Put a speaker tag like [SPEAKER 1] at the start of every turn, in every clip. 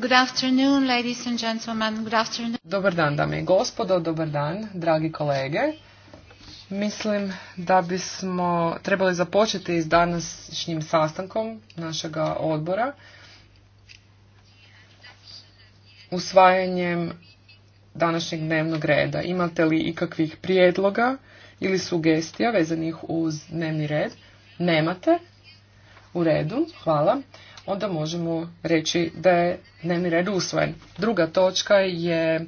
[SPEAKER 1] Good afternoon, Dobar dan, dame i gospodo, dobar dan, dragi kolege. Mislim da bismo trebali započeti s današnjim sastankom našega odbora usvajanjem današnjeg dnevnog reda. Imate li ikakvih prijedloga ili sugestija vezanih uz dnevni red? Nemate? U redu, hvala onda možemo reći da je dnevni red usvojen. Druga točka je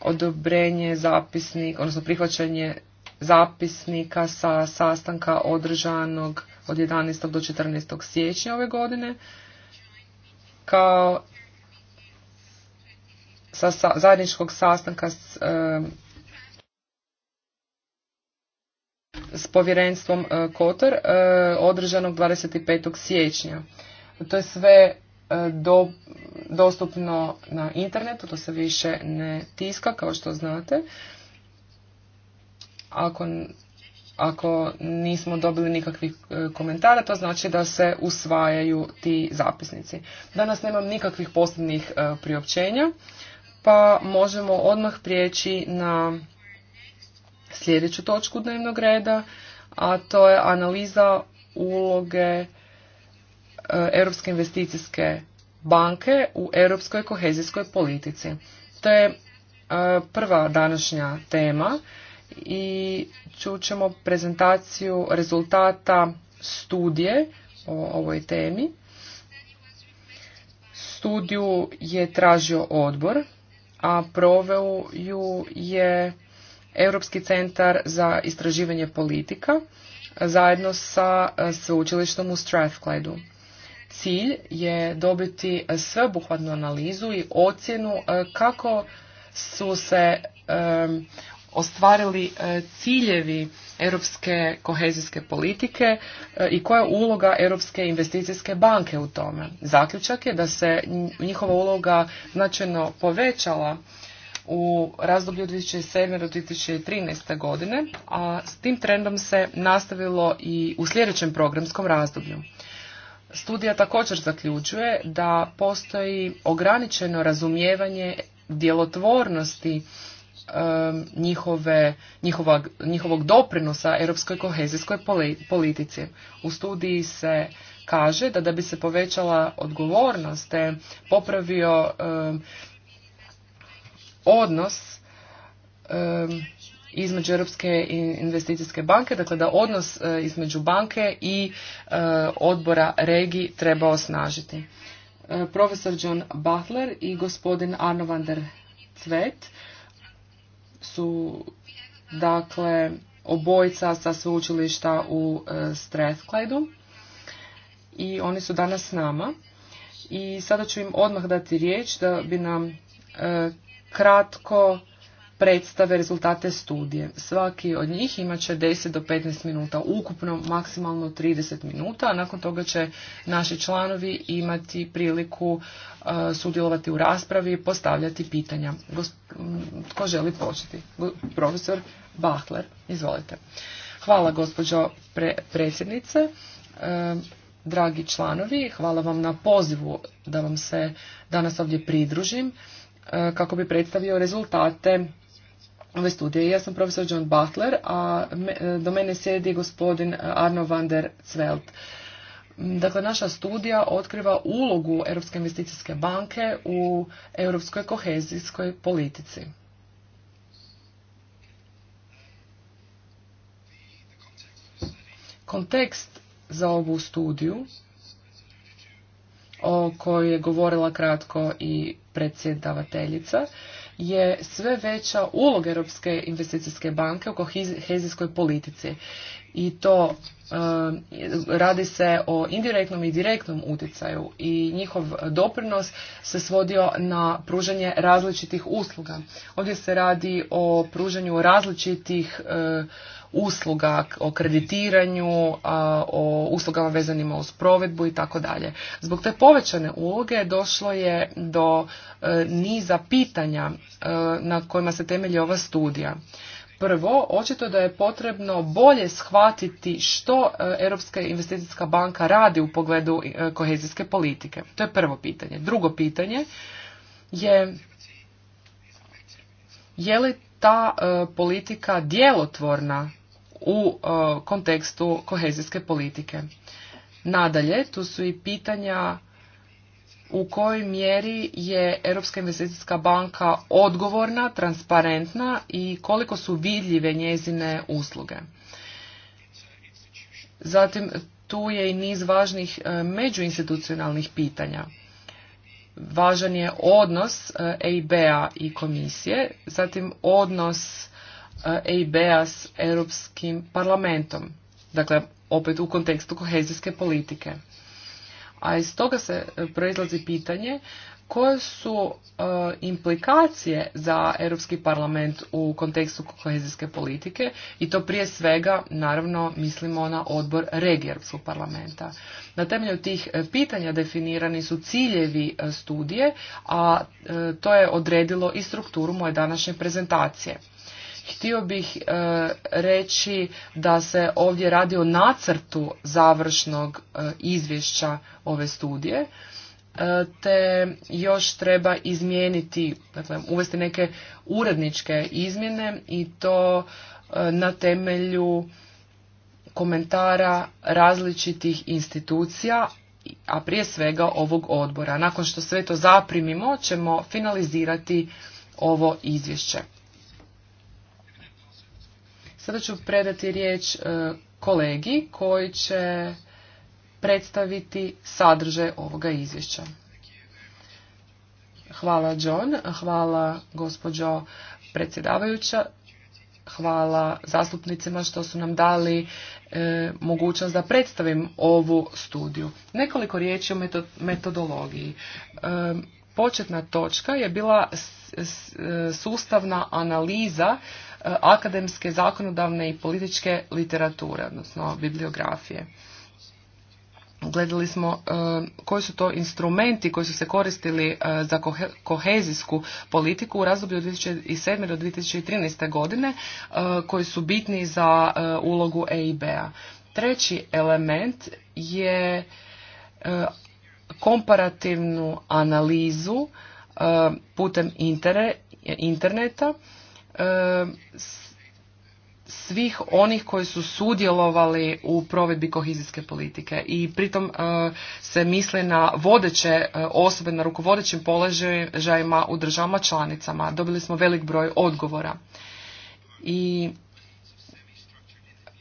[SPEAKER 1] odobrenje zapisnika, odnosno prihvaćanje zapisnika sa sastanka održanog od 11. do 14. siječnja ove godine, kao sa, zajedničkog sastanka s, povjerenstvom e, Kotor e, održanog 25. siječnja. To je sve e, do, dostupno na internetu, to se više ne tiska kao što znate. Ako, ako nismo dobili nikakvih e, komentara, to znači da se usvajaju ti zapisnici. Danas nemam nikakvih posebnih e, priopćenja, pa možemo odmah prijeći na sljedeću točku dnevnog reda, a to je analiza uloge E, Europske investicijske banke u europskoj kohezijskoj politici. To je e, prva današnja tema i čućemo prezentaciju rezultata studije o ovoj temi. Studiju je tražio odbor, a proveo ju je Europski centar za istraživanje politika zajedno sa e, sveučilištom u Strathclydu. Cilj je dobiti sveobuhvatnu analizu i ocjenu e, kako su se e, ostvarili e, ciljevi europske kohezijske politike i koja je uloga Europske investicijske banke u tome. Zaključak je da se njihova uloga značajno povećala u razdoblju 2007. do 2013. godine, a s tim trendom se nastavilo i u sljedećem programskom razdoblju. Studija također zaključuje da postoji ograničeno razumijevanje djelotvornosti njihovog doprinosa europskoj kohezijskoj politici. U studiji se kaže da da bi se povećala odgovornost te popravio odnos između Europske investicijske banke, dakle da odnos e, između banke i e, odbora regi treba osnažiti. E, profesor John Butler i gospodin Arno van der Cvet su dakle obojca sa sveučilišta u Strathclydu i oni su danas s nama. I sada ću im odmah dati riječ da bi nam kratko predstave rezultate studije. Svaki od njih imat će 10 do 15 minuta, ukupno maksimalno 30 minuta, a nakon toga će naši članovi imati priliku e, sudjelovati u raspravi i postavljati pitanja. Tko želi početi? Profesor Bachler, izvolite. Hvala gospođo predsjednice. E, dragi članovi, hvala vam na pozivu da vam se danas ovdje pridružim e, kako bi predstavio rezultate ove studije. Ja sam profesor John Butler, a e, do mene sjedi gospodin Arno van der Zvelt. Mm, dakle, naša studija otkriva ulogu Europske investicijske banke u europskoj kohezijskoj politici. Kontekst za ovu studiju o kojoj je govorila kratko i predsjedavateljica je sve veća uloga Europske investicijske banke u kohezijskoj politici i to eh, radi se o indirektnom i direktnom utjecaju i njihov doprinos se svodio na pružanje različitih usluga. Ovdje se radi o pružanju različitih eh, usluga, o kreditiranju, o uslugama vezanima uz provedbu i tako dalje. Zbog te povećane uloge došlo je do eh, niza pitanja na kojima se temelji ova studija. Prvo, očito da je potrebno bolje shvatiti što e, Europska investicijska banka radi u pogledu e, kohezijske politike. To je prvo pitanje. Drugo pitanje je je li ta e, politika djelotvorna u kontekstu kohezijske politike. Nadalje, tu su i pitanja u kojoj mjeri je Europska investicijska banka odgovorna, transparentna i koliko su vidljive njezine usluge. Zatim tu je i niz važnih e, međuinstitucionalnih pitanja. Važan je odnos EIB-a i komisije, zatim odnos EIB-a s Europskim parlamentom, dakle opet u kontekstu kohezijske politike. A iz toga se e, proizlazi pitanje koje su e, implikacije za Europski parlament u kontekstu kohezijske politike i to prije svega naravno mislimo na odbor regije Europskog parlamenta. Na temelju tih e, pitanja definirani su ciljevi studije, a to je odredilo i strukturu moje današnje prezentacije. Htio bih e, reći da se ovdje radi o nacrtu završnog e, izvješća ove studije, e, te još treba izmijeniti, dakle uvesti neke uredničke izmjene i to na temelju komentara različitih institucija, a prije svega ovog odbora. Nakon što sve to zaprimimo ćemo finalizirati ovo izvješće. Sada ću predati riječ e, kolegi koji će predstaviti sadržaj ovoga izvješća. Hvala John, hvala gospođo predsjedavajuća, hvala zastupnicima što su nam dali e, mogućnost da predstavim ovu studiju. Nekoliko riječi o metodologiji. E, početna točka je bila sustavna analiza Eh, akademske, zakonodavne i političke literature, odnosno bibliografije. Gledali smo eh, koji su to instrumenti koji su se koristili eh, za kohezijsku politiku u razdoblju od 2007. do 2013. godine koji su bitni za ulogu EIB-a. Treći element je komparativnu analizu putem interneta svih onih koji su sudjelovali u provedbi kohizijske politike i pritom e, se misli na vodeće e, osobe na rukovodećim položajima u državama članicama. Dobili smo velik broj odgovora. I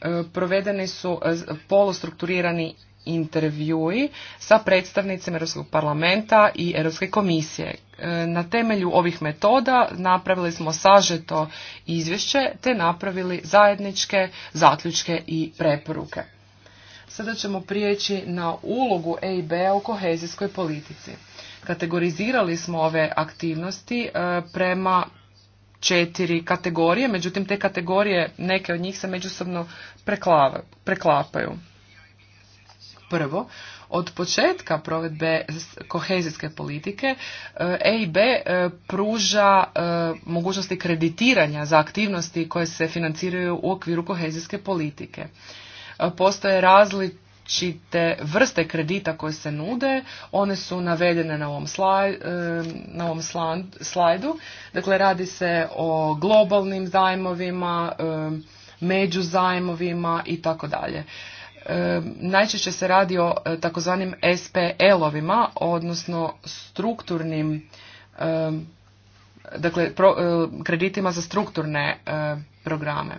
[SPEAKER 1] e, provedeni su polustrukturirani intervjui sa predstavnicima Europskog parlamenta i Europske komisije. E, na temelju ovih metoda napravili smo sažeto izvješće te napravili zajedničke zaključke i preporuke. Sada ćemo prijeći na ulogu EIB-a u kohezijskoj politici. Kategorizirali smo ove aktivnosti e, prema četiri kategorije, međutim te kategorije, neke od njih se međusobno preklapaju. Prvo, od početka provedbe kohezijske politike EIB e e, pruža e, mogućnosti kreditiranja za aktivnosti koje se financiraju u okviru kohezijske politike. Postoje različite vrste kredita koje se nude, one su navedene na ovom, na ovom slajdu. Dakle, radi se o globalnim zajmovima, među zajmovima i tako dalje najčešće se radi o e, takozvanim SPL-ovima, odnosno strukturnim dakle e, kreditima za strukturne e, programe.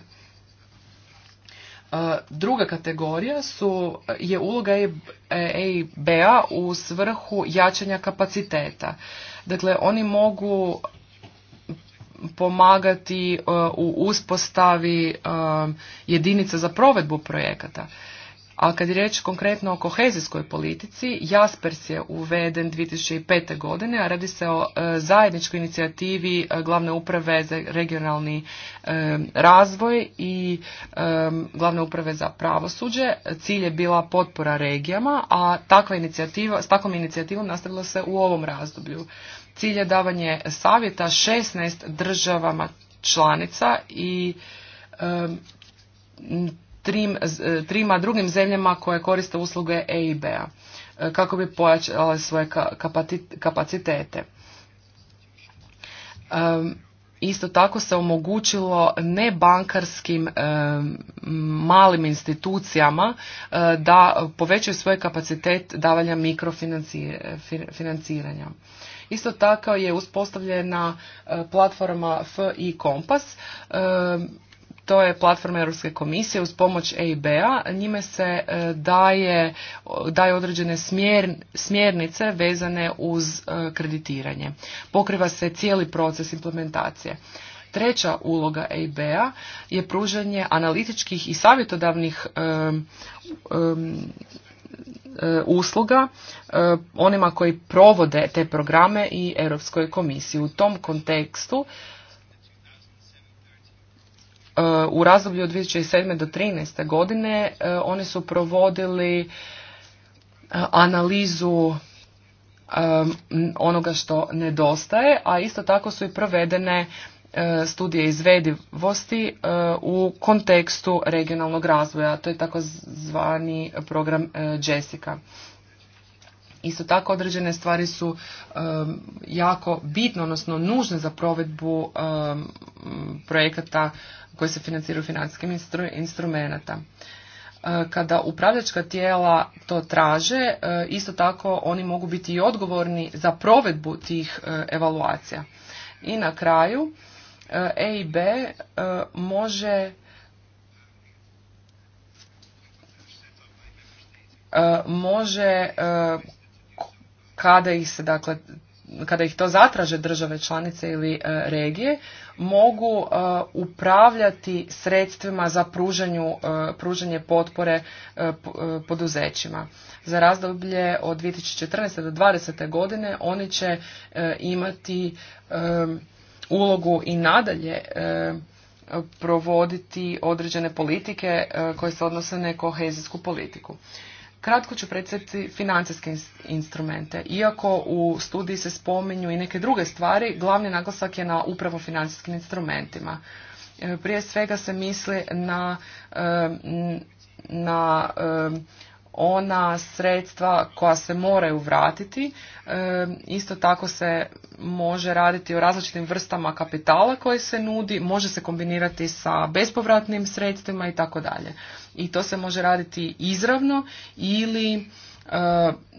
[SPEAKER 1] Druga kategorija su, je uloga EIB-a u svrhu jačanja kapaciteta. Dakle, oni mogu pomagati u uspostavi jedinica za provedbu projekata. A kad je riječ konkretno o kohezijskoj politici, Jaspers je uveden 2005. godine, a radi se o e, zajedničkoj inicijativi e, glavne uprave za regionalni e, razvoj i glavne uprave za pravosuđe. Cilj je bila potpora regijama, a takva inicijativa, s takvom inicijativom nastavilo se u ovom razdoblju. Cilj je davanje savjeta 16 državama članica i trim, e, trima drugim zemljama koje koriste usluge EIB-a e, kako bi pojačale svoje kapacitete. E, isto tako se omogućilo nebankarskim malim institucijama da povećaju svoj kapacitet davanja mikrofinanciranja. Isto tako je uspostavljena platforma FI Kompas to je platforma Europske komisije uz pomoć EIB-a. Njime se e, daje, daje određene smjernice vezane uz e, kreditiranje. Pokriva se cijeli proces implementacije. Treća uloga EIB-a je pružanje analitičkih i savjetodavnih e, usluga onima koji provode te programe i Europskoj komisiji. U tom kontekstu E, u razdoblju od 2007. do 2013. godine e, oni su provodili e, analizu onoga što nedostaje, a isto tako su i provedene studije izvedivosti u kontekstu regionalnog razvoja. To je takozvani program Jessica. Isto tako određene stvari su jako bitne, odnosno nužne za provedbu projekata koji se financiraju financijskim instru instrumenata. E, kada upravljačka tijela to traže, e, isto tako oni mogu biti i odgovorni za provedbu tih e, evaluacija. I na kraju, EIB može može kada ih se dakle kada ih to zatraže države članice ili e, regije, mogu e, upravljati sredstvima za pruženju, e, pruženje potpore e, poduzećima. Za razdoblje od 2014. do 2020. godine oni će imati ulogu i nadalje provoditi određene politike koje se odnose na kohezijsku politiku. Kratko ću predstaviti financijske instrumente. Iako u studiji se spominju i neke druge stvari, glavni naglasak je na upravo financijskim instrumentima. E, prije svega se misli na, e, na e, ona sredstva koja se moraju vratiti. Isto tako se može raditi o različitim vrstama kapitala koji se nudi, može se kombinirati sa bespovratnim sredstvima i tako dalje i to se može raditi izravno ili e,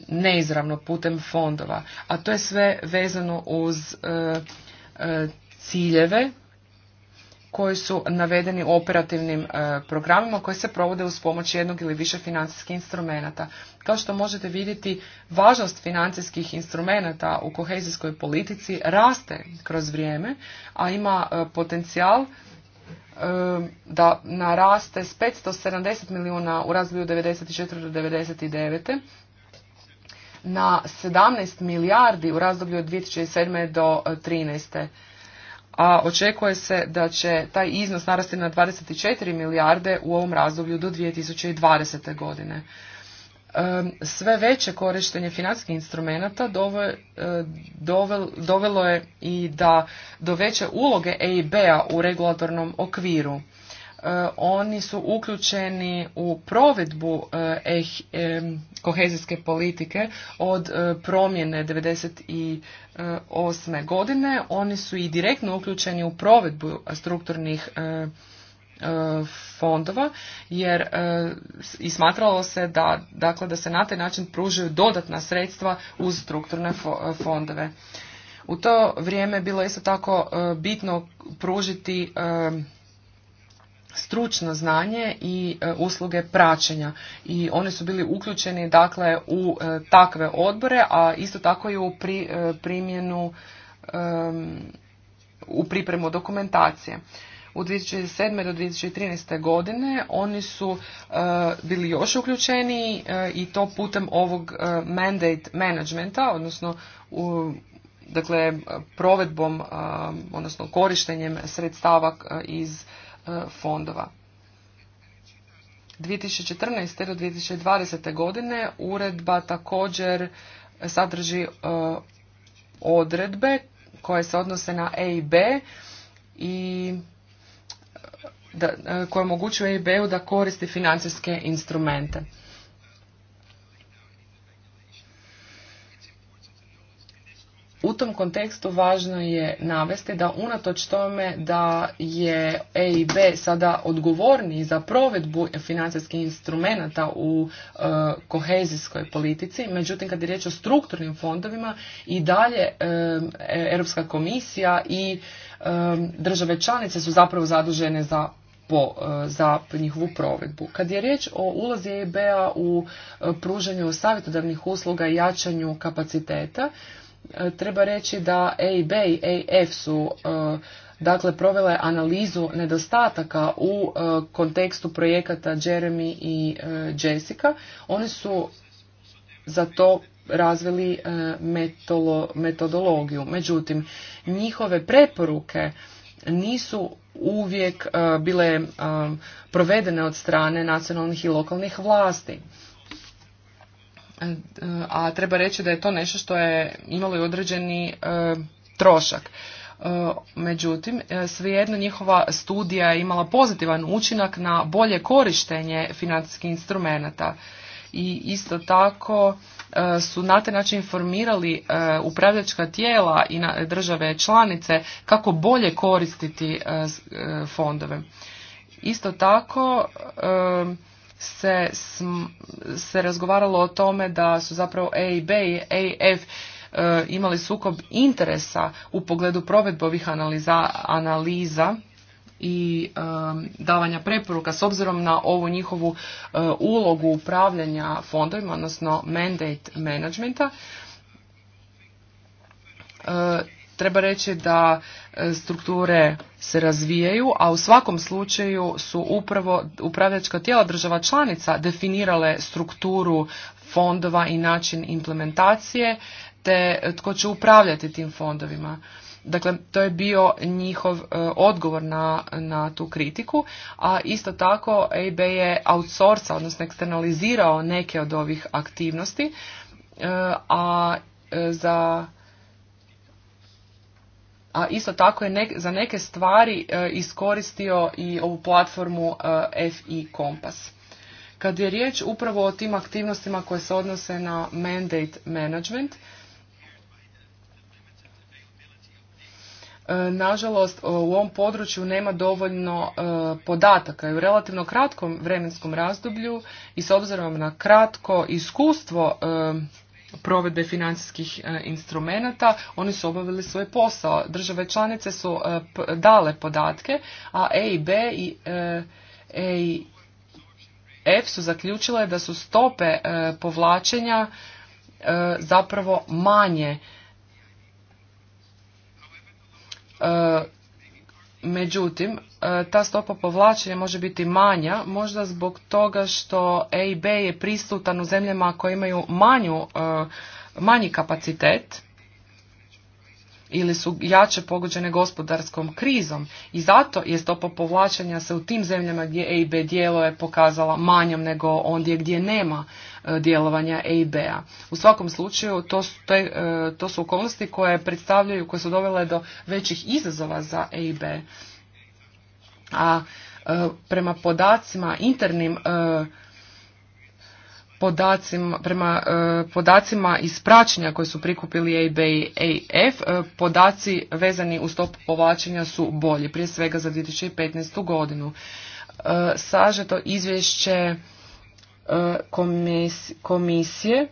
[SPEAKER 1] neizravno putem fondova. A to je sve vezano uz e, e, ciljeve koji su navedeni operativnim programima koji se provode uz pomoć jednog ili više financijskih instrumenata. Kao što možete vidjeti, važnost financijskih instrumenata u kohezijskoj politici raste kroz vrijeme, a ima potencijal Um, da naraste s 570 milijuna u razdoblju 94. do 99. na 17 milijardi u razdoblju od 2007. do 2013. Uh, A očekuje se da će taj iznos narasti na 24 milijarde u ovom razdoblju do 2020. godine sve veće korištenje financijskih instrumenata e, dovelo je i da do veće uloge EIB-a u regulatornom okviru. E, oni su uključeni u provedbu e, eh, kohezijske politike od promjene promjene 1998. godine. Oni su i direktno uključeni u provedbu strukturnih fondova jer e, ismatralo smatralo se da, dakle, da se na taj način pružaju dodatna sredstva uz strukturne e, fondove. U to vrijeme je bilo isto tako e, bitno pružiti stručno znanje i usluge praćenja i oni su bili uključeni dakle u takve odbore, a isto tako i u primjenu u pripremu dokumentacije u 2007. do 2013. godine oni su e, bili još uključeni e, i to putem ovog e, mandate managementa, odnosno dakle provedbom, odnosno korištenjem sredstava iz fondova. 2014. do 2020. godine uredba također sadrži odredbe koje se odnose na E i B i da, e, koje omogućuje EIB-u da koristi financijske instrumente. U tom kontekstu važno je navesti da unatoč tome da je EIB sada odgovorniji za provedbu financijskih instrumenata u e, kohezijskoj politici, međutim kad je riječ o strukturnim fondovima i dalje e, Europska komisija i države članice su zapravo zadužene za e, za njihovu provedbu. Kad je riječ o ulazi EIB-a u e, pružanju savjetodavnih usluga i jačanju kapaciteta, e, treba reći da EIB i EIF su dakle provele analizu nedostataka u kontekstu projekata Jeremy i Jessica. Oni su za to razvili e, metodologiju. Međutim, njihove preporuke nisu uvijek e, bile e, provedene od strane nacionalnih i lokalnih vlasti. A treba reći da je to nešto što je imalo i određeni trošak. Međutim, svejedno njihova studija je imala pozitivan učinak na bolje korištenje financijskih instrumenata. I isto tako E, su na taj način informirali e, upravljačka tijela i države članice kako bolje koristiti e, fondove. Isto tako se, se razgovaralo o tome da su zapravo EIB i AF imali sukob interesa u pogledu provedbovih ovih analiza, analiza i um, davanja preporuka s obzirom na ovu njihovu uh, ulogu upravljanja fondovima, odnosno mandate managementa, uh, treba reći da uh, strukture se razvijaju, a u svakom slučaju su upravo upravljačka tijela država članica definirale strukturu fondova i način implementacije, te tko će upravljati tim fondovima. Dakle, to je bio njihov e, odgovor na, na tu kritiku, a isto tako AB je outsourca, odnosno eksternalizirao neke od ovih aktivnosti, e, a e, za a isto tako je za neke stvari iskoristio i ovu platformu e, FI Kompas. Kad je riječ upravo o tim aktivnostima koje se odnose na mandate management, E, nažalost e, u ovom području nema dovoljno e, podataka i u relativno kratkom vremenskom razdoblju i s obzirom na kratko iskustvo provedbe financijskih instrumenata, oni su obavili svoj posao. Države članice su dale podatke, a EIB i EIF su zaključile da su stope povlačenja zapravo manje E, međutim, e, ta stopa povlačenja može biti manja, možda zbog toga što EIB je prisutan u zemljama koje imaju manju, e, manji kapacitet ili su jače pogođene gospodarskom krizom i zato je stopa povlačenja se u tim zemljama gdje EIB je pokazala manjom nego ondje gdje nema e, djelovanja EIB-a. U svakom slučaju to su, e, to su okolnosti koje predstavljaju, koje su dovele do većih izazova za EIB. A e, prema podacima internim podacima, prema e, podacima iz praćenja koje su prikupili EIB i AF, e, podaci vezani uz stopu povlačenja su bolji, prije svega za 2015. godinu. E, sažeto izvješće komisije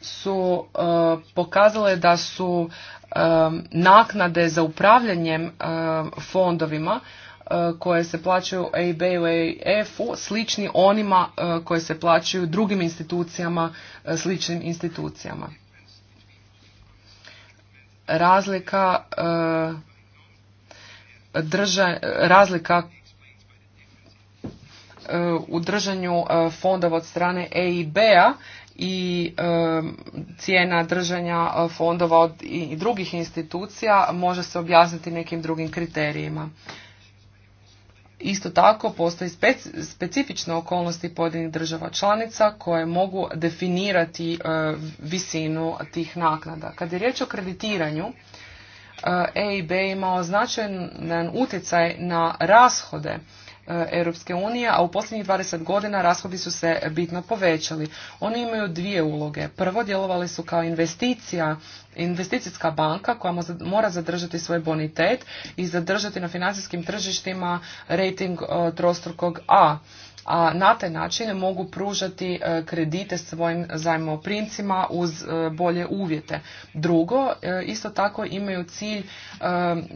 [SPEAKER 1] su pokazale da su naknade za upravljanjem fondovima E, koje se plaćaju EIB-u, EIF-u slični onima e, koje se plaćaju drugim institucijama, e, sličnim institucijama. Razlika drža, razlika u držanju fondova od strane EIB-a i cijena držanja fondova od i drugih institucija može se objasniti nekim drugim kriterijima. Isto tako postoji specifične okolnosti pojedinih država članica koje mogu definirati e, visinu tih naknada. Kad je riječ o kreditiranju, EIB e je imao značajan utjecaj na rashode Europske unije, a u posljednjih 20 godina rashodi su se bitno povećali. Oni imaju dvije uloge. Prvo, djelovali su kao investicija, investicijska banka koja mora zadržati svoj bonitet i zadržati na financijskim tržištima rating e, trostrukog A a na taj način mogu pružati e, kredite svojim zajmoprimcima uz e, bolje uvjete. Drugo, e, isto tako imaju cilj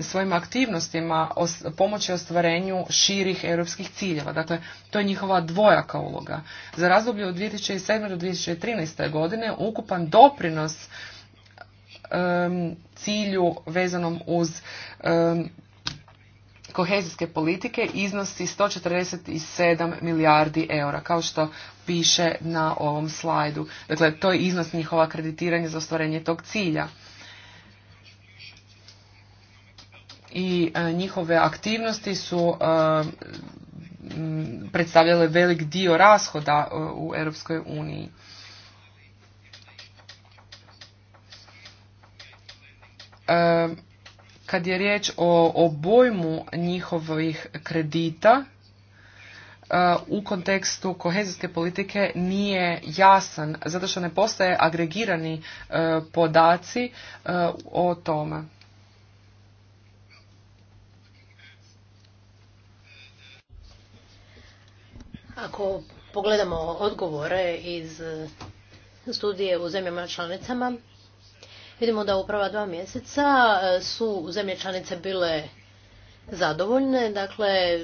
[SPEAKER 1] svojim aktivnostima pomoći ostvarenju širih europskih ciljeva. Dakle, to je njihova dvojaka uloga. Za razdoblje od 2007. do 2013. godine ukupan doprinos cilju vezanom uz kohezijske politike iznosi 147 milijardi eura, kao što piše na ovom slajdu. Dakle, to je iznos njihova kreditiranja za ostvarenje tog cilja. I e, njihove aktivnosti su e, predstavljale velik dio rashoda e, u Europskoj uniji kad je riječ o obojmu njihovih kredita e, u kontekstu kohezijske politike nije jasan, zato što ne postoje agregirani e, podaci e, o tome.
[SPEAKER 2] Ako pogledamo odgovore iz studije u zemljama članicama, Vidimo da u prva dva mjeseca e, su zemlje članice bile zadovoljne. Dakle,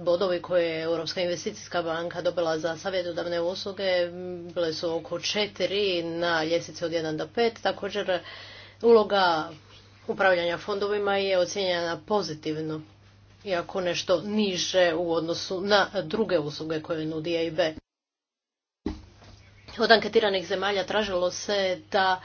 [SPEAKER 2] bodovi koje je Europska investicijska banka dobila za savjetodavne usluge bile su oko četiri na ljestvici od 1 do 5. Također, uloga upravljanja fondovima je ocijenjena pozitivno, iako nešto niže u odnosu na druge usluge koje nudi B. Od anketiranih zemalja tražilo se da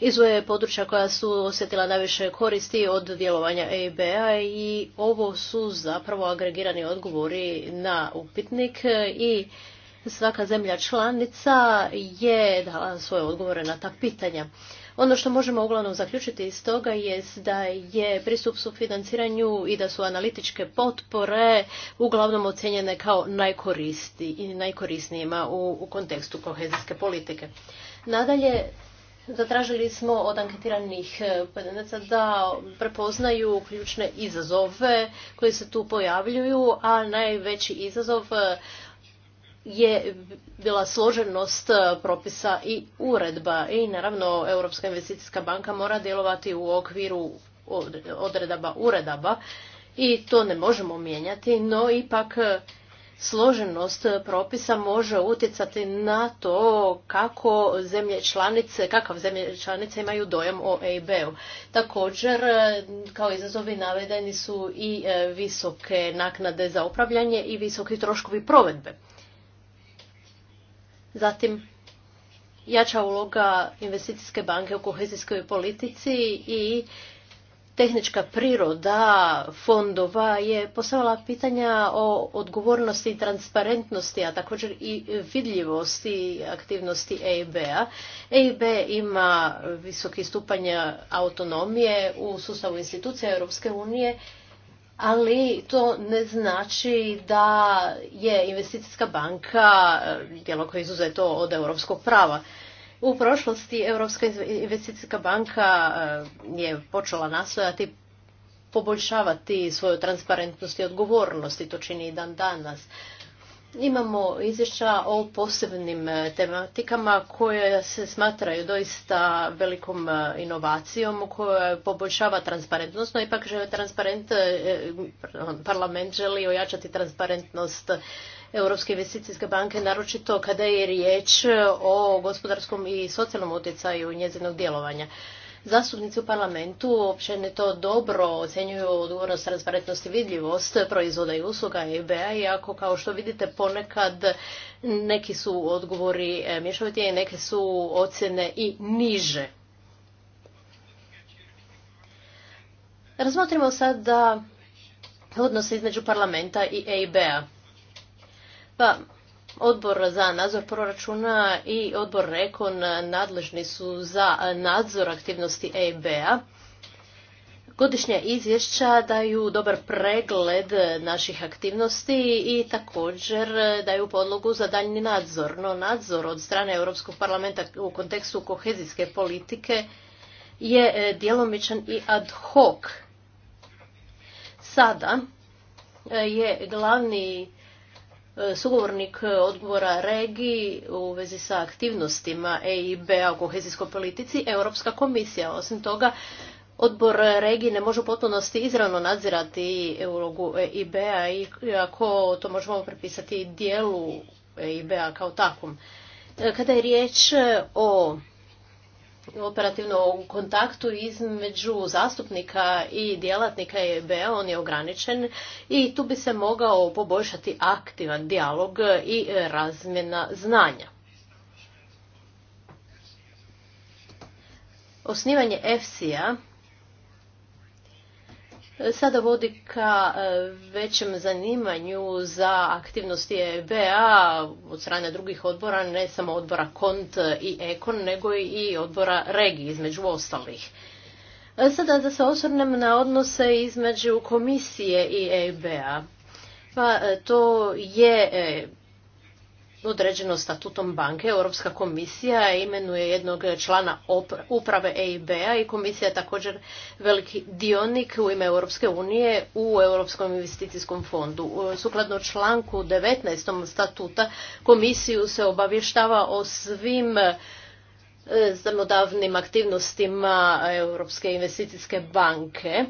[SPEAKER 2] izvoje područja koja su osjetila najviše koristi od djelovanja EIB-a i ovo su zapravo agregirani odgovori na upitnik i svaka zemlja članica je dala svoje odgovore na ta pitanja. Ono što možemo uglavnom zaključiti iz toga je da je pristup financiranju i da su analitičke potpore uglavnom ocjenjene kao najkoristi i najkorisnijima u kontekstu kohezijske politike. Nadalje, Zatražili smo od anketiranih e, pojedinaca da prepoznaju ključne izazove koji se tu pojavljuju, a najveći izazov e, je bila složenost e, propisa i uredba. I naravno Europska investicijska banka mora djelovati u okviru odredaba uredaba i to ne možemo mijenjati, no ipak složenost propisa može utjecati na to kako zemlje članice, kakav zemlje članice imaju dojam o EIB-u. Također, kao izazovi navedeni su i e, visoke naknade za upravljanje i visoki troškovi provedbe. Zatim, jača uloga investicijske banke u kohezijskoj politici i tehnička priroda fondova je postavila pitanja o odgovornosti i transparentnosti, a također i vidljivosti aktivnosti EIB-a. EIB ima visoki stupanj autonomije u sustavu institucija Europske unije, ali to ne znači da je investicijska banka djelo koje izuzeto od europskog prava. U prošlosti Europska investicijska banka eh, je počela nastojati poboljšavati svoju transparentnost i odgovornost i to čini i dan danas. Imamo izvješća o posebnim eh, tematikama koje se smatraju doista velikom eh, inovacijom koja poboljšava transparentnost, no ipak transparent, parlament želi ojačati transparentnost Europske investicijske banke, naročito kada je riječ o gospodarskom i socijalnom utjecaju njezinog djelovanja. Zastupnici u parlamentu općenito dobro ocjenjuju odgovornost, transparentnost i vidljivost proizvoda i usluga EBA, iako kao što vidite ponekad neki su odgovori e, mješoviti i neke su ocjene i niže. Razmotrimo sada odnose između parlamenta i EIB-a. Pa, Odbor za nadzor proračuna i odbor Rekon nadležni su za nadzor aktivnosti EIB-a. Godišnja izvješća daju dobar pregled naših aktivnosti i također daju podlogu za daljni nadzor. No nadzor od strane Europskog parlamenta u kontekstu kohezijske politike je e, djelomičan i ad hoc. Sada e, je glavni E, sugovornik e, odbora regiji u vezi sa aktivnostima EIB-a u kohezijskoj politici, Europska komisija. Osim toga, odbor regiji ne može u potpunosti izravno nadzirati ulogu EIB-a i ako to možemo prepisati dijelu EIB-a kao takvom. E, kada je riječ o operativno u kontaktu između zastupnika i djelatnika EBA, on je ograničen i tu bi se mogao poboljšati aktivan dijalog i razmjena znanja. Osnivanje EFSI-a sada vodi ka e, većem zanimanju za aktivnosti EBA od strane drugih odbora, ne samo odbora KONT i EKON, nego i odbora REGI između ostalih. E, sada da se osvrnem na odnose između komisije i EBA. Pa e, to je određeno statutom banke, Europska komisija imenuje jednog člana uprave EIB-a i komisija je također veliki dionik u ime Europske unije u Europskom investicijskom fondu. Sukladno članku 19. statuta komisiju se obavještava o svim e, zakonodavnim aktivnostima Europske investicijske banke.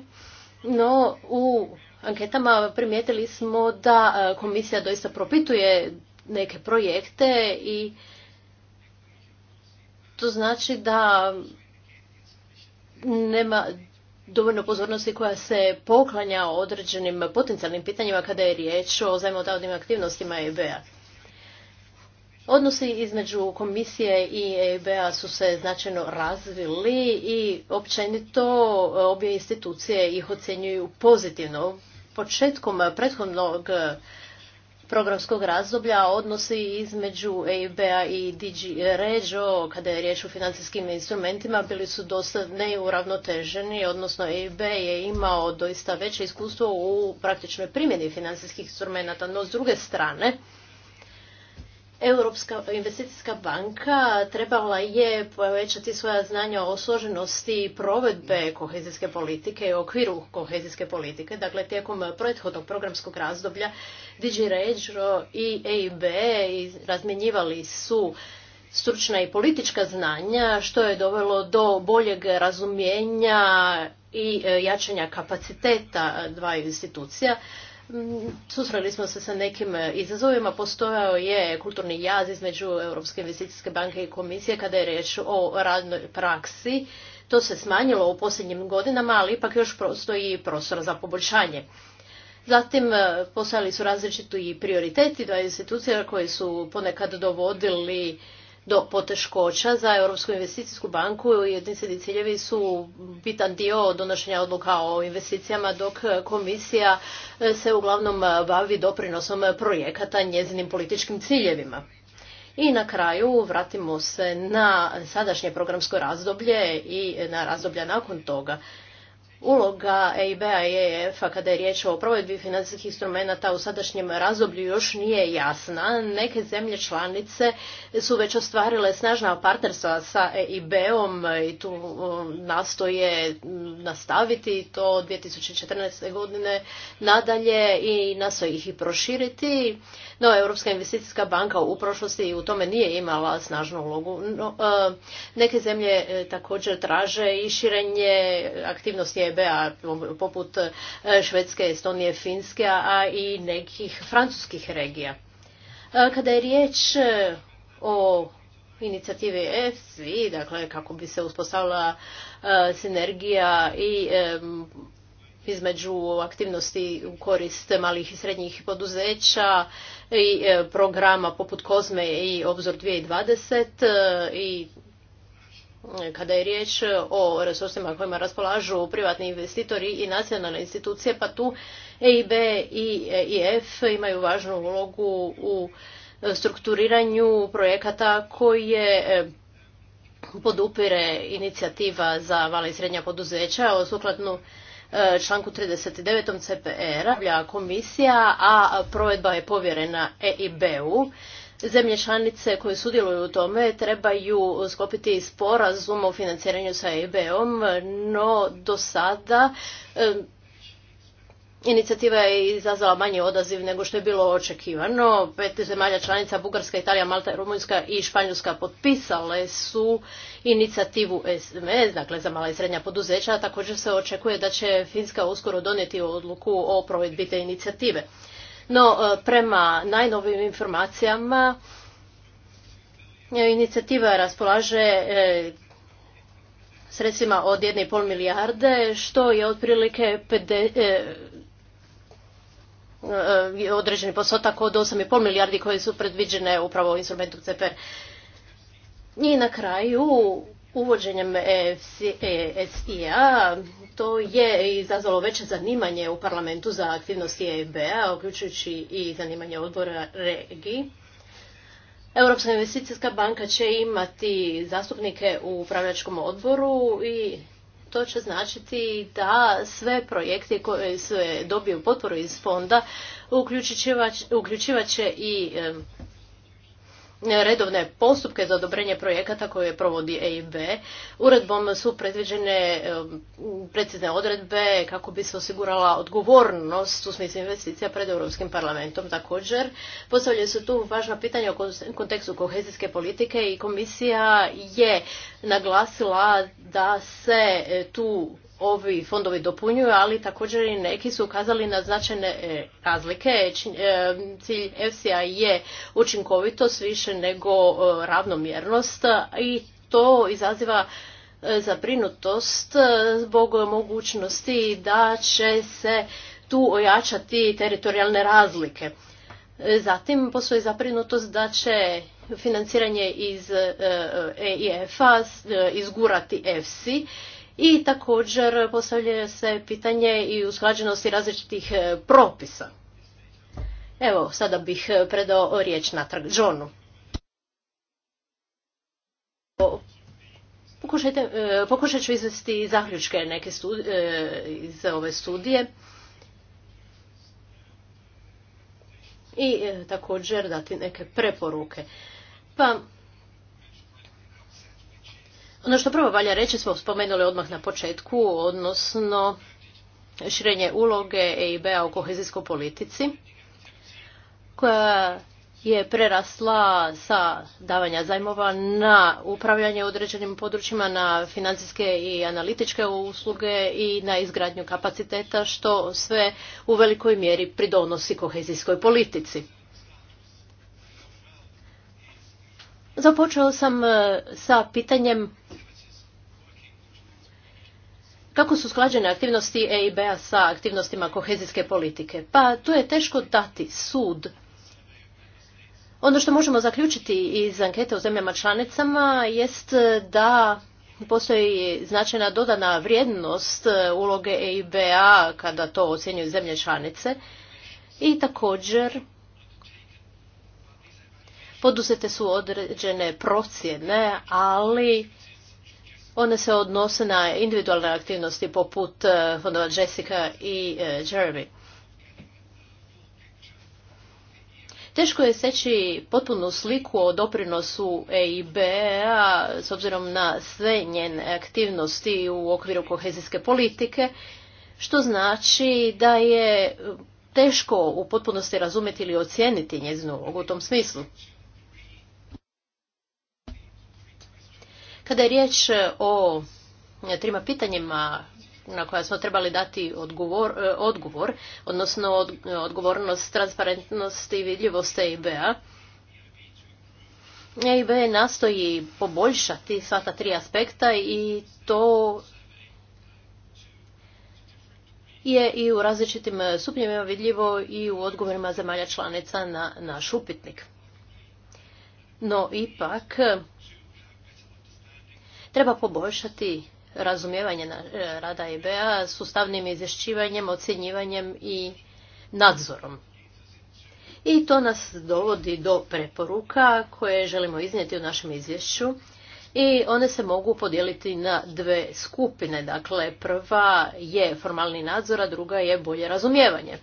[SPEAKER 2] No, u anketama primijetili smo da e, komisija doista propituje neke projekte i to znači da nema dovoljno pozornosti koja se poklanja određenim potencijalnim pitanjima kada je riječ o zajmodavnim aktivnostima EIB-a. Odnosi između komisije i EIB-a su se značajno razvili i općenito obje institucije ih ocjenjuju pozitivno. Početkom prethodnog programskog razdoblja odnosi između EIB-a i DG Regio, kada je riječ o financijskim instrumentima, bili su dosta neuravnoteženi, odnosno EIB je imao doista veće iskustvo u praktičnoj primjeni financijskih instrumenta, no s druge strane, Europska investicijska banka trebala je povećati svoja znanja o složenosti provedbe kohezijske politike i okviru kohezijske politike. Dakle, tijekom prethodnog programskog razdoblja DG i EIB razmjenjivali su stručna i politička znanja, što je dovelo do boljeg razumijenja i e, jačanja kapaciteta dva institucija. Susreli smo se sa nekim e, izazovima. Postojao je kulturni jaz između Europske investicijske banke i komisije kada je riječ o radnoj praksi. To se smanjilo u posljednjim godinama, ali ipak još postoji prostor za poboljšanje. Zatim e, postojali su različiti i prioriteti dva institucija koje su ponekad dovodili do poteškoća za Europsku investicijsku banku i jedinstveni ciljevi su bitan dio donošenja odluka o investicijama dok komisija e, se uglavnom bavi doprinosom projekata njezinim političkim ciljevima. I na kraju vratimo se na sadašnje programsko razdoblje i na razdoblja nakon toga. Uloga EIB-a i EF-a kada je riječ o provedbi financijskih instrumenata u sadašnjem razdoblju još nije jasna. Neke zemlje članice su već ostvarile snažna partnerstva sa EIB-om i tu um, nastoje mm, nastaviti to 2014. godine nadalje i nastoji ih i proširiti. No, Europska investicijska banka u prošlosti u tome nije imala snažnu ulogu. Uh, neke zemlje e, također traže i širenje aktivnosti a poput e, Švedske, Estonije, Finske, a i nekih francuskih regija. E, kada je riječ e, o inicijativi EFSI, dakle kako bi se uspostavila sinergija i između aktivnosti u korist malih i srednjih poduzeća i programa poput Kozme i Obzor 2020 i kada je riječ o resursima kojima raspolažu privatni investitori i nacionalne institucije, pa tu EIB i EIF imaju važnu ulogu u strukturiranju projekata koje e, podupire inicijativa za mala i srednja poduzeća o sukladnu e, članku 39. CPR-a komisija, a provedba je povjerena EIB-u zemlje članice koje sudjeluju u tome trebaju sklopiti sporazum o financiranju sa EIB-om, no do sada Inicijativa je izazvala manji odaziv nego što je bilo očekivano. Pet zemalja članica Bugarska, Italija, Malta, Rumunjska i Španjolska potpisale su inicijativu SME, dakle za mala i srednja poduzeća, a također se očekuje da će Finska uskoro donijeti odluku o provedbi te inicijative. No, e, prema najnovim informacijama, e, inicijativa raspolaže e, sredstvima od 1,5 milijarde, što je otprilike određeni postotak od 8,5 milijardi koje su predviđene upravo u instrumentu CPR. I na kraju uvođenjem ESIA e to je izazvalo veće zanimanje u parlamentu za aktivnosti EIB-a, uključujući i zanimanje odbora regiji. Europska investicijska banka će imati zastupnike u upravljačkom odboru i to će značiti da sve projekte koje se dobiju potporu iz fonda uključivaće će i redovne postupke za odobrenje projekata koje provodi EIB. Uredbom su predviđene precizne odredbe kako bi se osigurala odgovornost u smislu investicija pred Europskim parlamentom također. Postavljaju se tu važna pitanja u kontekstu kohezijske politike i komisija je naglasila da se e, tu ovi fondovi dopunjuju, ali također i neki su ukazali na značajne e, razlike. E, cilj efsi je učinkovitost više nego e, ravnomjernost i to izaziva zabrinutost zbog mogućnosti da će se tu ojačati teritorijalne razlike. Zatim postoji zabrinutost da će financiranje iz EIF-a izgurati EFSI i također postavlja se pitanje i usklađenosti različitih e, propisa. Evo, sada bih e, predao riječ natrag Johnu. Pokušajte, e, pokušat ću izvesti zaključke neke iz ove studije. I također dati neke preporuke. Pa, ono što prvo valja reći smo spomenuli odmah na početku, odnosno širenje uloge EIB-a u kohezijskoj politici, koja je prerasla sa davanja zajmova na upravljanje određenim područjima, na financijske i analitičke usluge i na izgradnju kapaciteta, što sve u velikoj mjeri pridonosi kohezijskoj politici. Započeo sam sa pitanjem kako su sklađene aktivnosti EIB-a sa aktivnostima kohezijske politike? Pa tu je teško dati sud. Ono što možemo zaključiti iz ankete u zemljama članicama jest da postoji značajna dodana vrijednost uloge EIB-a kada to ocjenjuju zemlje članice i također poduzete su određene procjene, ali one se odnose na individualne aktivnosti poput e, fondova Jessica i e, Jeremy. Teško je seći potpunu sliku o doprinosu EIB-a s obzirom na sve njene aktivnosti u okviru kohezijske politike, što znači da je teško u potpunosti razumjeti ili ocijeniti njezinu u tom smislu. Kada je riječ e, o e, trima pitanjima na koja smo trebali dati odgovor, e, odgovor odnosno odgovornost, transparentnost i vidljivost EIB-a, EIB nastoji poboljšati sva ta tri aspekta i to je i u različitim stupnjevima vidljivo i u odgovorima zemalja članica na naš upitnik. No ipak, Treba poboljšati razumijevanje e, rada EBA sustavnim izvješćivanjem, ocjenjivanjem i nadzorom. I to nas dovodi do preporuka koje želimo iznijeti u našem izvješću i one se mogu podijeliti na dve skupine. Dakle, prva je formalni nadzor, a druga je bolje razumijevanje.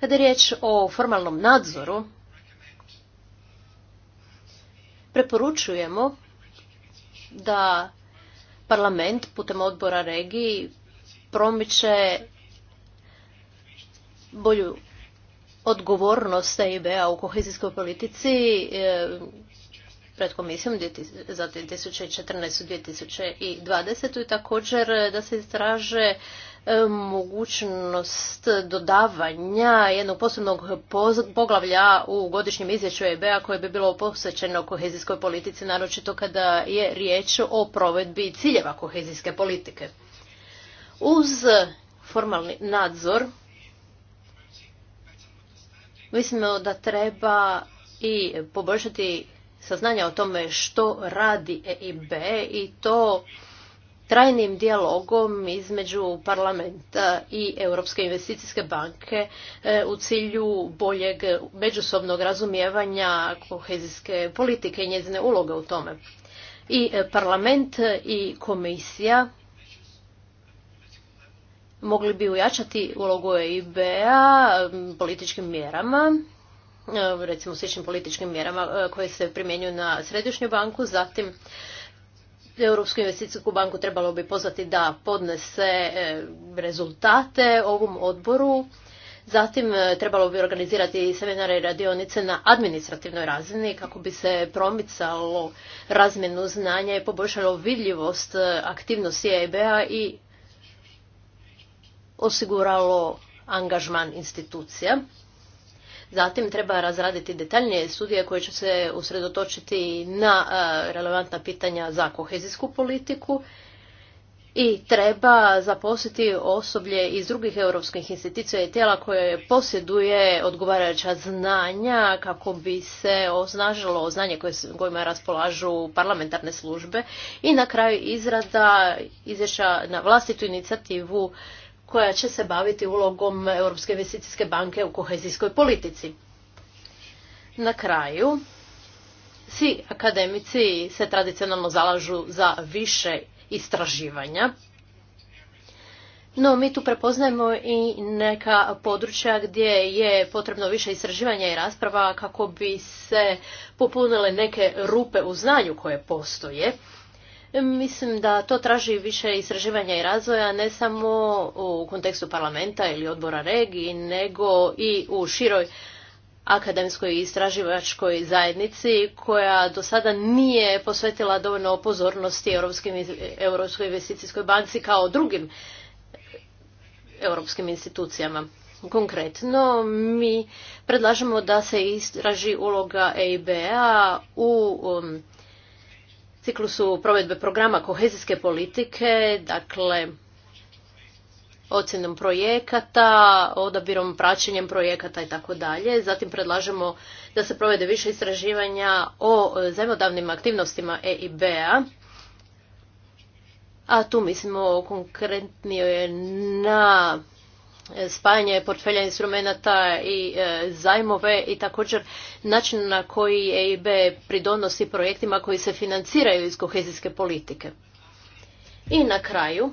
[SPEAKER 2] Kada je riječ o formalnom nadzoru, preporučujemo da parlament putem odbora regiji promiče bolju odgovornost EIB-a u kohezijskoj politici e, pred komisijom za 2014-2020 i također da se istraže E, mogućnost dodavanja jednog posebnog poglavlja u godišnjem izvješću EBA koje bi bilo posvećeno kohezijskoj politici, naročito kada je riječ o provedbi ciljeva kohezijske politike. Uz formalni nadzor mislimo da treba i poboljšati saznanja o tome što radi EIB i to trajnim dijalogom između parlamenta i Europske investicijske banke e, u cilju boljeg međusobnog razumijevanja kohezijske politike i njezine uloge u tome. I e, parlament i komisija mogli bi ujačati ulogu EIB-a političkim mjerama, e, recimo sličnim političkim mjerama koje se primjenjuju na Središnju banku, zatim Europsku investicijsku banku trebalo bi pozvati da podnese e, rezultate ovom odboru. Zatim e, trebalo bi organizirati seminare i radionice na administrativnoj razini kako bi se promicalo razmjenu znanja i poboljšalo vidljivost e, aktivnosti EIB-a i osiguralo angažman institucija. Zatim treba razraditi detaljnije studije koje će se usredotočiti na e, relevantna pitanja za kohezijsku politiku i treba zaposliti osoblje iz drugih europskih institucija i tijela koje posjeduje odgovarajuća znanja kako bi se osnažilo znanje kojima raspolažu parlamentarne službe i na kraju izrada izvješća na vlastitu inicijativu koja će se baviti ulogom Europske investicijske banke u kohezijskoj politici. Na kraju, svi akademici se tradicionalno zalažu za više istraživanja, no mi tu prepoznajemo i neka područja gdje je potrebno više istraživanja i rasprava kako bi se popunile neke rupe u znanju koje postoje Mislim da to traži više istraživanja i razvoja ne samo u kontekstu parlamenta ili odbora regiji, nego i u široj akademskoj i istraživačkoj zajednici koja do sada nije posvetila dovoljno pozornosti Europskoj investicijskoj banci kao drugim europskim institucijama. Konkretno, mi predlažemo da se istraži uloga EIB-a u um, ciklusu provedbe programa kohezijske politike, dakle ocjenom projekata, odabirom, praćenjem projekata i tako dalje. Zatim predlažemo da se provede više istraživanja o zemodavnim aktivnostima EIB-a, a tu mislimo konkretnije na spajanje portfelja instrumenata i e, zajmove i također način na koji EIB pridonosi projektima koji se financiraju iz kohezijske politike. I na kraju,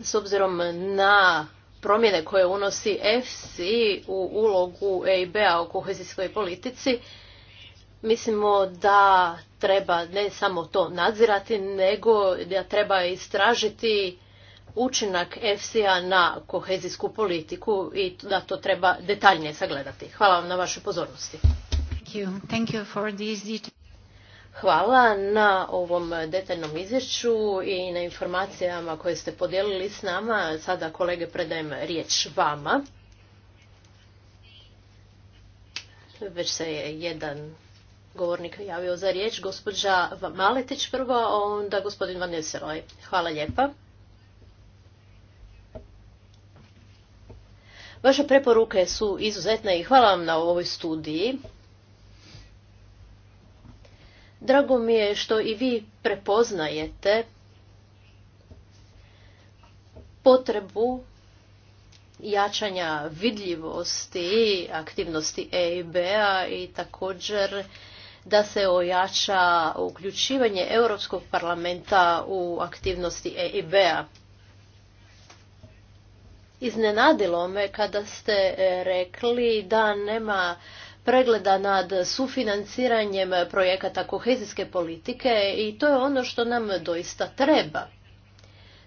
[SPEAKER 2] s obzirom na promjene koje unosi EFSI u ulogu EIB-a u kohezijskoj politici, mislimo da treba ne samo to nadzirati, nego da treba istražiti učinak EFSI-a na kohezijsku politiku i da to treba detaljnije sagledati. Hvala vam na vašoj pozornosti. Hvala na ovom detaljnom izvješću i na informacijama koje ste podijelili s nama. Sada kolege predajem riječ vama. Već se je jedan govornik javio za riječ. Gospođa Maletić prvo, onda gospodin Van Hvala lijepa. Vaše preporuke su izuzetne i hvala vam na ovoj studiji. Drago mi je što i vi prepoznajete potrebu jačanja vidljivosti aktivnosti EIB-a i također da se ojača uključivanje Europskog parlamenta u aktivnosti EIB-a. Iznenadilo me kada ste e, rekli da nema pregleda nad sufinanciranjem projekata kohezijske politike i to je ono što nam doista treba.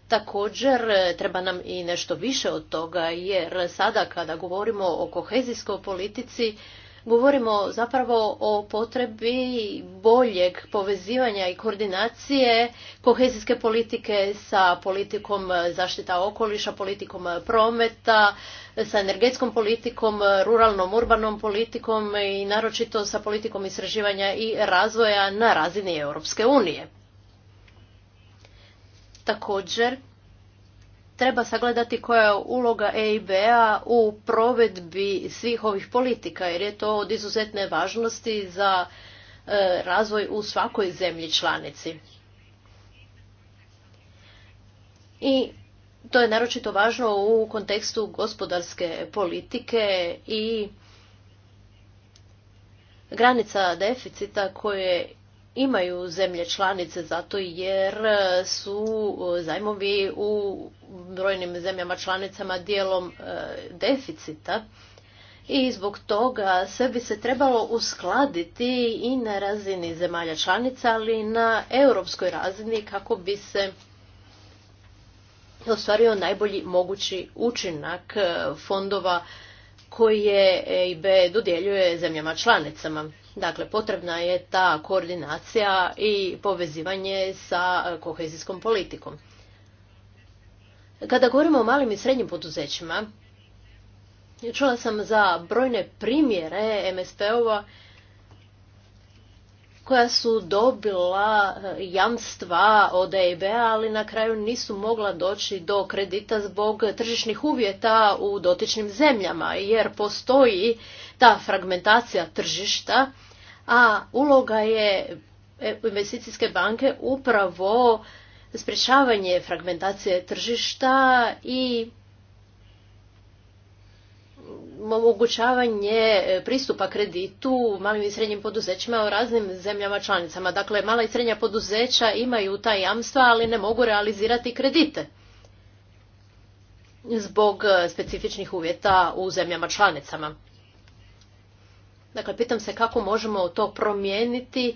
[SPEAKER 2] Također e, treba nam i nešto više od toga jer sada kada govorimo o kohezijskoj politici govorimo zapravo o potrebi boljeg povezivanja i koordinacije kohezijske politike sa politikom zaštita okoliša, politikom prometa, sa energetskom politikom, ruralnom, urbanom politikom i naročito sa politikom istraživanja i razvoja na razini Europske unije. Također, treba sagledati koja je uloga EIB-a u provedbi svih ovih politika, jer je to od izuzetne važnosti za e, razvoj u svakoj zemlji članici. I to je naročito važno u kontekstu gospodarske politike i granica deficita koje imaju zemlje članice zato jer su zajmovi u brojnim zemljama članicama dijelom e, deficita i zbog toga sve bi se trebalo uskladiti i na razini zemalja članica, ali i na europskoj razini kako bi se ostvario najbolji mogući učinak e, fondova koje EIB dodjeljuje zemljama članicama. Dakle, potrebna je ta koordinacija i povezivanje sa kohezijskom politikom. Kada govorimo o malim i srednjim poduzećima, čula sam za brojne primjere MSP-ova koja su dobila e, jamstva od EIB-a, ali na kraju nisu mogla doći do kredita zbog tržišnih uvjeta u dotičnim zemljama, jer postoji ta fragmentacija tržišta, a uloga je e, investicijske banke upravo sprječavanje fragmentacije tržišta i omogućavanje e, pristupa kreditu malim i srednjim poduzećima u raznim zemljama članicama. Dakle, mala i srednja poduzeća imaju ta jamstva, ali ne mogu realizirati kredite zbog e, specifičnih uvjeta u zemljama članicama. Dakle, pitam se kako možemo to promijeniti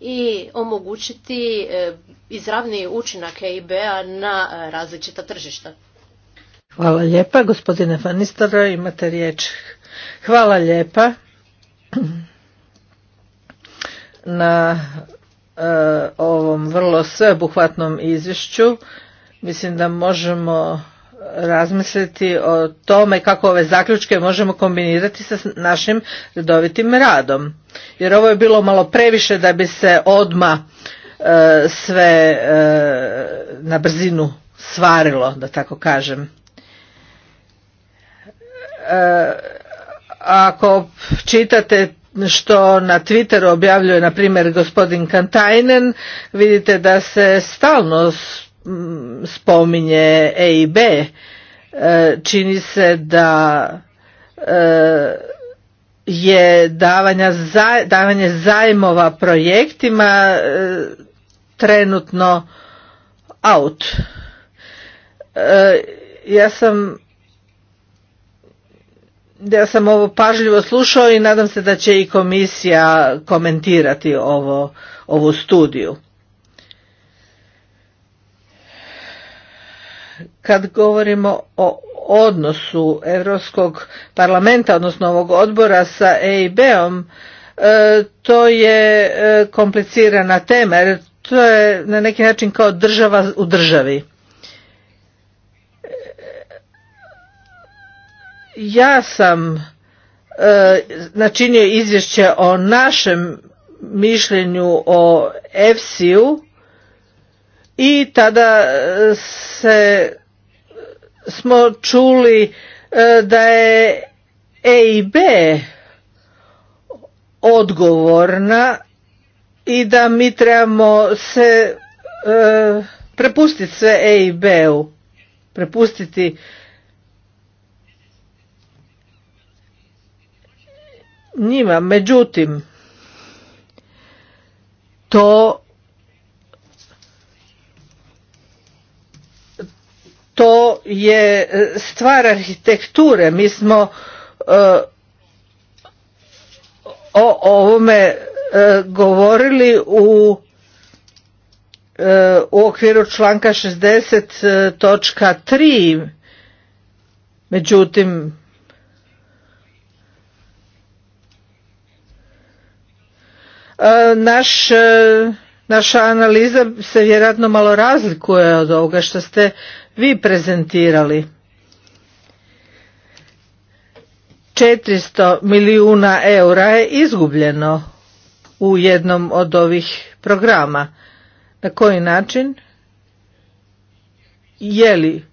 [SPEAKER 2] i omogućiti e, izravni učinak EIB-a na e, različita tržišta.
[SPEAKER 3] Hvala lijepa. Gospodine Fanistaro, imate riječ. Hvala lijepa na e, ovom vrlo sveobuhvatnom izvješću. Mislim da možemo razmisliti o tome kako ove zaključke možemo kombinirati sa našim redovitim radom jer ovo je bilo malo previše da bi se odma e, sve e, na brzinu svarilo da tako kažem e, ako čitate što na Twitteru objavljuje na primjer gospodin Kantajnen vidite da se stalno spominje EIB čini se da je davanja, davanje zajmova projektima e, trenutno out. E, ja sam ja sam ovo pažljivo slušao i nadam se da će i komisija komentirati ovo, ovu studiju. Kad govorimo o odnosu Europskog parlamenta, odnosno ovog odbora sa EIB-om, e, to je e, komplicirana tema jer to je na neki način kao država u državi. Ja sam e, načinio izvješće o našem mišljenju o EFSI-u i tada se smo čuli e, da je EIB odgovorna i da mi trebamo se e, prepustiti sve EIB-u, prepustiti njima. Međutim, to je e, stvar arhitekture. Mi smo e, o ovome e, govorili u u okviru članka 60 točka 3 međutim naš naša analiza se vjerojatno malo razlikuje od ovoga što ste vi prezentirali. 400 milijuna eura je izgubljeno u jednom od ovih programa. Na koji način? Je li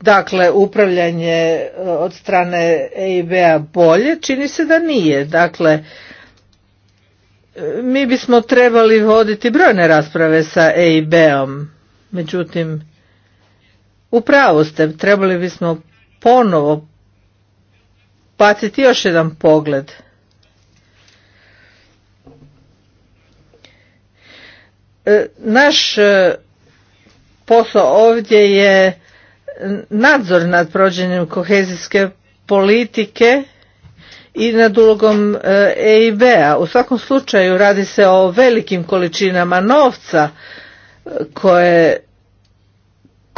[SPEAKER 3] dakle upravljanje eh, od strane EIB-a bolje? Čini se da nije. Dakle, eh, mi bismo trebali voditi brojne rasprave sa EIB-om. Međutim, u pravu ste, trebali bismo ponovo baciti još jedan pogled. E, naš e, posao ovdje je nadzor nad prođenjem kohezijske politike i nad ulogom EIB-a. E U svakom slučaju radi se o velikim količinama novca koje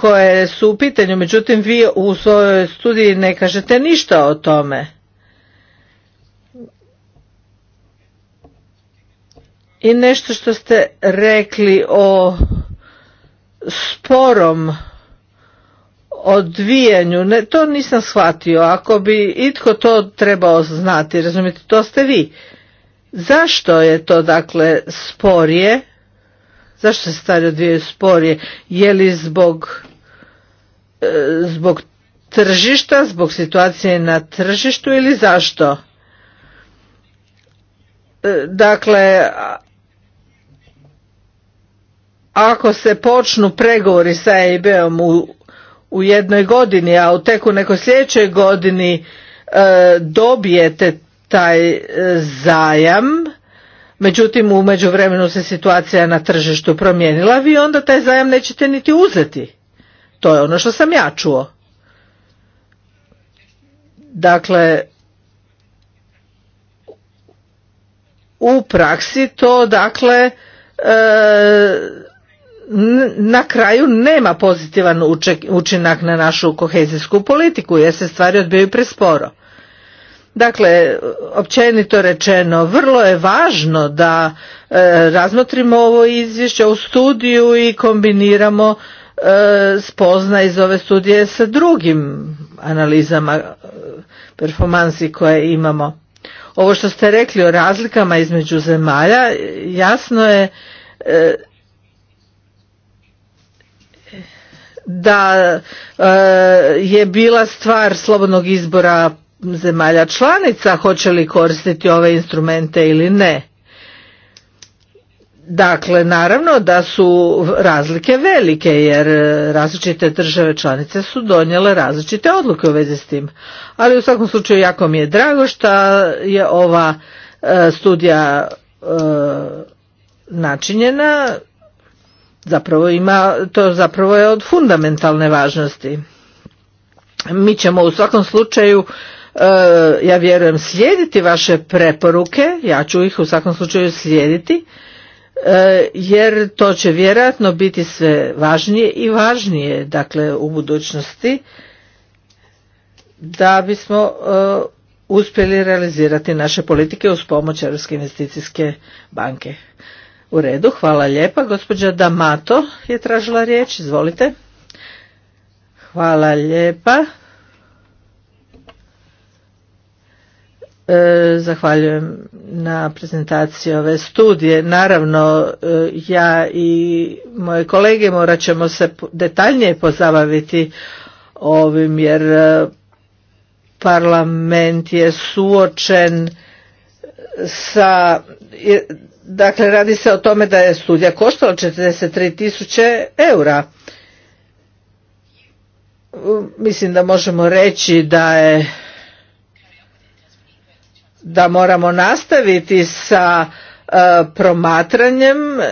[SPEAKER 3] koje su u pitanju, međutim vi u svojoj studiji ne kažete ništa o tome. I nešto što ste rekli o sporom odvijanju, ne, to nisam shvatio, ako bi itko to trebao znati, razumijete, to ste vi. Zašto je to dakle sporije? Zašto se stvari odvijaju sporije? Je li zbog zbog tržišta, zbog situacije na tržištu ili zašto? E, dakle, ako se počnu pregovori sa EIB-om u, u jednoj godini, a u teku nekoj sljedećoj godini e, dobijete taj e, zajam, međutim u međuvremenu se situacija na tržištu promijenila, vi onda taj zajam nećete niti uzeti. To je ono što sam ja čuo. Dakle, u praksi to dakle e, na kraju nema pozitivan učinak na našu kohezijsku politiku jer se stvari odbijaju presporo. Dakle, općenito rečeno, vrlo je važno da e, razmotrimo ovo izvješće u studiju i kombiniramo E, spozna iz ove studije sa drugim analizama e, performansi koje imamo. Ovo što ste rekli o razlikama između zemalja, jasno je e, da je bila stvar slobodnog izbora zemalja članica hoće li koristiti ove instrumente ili ne. Dakle, naravno da su razlike velike jer e, različite države članice su donijele različite odluke u vezi s tim. Ali u svakom slučaju jako mi je drago što je ova e, studija e, načinjena. Zapravo ima, to zapravo je od fundamentalne važnosti. Mi ćemo u svakom slučaju ja vjerujem slijediti vaše preporuke, ja ću ih u svakom slučaju slijediti E, jer to će vjerojatno biti sve važnije i važnije dakle u budućnosti da bismo e, uspjeli realizirati naše politike uz pomoć Europske investicijske banke. U redu, hvala lijepa. Gospođa Damato je tražila riječ, izvolite. Hvala lijepa. E, zahvaljujem na prezentaciji ove studije. Naravno, e, ja i moje kolege morat ćemo se detaljnije pozabaviti ovim jer e, parlament je suočen sa, dakle radi se o tome da je studija koštala 43.000 tisuće eura. Mislim da možemo reći da je da moramo nastaviti sa e, promatranjem e,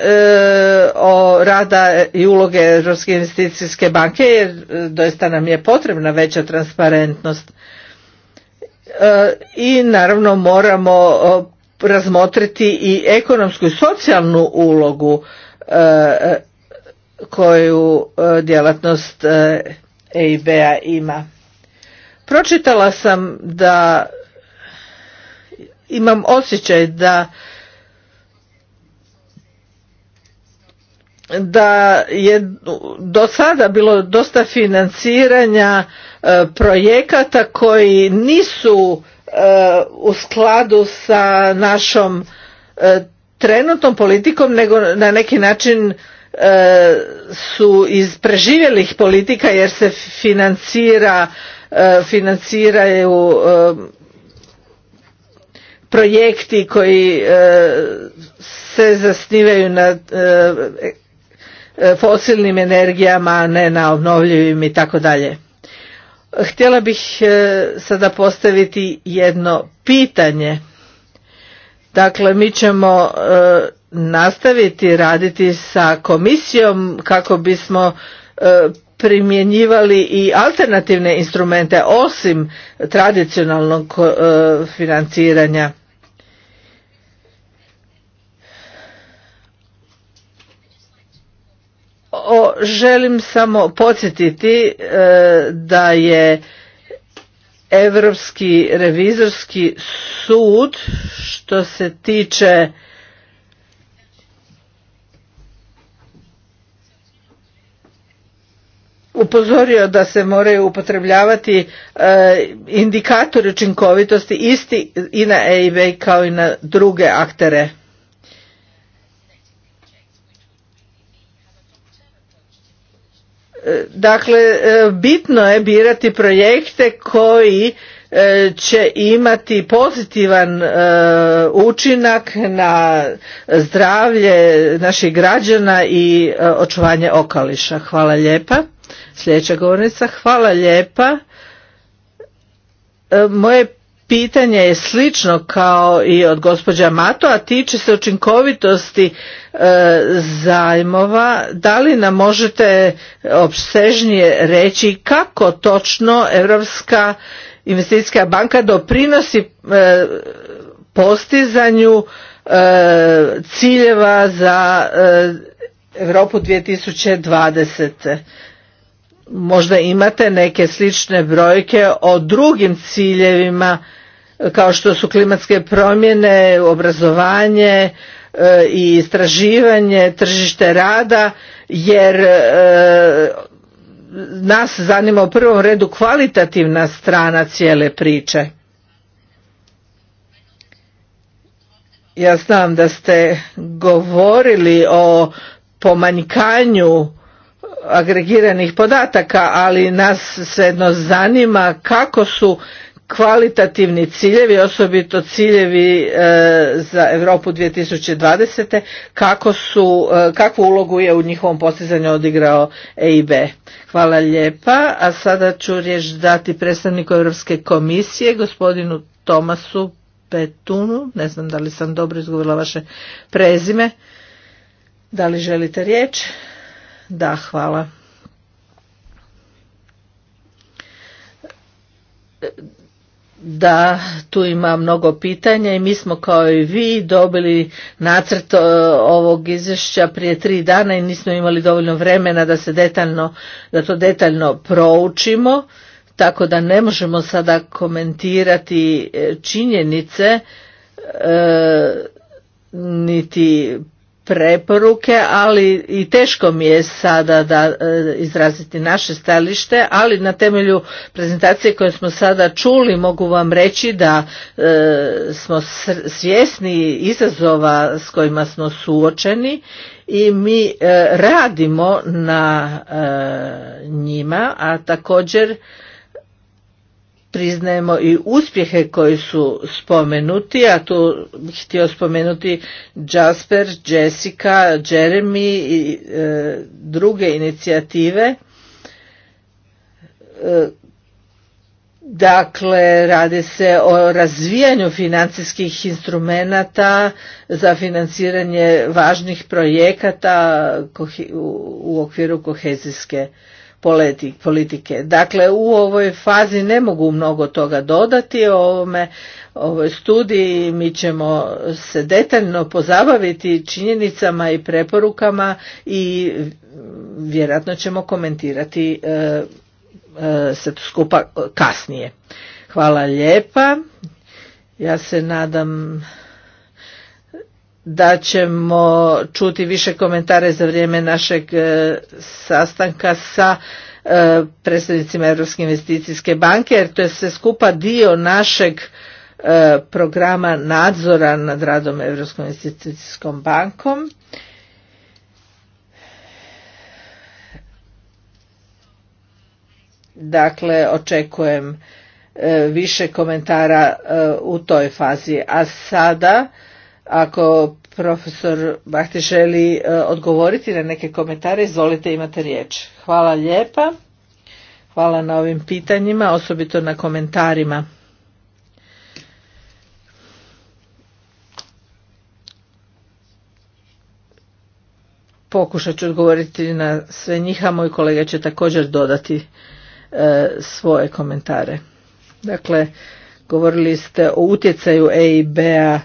[SPEAKER 3] o rada i uloge Europske investicijske banke jer e, doista nam je potrebna veća transparentnost i naravno moramo razmotriti i ekonomsku i socijalnu ulogu koju djelatnost EIB-a ima. Pročitala sam da imam osjećaj da da je do sada bilo dosta financiranja e, projekata koji nisu e, u skladu sa našom e, trenutnom politikom nego na neki način su iz preživjelih politika jer se financira financiraju projekti koji e, se zasnivaju na e, e, fosilnim energijama, a ne na obnovljivim i tako dalje. Htjela bih sada postaviti jedno pitanje. Dakle, mi ćemo nastaviti raditi sa komisijom kako bismo primjenjivali i alternativne instrumente osim tradicionalnog financiranja o, želim samo podsjetiti e, da je Europski revizorski sud što se tiče upozorio da se moraju upotrebljavati e, indikatori učinkovitosti isti i na EIB kao i na druge aktere. Dakle, e, bitno je birati projekte koji e, će imati pozitivan e, učinak na zdravlje naših građana i očuvanje okališa. Hvala lijepa. Sljedeća govornica. Hvala lijepa. Moje pitanje je slično kao i od gospođa Mato, a tiče se učinkovitosti e, zajmova. Da li nam možete opsežnije reći kako točno Europska investicijska banka doprinosi e, postizanju e, ciljeva za Europu 2020 možda imate neke slične brojke o drugim ciljevima kao što su klimatske promjene, obrazovanje e, i istraživanje, tržište rada, jer e, nas zanima u prvom redu kvalitativna strana cijele priče. Ja znam da ste govorili o pomanjkanju agregiranih podataka, ali nas svejedno zanima kako su kvalitativni ciljevi, osobito ciljevi e, za Europu 2020. kako su, e, kakvu ulogu je u njihovom postizanju odigrao EIB. Hvala lijepa, a sada ću riječ dati predstavniku Europske komisije, gospodinu Tomasu Petunu, ne znam da li sam dobro izgovorila vaše prezime, da li želite riječ? Da, hvala. da tu ima mnogo pitanja i mi smo kao i vi dobili nacrt e, ovog izvješća prije tri dana i nismo imali dovoljno vremena da se detaljno, da to detaljno proučimo, tako da ne možemo sada komentirati e, činjenice e, niti preporuke, ali i teško mi je sada da e, izraziti naše stajalište, ali na temelju prezentacije koje smo sada čuli mogu vam reći da e, smo svjesni izazova s kojima smo suočeni i mi e, radimo na njima, a također priznajemo i uspjehe koji su spomenuti, a tu bih htio spomenuti Jasper, Jessica, Jeremy i e, druge inicijative. E, dakle, radi se o razvijanju financijskih instrumenata za financiranje važnih projekata u okviru kohezijske politike. Dakle, u ovoj fazi ne mogu mnogo toga dodati, o ovome ovoj studiji mi ćemo se detaljno pozabaviti činjenicama i preporukama i vjerojatno ćemo komentirati se e, skupa kasnije. Hvala lijepa. Ja se nadam da ćemo čuti više komentare za vrijeme našeg e, sastanka sa e, predstavnicima Europske investicijske banke jer to je sve skupa dio našeg e, programa nadzora nad radom Europskom investicijskom bankom. Dakle, očekujem više komentara u toj fazi. A sada, ako Profesor Bahti želi e, odgovoriti na neke komentare, izvolite imate riječ. Hvala lijepa, hvala na ovim pitanjima, osobito na komentarima. Pokušat ću odgovoriti na sve njih, a moj kolega će također dodati e, svoje komentare. Dakle, govorili ste o utjecaju EIB-a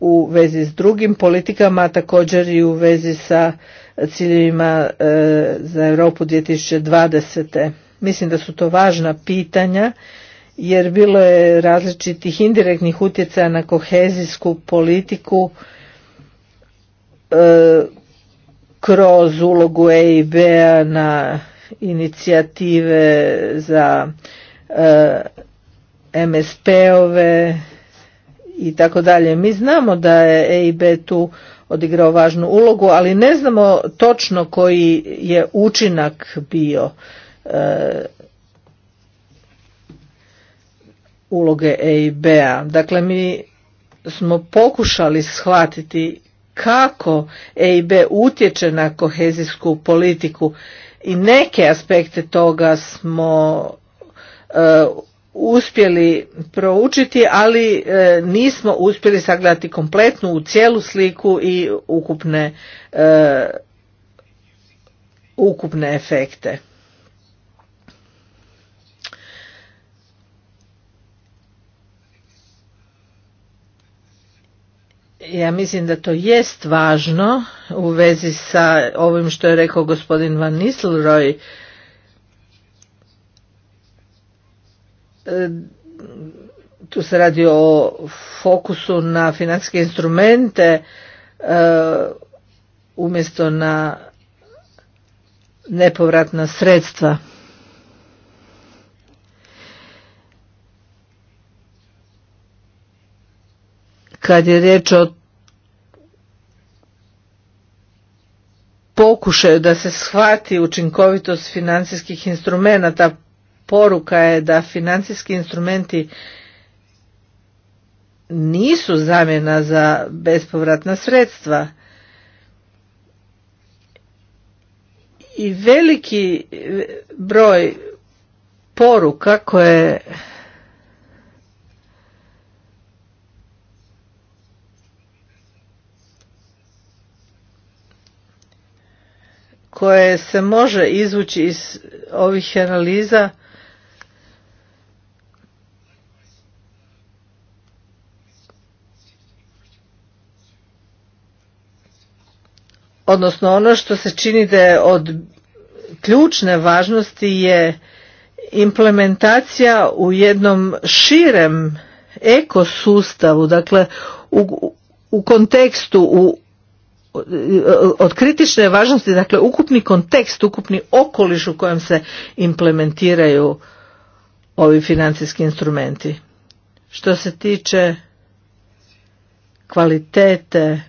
[SPEAKER 3] u vezi s drugim politikama, a također i u vezi sa ciljevima e, za Europu 2020. Mislim da su to važna pitanja jer bilo je različitih indirektnih utjecaja na kohezijsku politiku e, kroz ulogu EIB-a na inicijative za e, MSP-ove i tako dalje. Mi znamo da je EIB tu odigrao važnu ulogu, ali ne znamo točno koji je učinak bio e, uloge EIB-a. Dakle, mi smo pokušali shvatiti kako EIB utječe na kohezijsku politiku i neke aspekte toga smo e, uspjeli proučiti, ali e, nismo uspjeli sagledati kompletnu u cijelu sliku i ukupne, e, ukupne efekte. Ja mislim da to jest važno u vezi sa ovim što je rekao gospodin Van Nistelrooy E, tu se radi o fokusu na financijske instrumente e, umjesto na nepovratna sredstva. Kad je riječ o pokušaju da se shvati učinkovitost financijskih instrumenata, poruka je da financijski instrumenti nisu zamjena za bespovratna sredstva. I veliki broj poruka koje koje se može izvući iz ovih analiza odnosno ono što se čini da je od ključne važnosti je implementacija u jednom širem ekosustavu, dakle u, u kontekstu u od kritične važnosti, dakle ukupni kontekst, ukupni okoliš u kojem se implementiraju ovi financijski instrumenti. Što se tiče kvalitete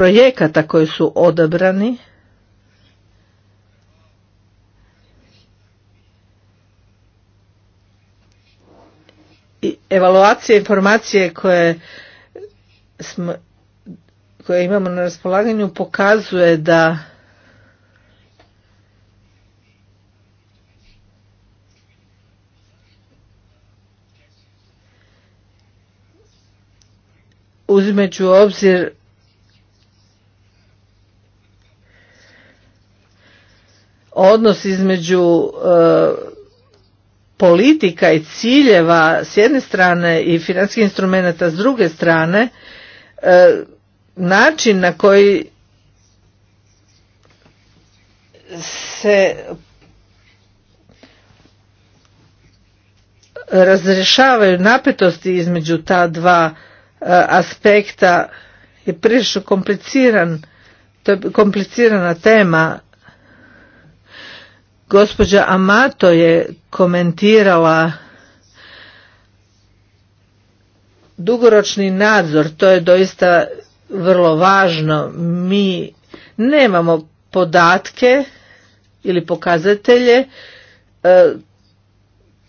[SPEAKER 3] projekata koji su odabrani i evaluacije informacije koje smo, koje imamo na raspolaganju pokazuje da u obzir odnos između e, politika i ciljeva s jedne strane i financijskih instrumenata s druge strane e, način na koji se razrješavaju napetosti između ta dva e, aspekta je prilično kompliciran to je komplicirana tema Gospođa Amato je komentirala dugoročni nadzor, to je doista vrlo važno. Mi nemamo podatke ili pokazatelje e,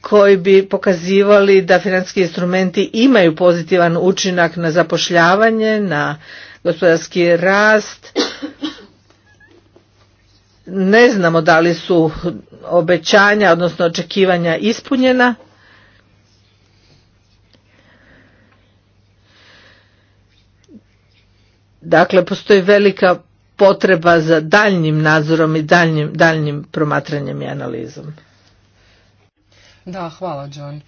[SPEAKER 3] koji bi pokazivali da financijski instrumenti imaju pozitivan učinak na zapošljavanje, na gospodarski rast, ne znamo da li su obećanja, odnosno očekivanja ispunjena. Dakle, postoji velika potreba za daljnjim nadzorom i daljnjim, promatranjem i analizom.
[SPEAKER 1] Da, hvala John.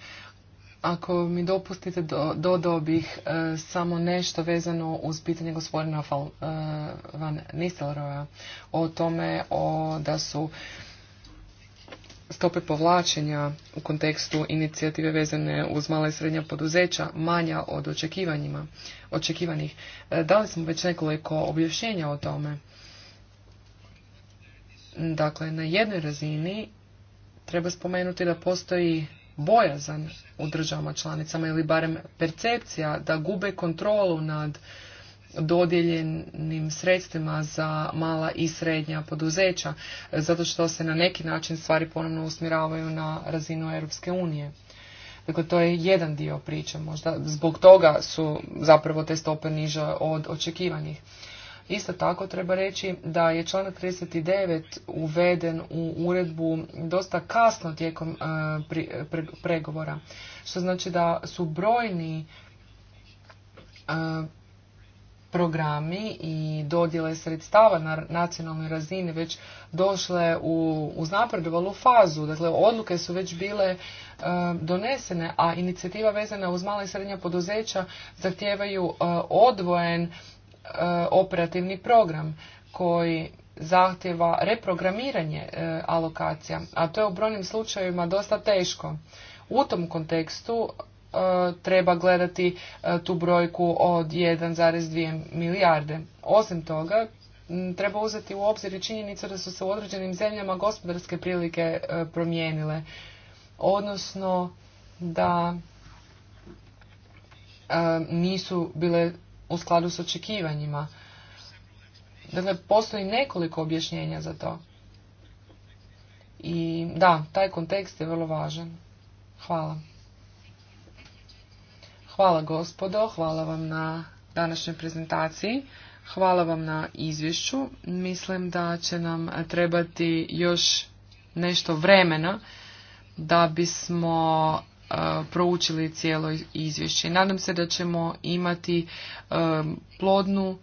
[SPEAKER 1] Ako mi dopustite, dodao bih e, samo nešto vezano uz pitanje gospodina e, Van Nistelroja o tome o, da su stope povlačenja u kontekstu inicijative vezane uz mala i srednja poduzeća manja od očekivanjima, očekivanih. E, dali smo već nekoliko objašnjenja o tome. Dakle, na jednoj razini treba spomenuti da postoji bojazan u državama članicama ili barem percepcija da gube kontrolu nad dodijeljenim sredstvima za mala i srednja poduzeća, zato što se na neki način stvari ponovno usmjeravaju na razinu Europske unije. Dakle, to je jedan dio priče možda. Zbog toga su zapravo te stope niže od očekivanih. Isto tako treba reći da je članak 39 uveden u uredbu dosta kasno tijekom e, pregovora, što znači da su brojni e, programi i dodjele sredstava na nacionalnoj razini već došle u uznapredovalu fazu. Dakle, odluke su već bile e, donesene, a inicijativa vezana uz mala i srednja poduzeća zahtijevaju odvojen E, operativni program koji zahtjeva reprogramiranje e, alokacija, a to je u brojnim slučajevima dosta teško. U tom kontekstu e, treba gledati tu brojku od 1,2 milijarde. Osim toga, treba uzeti u obzir i činjenicu da su se u određenim zemljama gospodarske prilike promijenile, odnosno da nisu bile u skladu s očekivanjima. Dakle, postoji nekoliko objašnjenja za to. I da, taj kontekst je vrlo važan. Hvala. Hvala gospodo, hvala vam na današnjoj prezentaciji. Hvala vam na izvješću. Mislim da će nam trebati još nešto vremena da bismo E, proučili cijelo izvješće. Nadam se da ćemo imati e, plodnu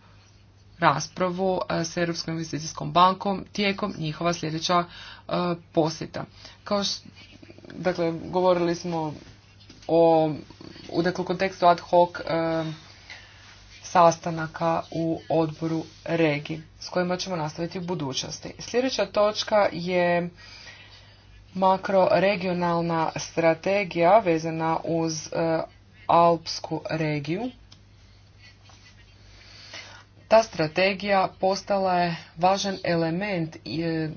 [SPEAKER 1] raspravu e, s Europskom investicijskom bankom tijekom njihova sljedeća posjeta. Kao dakle, govorili smo o, dakle, u dakle, kontekstu ad hoc sastanaka u odboru regi s kojima ćemo nastaviti u budućnosti. Sljedeća točka je makroregionalna strategija vezana uz e, Alpsku regiju. Ta strategija postala je važan element e,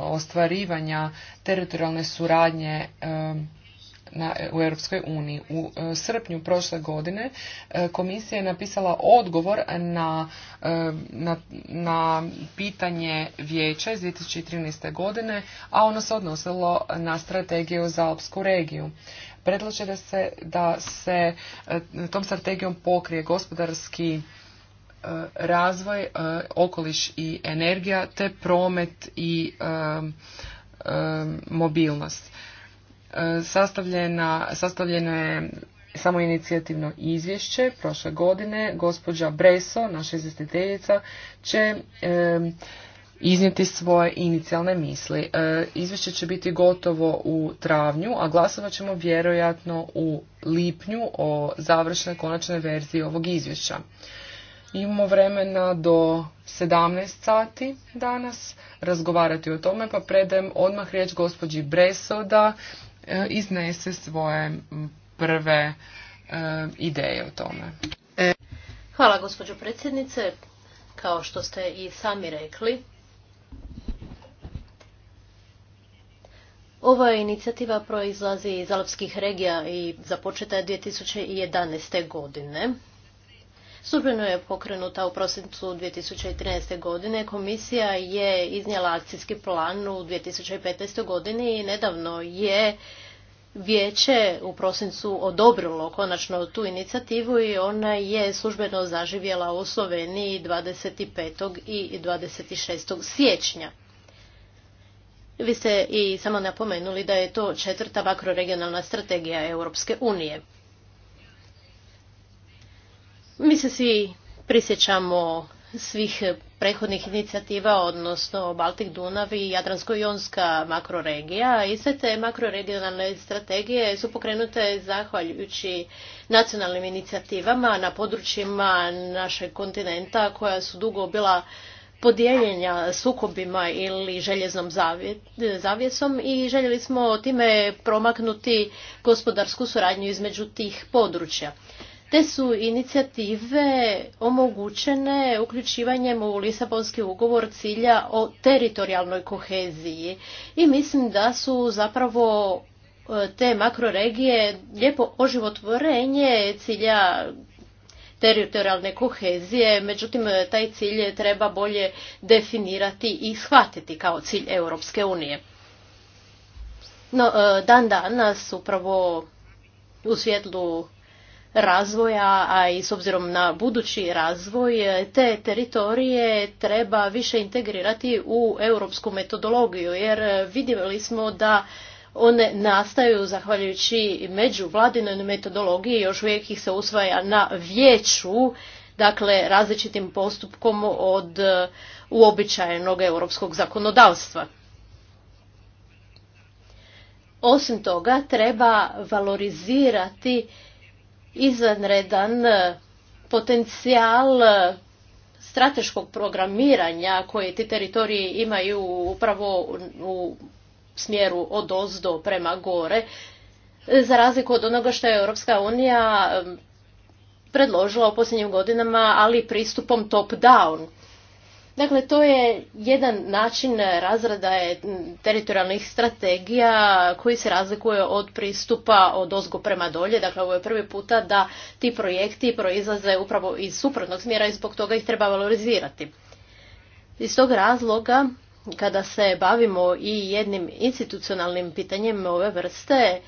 [SPEAKER 1] ostvarivanja teritorijalne suradnje e, u Europskoj uniji. U e, srpnju prošle godine e, komisija je napisala odgovor na, e, na, na pitanje vijeća iz 2013. godine, a ono se odnosilo na strategiju za Alpsku regiju. Predlaže da se, da se tom strategijom pokrije gospodarski razvoj, okoliš i energija, te promet i mobilnost. E, sastavljena, sastavljeno je samo inicijativno izvješće prošle godine. Gospođa Breso, naša izvjestiteljica, će e, iznijeti svoje inicijalne misli. E, izvješće će biti gotovo u travnju, a glasovat ćemo vjerojatno u lipnju o završnoj konačnoj verziji ovog izvješća. Imamo vremena do 17 sati danas razgovarati o tome, pa predajem odmah riječ gospođi Breso da E, iznese svoje prve e, ideje o tome. E.
[SPEAKER 2] Hvala gospođo predsjednice. Kao što ste i sami rekli, Ova inicijativa proizlazi iz alpskih regija i započeta je 2011. godine. Službeno je pokrenuta u prosincu 2013. godine. Komisija je iznijela akcijski plan u 2015. godini i nedavno je vijeće u prosincu odobrilo konačno tu inicijativu i ona je službeno zaživjela u Sloveniji 25. i 26. siječnja. Vi ste i samo napomenuli da je to četvrta makroregionalna strategija Europske unije. Mi se svi prisjećamo svih prethodnih inicijativa, odnosno Baltik, Dunav i Jadransko-Jonska makroregija. I sve te makroregionalne strategije su pokrenute zahvaljujući nacionalnim inicijativama na područjima našeg kontinenta koja su dugo bila podijeljenja sukobima ili željeznom zavjesom i željeli smo time promaknuti gospodarsku suradnju između tih područja. Te su inicijative omogućene uključivanjem u Lisabonski ugovor cilja o teritorijalnoj koheziji i mislim da su zapravo e, te makroregije lijepo oživotvorenje cilja teritorijalne kohezije, međutim taj cilj treba bolje definirati i shvatiti kao cilj Europske unije. No, e, dan danas upravo u svjetlu razvoja, a i s obzirom na budući razvoj, te teritorije treba više integrirati u europsku metodologiju, jer vidjeli smo da one nastaju zahvaljujući međuvladinoj metodologiji, još uvijek ih se usvaja na vijeću, dakle različitim postupkom od uobičajenog europskog zakonodavstva. Osim toga, treba valorizirati izvanredan e, potencijal e, strateškog programiranja koje ti teritoriji imaju upravo u smjeru od ozdo prema gore, e, za razliku od onoga što je Europska unija predložila u posljednjim godinama, ali pristupom top-down. Dakle, to je jedan način razrada e, teritorijalnih strategija koji se razlikuje od pristupa od ozgo prema dolje. Dakle, ovo je prvi puta da ti projekti proizlaze upravo iz suprotnog smjera i zbog toga ih treba valorizirati. Iz tog razloga, kada se bavimo i jednim institucionalnim pitanjem ove vrste,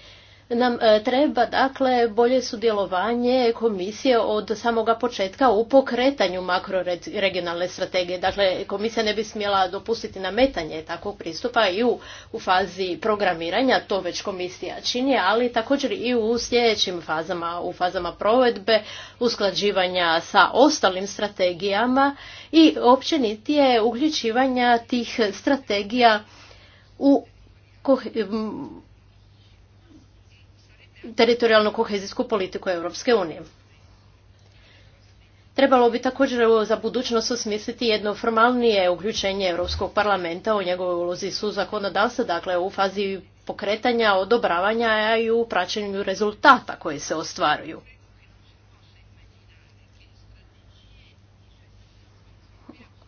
[SPEAKER 2] nam e, treba dakle bolje sudjelovanje komisije od samoga početka u pokretanju makroregionalne strategije. Dakle, komisija ne bi smjela dopustiti nametanje takvog pristupa i u, fazi programiranja, to već komisija čini, ali također i u sljedećim fazama, u fazama provedbe, usklađivanja sa ostalim strategijama i općenitije uključivanja tih strategija u teritorijalnu kohezijsku politiku Europske unije. Trebalo bi također za budućnost osmisliti jedno formalnije uključenje Europskog parlamenta u njegovoj ulozi su zakonodavstva, dakle u fazi pokretanja, odobravanja i u praćenju rezultata koji se ostvaruju.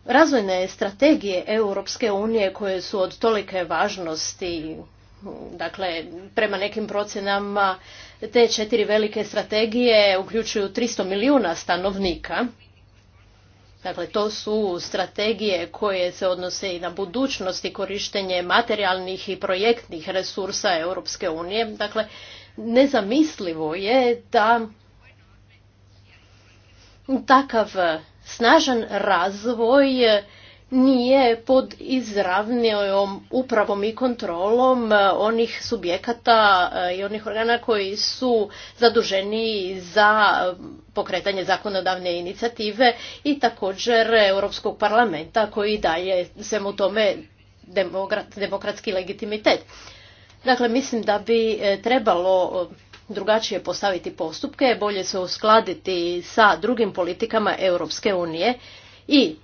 [SPEAKER 2] Razvojne strategije Europske unije koje su od tolike važnosti Dakle, prema nekim procjenama te četiri velike strategije uključuju 300 milijuna stanovnika. Dakle, to su strategije koje se odnose i na budućnost i korištenje materijalnih i projektnih resursa Europske unije. Dakle, nezamislivo je da takav snažan razvoj nije pod izravnijom upravom i kontrolom e, onih subjekata e, i onih organa koji su zaduženi za e, pokretanje zakonodavne inicijative i također Europskog parlamenta koji daje svemu tome demokratski legitimitet. Dakle, mislim da bi trebalo drugačije postaviti postupke, bolje se uskladiti sa drugim politikama Europske unije i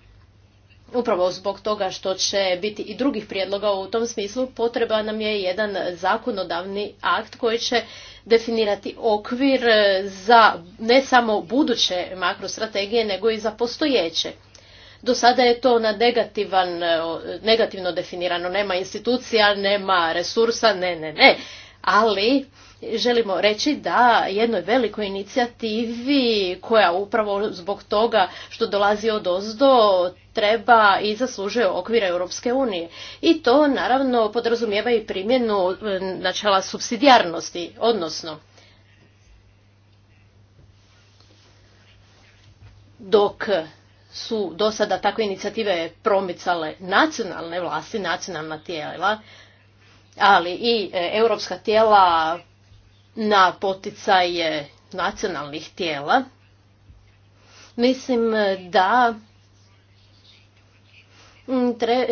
[SPEAKER 2] upravo zbog toga što će biti i drugih prijedloga u tom smislu, potreba nam je jedan zakonodavni akt koji će definirati okvir e, za ne samo buduće makrostrategije, nego i za postojeće. Do sada je to na negativan, e, negativno definirano, nema institucija, nema resursa, ne, ne, ne, ali želimo reći da jednoj velikoj inicijativi koja upravo zbog toga što dolazi od ozdo treba i zaslužuje okvira Europske unije. I to naravno podrazumijeva i primjenu eh, načela subsidijarnosti, odnosno dok su do sada takve inicijative promicale nacionalne vlasti, nacionalna tijela, ali i eh, europska tijela na poticaje nacionalnih tijela. Mislim da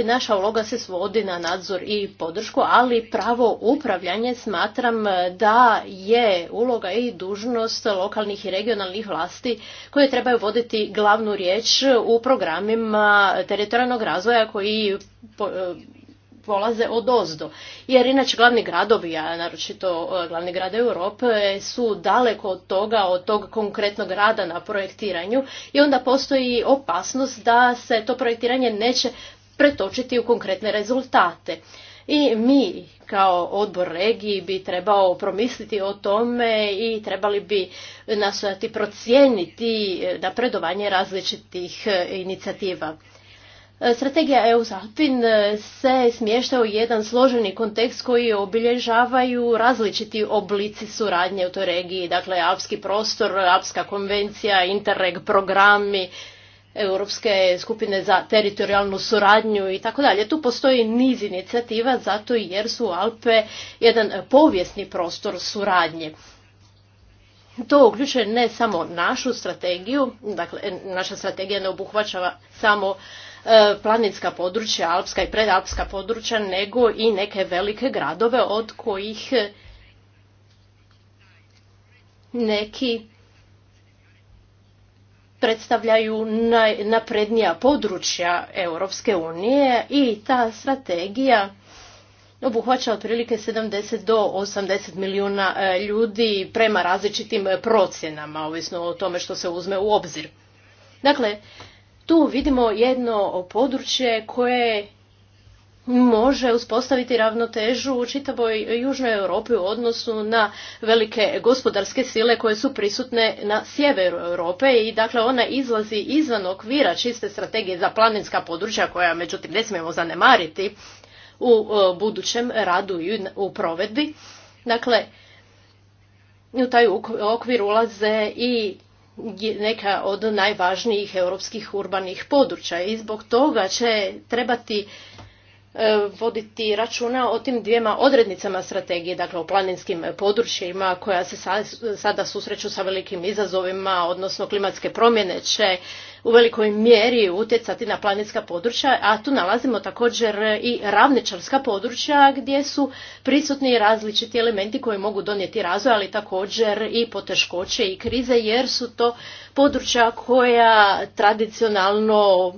[SPEAKER 2] naša uloga se svodi na nadzor i podršku, ali pravo upravljanje smatram da je uloga i dužnost lokalnih i regionalnih vlasti koje trebaju voditi glavnu riječ u programima teritorijalnog razvoja koji polaze od ozdo. Jer inače glavni gradovi, a naročito e, glavni grad Europe, su daleko od toga, od tog konkretnog rada na projektiranju i onda postoji opasnost da se to projektiranje neće pretočiti u konkretne rezultate. I mi kao odbor regiji bi trebao promisliti o tome i trebali bi nastojati procijeniti e, napredovanje različitih e, inicijativa. E, strategija EU Zapin e, se smješta u jedan složeni kontekst koji obilježavaju različiti oblici suradnje u toj regiji, dakle Alpski prostor, Alpska konvencija, Interreg programi, Europske skupine za teritorijalnu suradnju i tako dalje. Tu postoji niz inicijativa zato jer su Alpe jedan povijesni prostor suradnje. To uključuje ne samo našu strategiju, dakle naša strategija ne obuhvaćava samo E, planinska područja, alpska i predalpska područja, nego i neke velike gradove od kojih e, neki predstavljaju najnaprednija područja Europske unije i ta strategija obuhvaća otprilike 70 do 80 milijuna e, ljudi prema različitim procjenama, ovisno o tome što se uzme u obzir. Dakle, tu vidimo jedno područje koje može uspostaviti ravnotežu u čitavoj Južnoj Europi u odnosu na velike gospodarske sile koje su prisutne na sjeveru Europe i dakle ona izlazi izvan okvira čiste strategije za planinska područja koja međutim ne smijemo zanemariti u e, budućem radu i u provedbi. Dakle, u taj okvir ulaze i neka od najvažnijih europskih urbanih područja i zbog toga će trebati E, voditi računa o tim dvijema odrednicama strategije, dakle o planinskim područjima koja se sada susreću sa velikim izazovima, odnosno klimatske promjene će u velikoj mjeri utjecati na planinska područja, a tu nalazimo također i ravničarska područja gdje su prisutni različiti elementi koji mogu donijeti razvoj, ali također i poteškoće i krize jer su to područja koja tradicionalno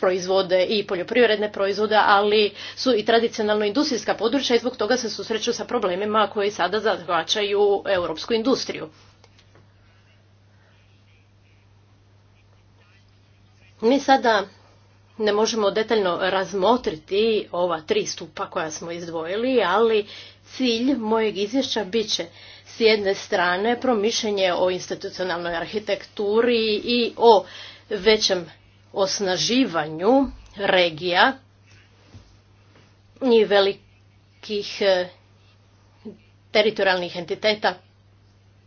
[SPEAKER 2] proizvode i poljoprivredne proizvode, ali su i tradicionalno industrijska područja i zbog toga se susreću sa problemima koji sada zahvaćaju europsku industriju. Mi sada ne možemo detaljno razmotriti ova tri stupa koja smo izdvojili, ali cilj mojeg izvješća bit će s jedne strane promišljenje o institucionalnoj arhitekturi i o većem osnaživanju regija i velikih e, teritorijalnih entiteta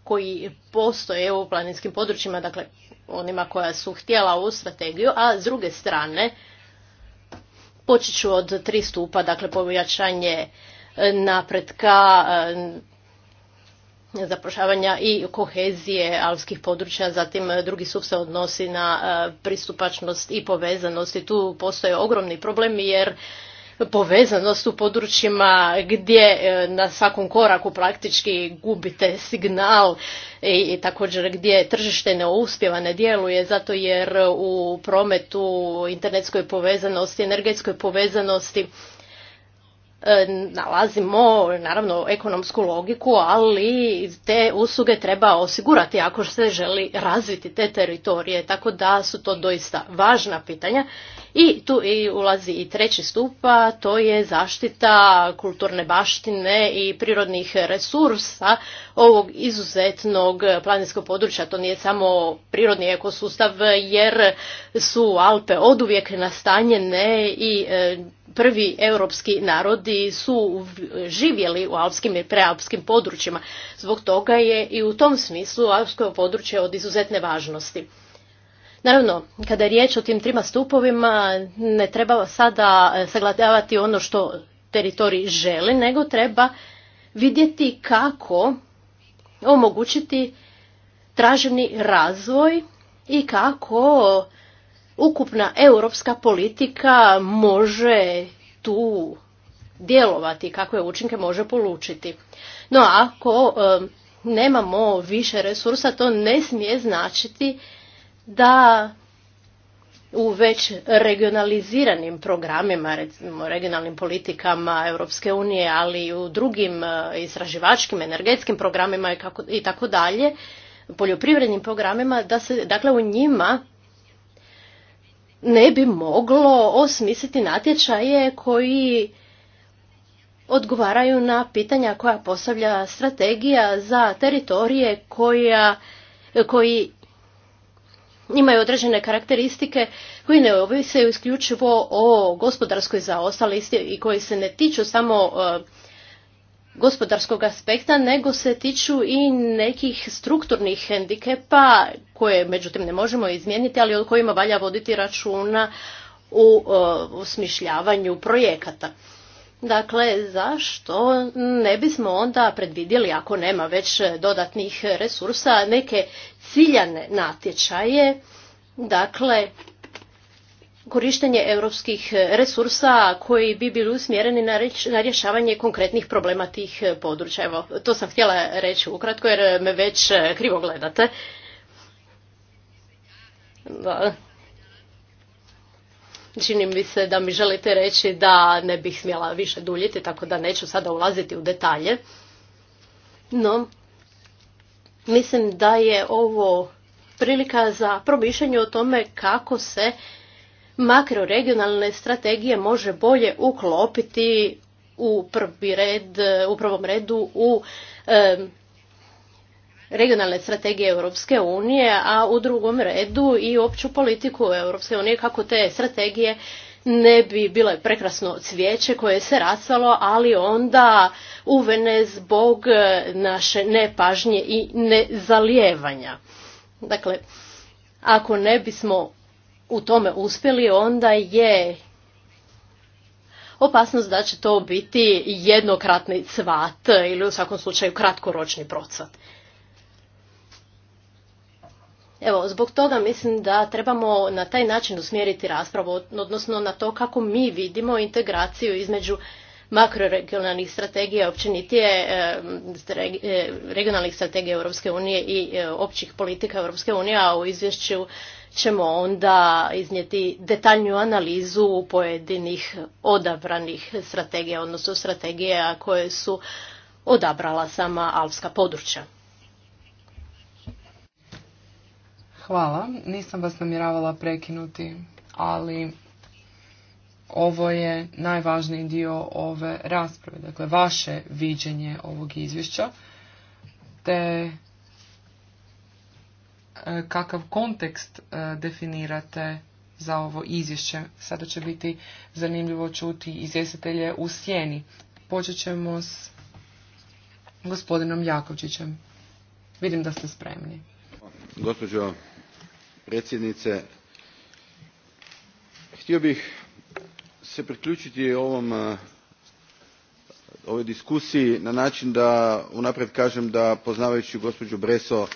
[SPEAKER 2] koji postoje u planinskim područjima, dakle onima koja su htjela ovu strategiju, a s druge strane počet ću od tri stupa, dakle pojačanje e, napretka, e, zapošljavanja i kohezije alpskih područja, zatim e, drugi sub se odnosi na e, pristupačnost i povezanost i tu postoje ogromni problemi jer povezanost u područjima gdje e, na svakom koraku praktički gubite signal i također gdje tržište ne uspjeva, ne djeluje, zato jer u prometu, internetskoj povezanosti, energetskoj povezanosti E, nalazimo naravno ekonomsku logiku, ali te usluge treba osigurati ako se želi razviti te teritorije, tako da su to doista važna pitanja i tu i ulazi i treći stupa, to je zaštita kulturne baštine i prirodnih resursa ovog izuzetnog planinskog područja. To nije samo prirodni ekosustav jer su Alpe oduvijek nastanjene i e, prvi europski narodi su živjeli u alpskim i prealpskim područjima. Zbog toga je i u tom smislu alpsko područje od izuzetne važnosti. Naravno, kada je riječ o tim trima stupovima, ne treba sada eh, sagledavati ono što teritorij želi, nego treba vidjeti kako omogućiti traženi razvoj i kako ukupna europska politika može tu djelovati, kakve učinke može polučiti. No ako eh, nemamo više resursa, to ne smije značiti da u već regionaliziranim programima, recimo regionalnim politikama Europske unije, ali i u drugim e, istraživačkim, energetskim programima i tako dalje, poljoprivrednim programima, da se dakle u njima ne bi moglo osmisliti natječaje koji odgovaraju na pitanja koja postavlja strategija za teritorije koja, koji imaju određene karakteristike koji ne ovise isključivo o gospodarskoj zaostalosti i koji se ne tiču samo e, gospodarskog aspekta, nego se tiču i nekih strukturnih hendikepa koje međutim ne možemo izmijeniti, ali o kojima valja voditi računa u e, osmišljavanju projekata. Dakle, zašto ne bismo onda predvidjeli, ako nema već dodatnih resursa, neke ciljane natječaje, dakle, korištenje europskih resursa koji bi bili usmjereni na rješavanje konkretnih problema tih područja. Evo, to sam htjela reći ukratko jer me već krivo gledate. Da. Čini mi se da mi želite reći da ne bih smjela više duljiti, tako da neću sada ulaziti u detalje. No, mislim da je ovo prilika za promišljanje o tome kako se makroregionalne strategije može bolje uklopiti u u prvom redu u regionalne strategije Europske unije, a u drugom redu i opću politiku Europske unije kako te strategije ne bi bile prekrasno cvijeće koje se rasalo, ali onda uvene zbog e, naše nepažnje i nezalijevanja. Dakle, ako ne bismo u tome uspjeli, onda je opasnost da će to biti jednokratni cvat ili u svakom slučaju kratkoročni procvat. Evo, zbog toga mislim da trebamo na taj način usmjeriti raspravu, odnosno na to kako mi vidimo integraciju između makroregionalnih strategija, općenitije e, e, regionalnih strategija Europske unije i e, općih politika Europske unije, a u izvješću ćemo onda iznijeti detaljnju analizu pojedinih odabranih strategija, odnosno strategija koje su odabrala sama alpska područja.
[SPEAKER 1] Hvala. Nisam vas namjeravala prekinuti, ali ovo je najvažniji dio ove rasprave. Dakle, vaše viđenje ovog izvješća te e, kakav kontekst e, definirate za ovo izvješće. Sada će biti zanimljivo čuti izvjestitelje u sjeni. Počet ćemo s gospodinom Jakovčićem. Vidim da ste spremni.
[SPEAKER 4] Gospođo predsjednice htio bih se priključiti eh, ovoj diskusiji na način da unaprijed kažem da poznavajući gospođu Breso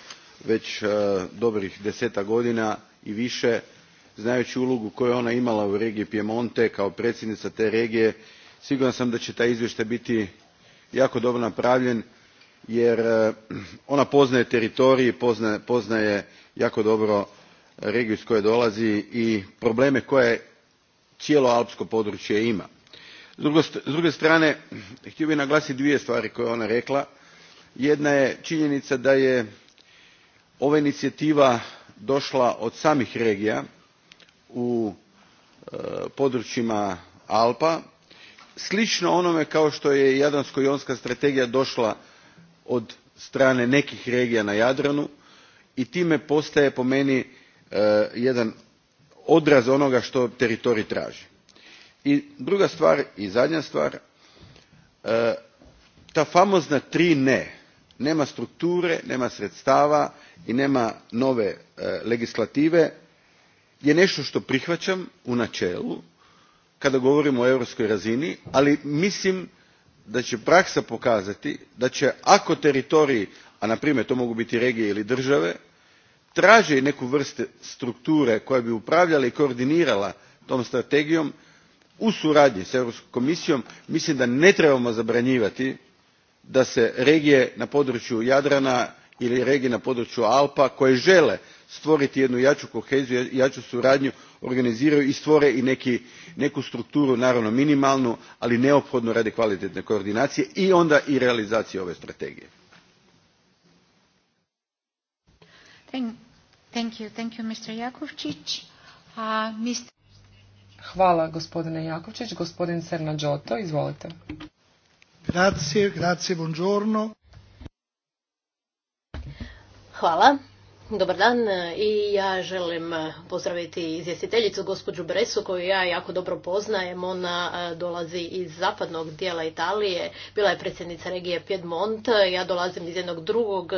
[SPEAKER 4] već eh, dobrih desetak godina i više znajući ulogu koju je ona imala u regiji piemonte kao predsjednica te regije siguran sam da će taj izvještaj biti jako dobro napravljen jer eh, ona poznaje teritorij poznaje jako dobro regiju iz koje dolazi i probleme koje cijelo alpsko područje ima. s druge strane htio bih naglasiti dvije stvari koje je ona rekla. jedna je činjenica da je ova inicijativa došla od samih regija u e, područjima alpa slično onome kao što je jadransko jonska strategija došla od strane nekih regija na jadranu i time postaje po meni E, jedan odraz onoga što teritorij traži. i druga stvar i zadnja stvar e, ta famozna tri ne nema strukture nema sredstava i nema nove e, legislative je nešto što prihvaćam u načelu kada govorimo o europskoj razini ali mislim da će praksa pokazati da će ako teritoriji, a na primjer to mogu biti regije ili države traže neku vrstu strukture koja bi upravljala i koordinirala tom strategijom u suradnji s europskom komisijom mislim da ne trebamo zabranjivati da se regije na području jadrana ili regije na području alpa koje žele stvoriti jednu jaču koheziju jaču suradnju organiziraju i stvore i neku strukturu naravno minimalnu ali neophodnu radi kvalitetne koordinacije i onda i realizacije ove strategije.
[SPEAKER 2] Thank you, thank you, Mr.
[SPEAKER 1] Hvala gospodine Jakovčić. Gospodin Đoto, izvolite. Grazie, grazie,
[SPEAKER 2] buongiorno.
[SPEAKER 1] Hvala. Dobar dan
[SPEAKER 2] i ja želim pozdraviti izvjestiteljicu gospođu Bresu koju ja jako dobro poznajem. Ona e, dolazi iz zapadnog dijela Italije, bila je predsjednica regije Piedmont, ja dolazim iz jednog drugog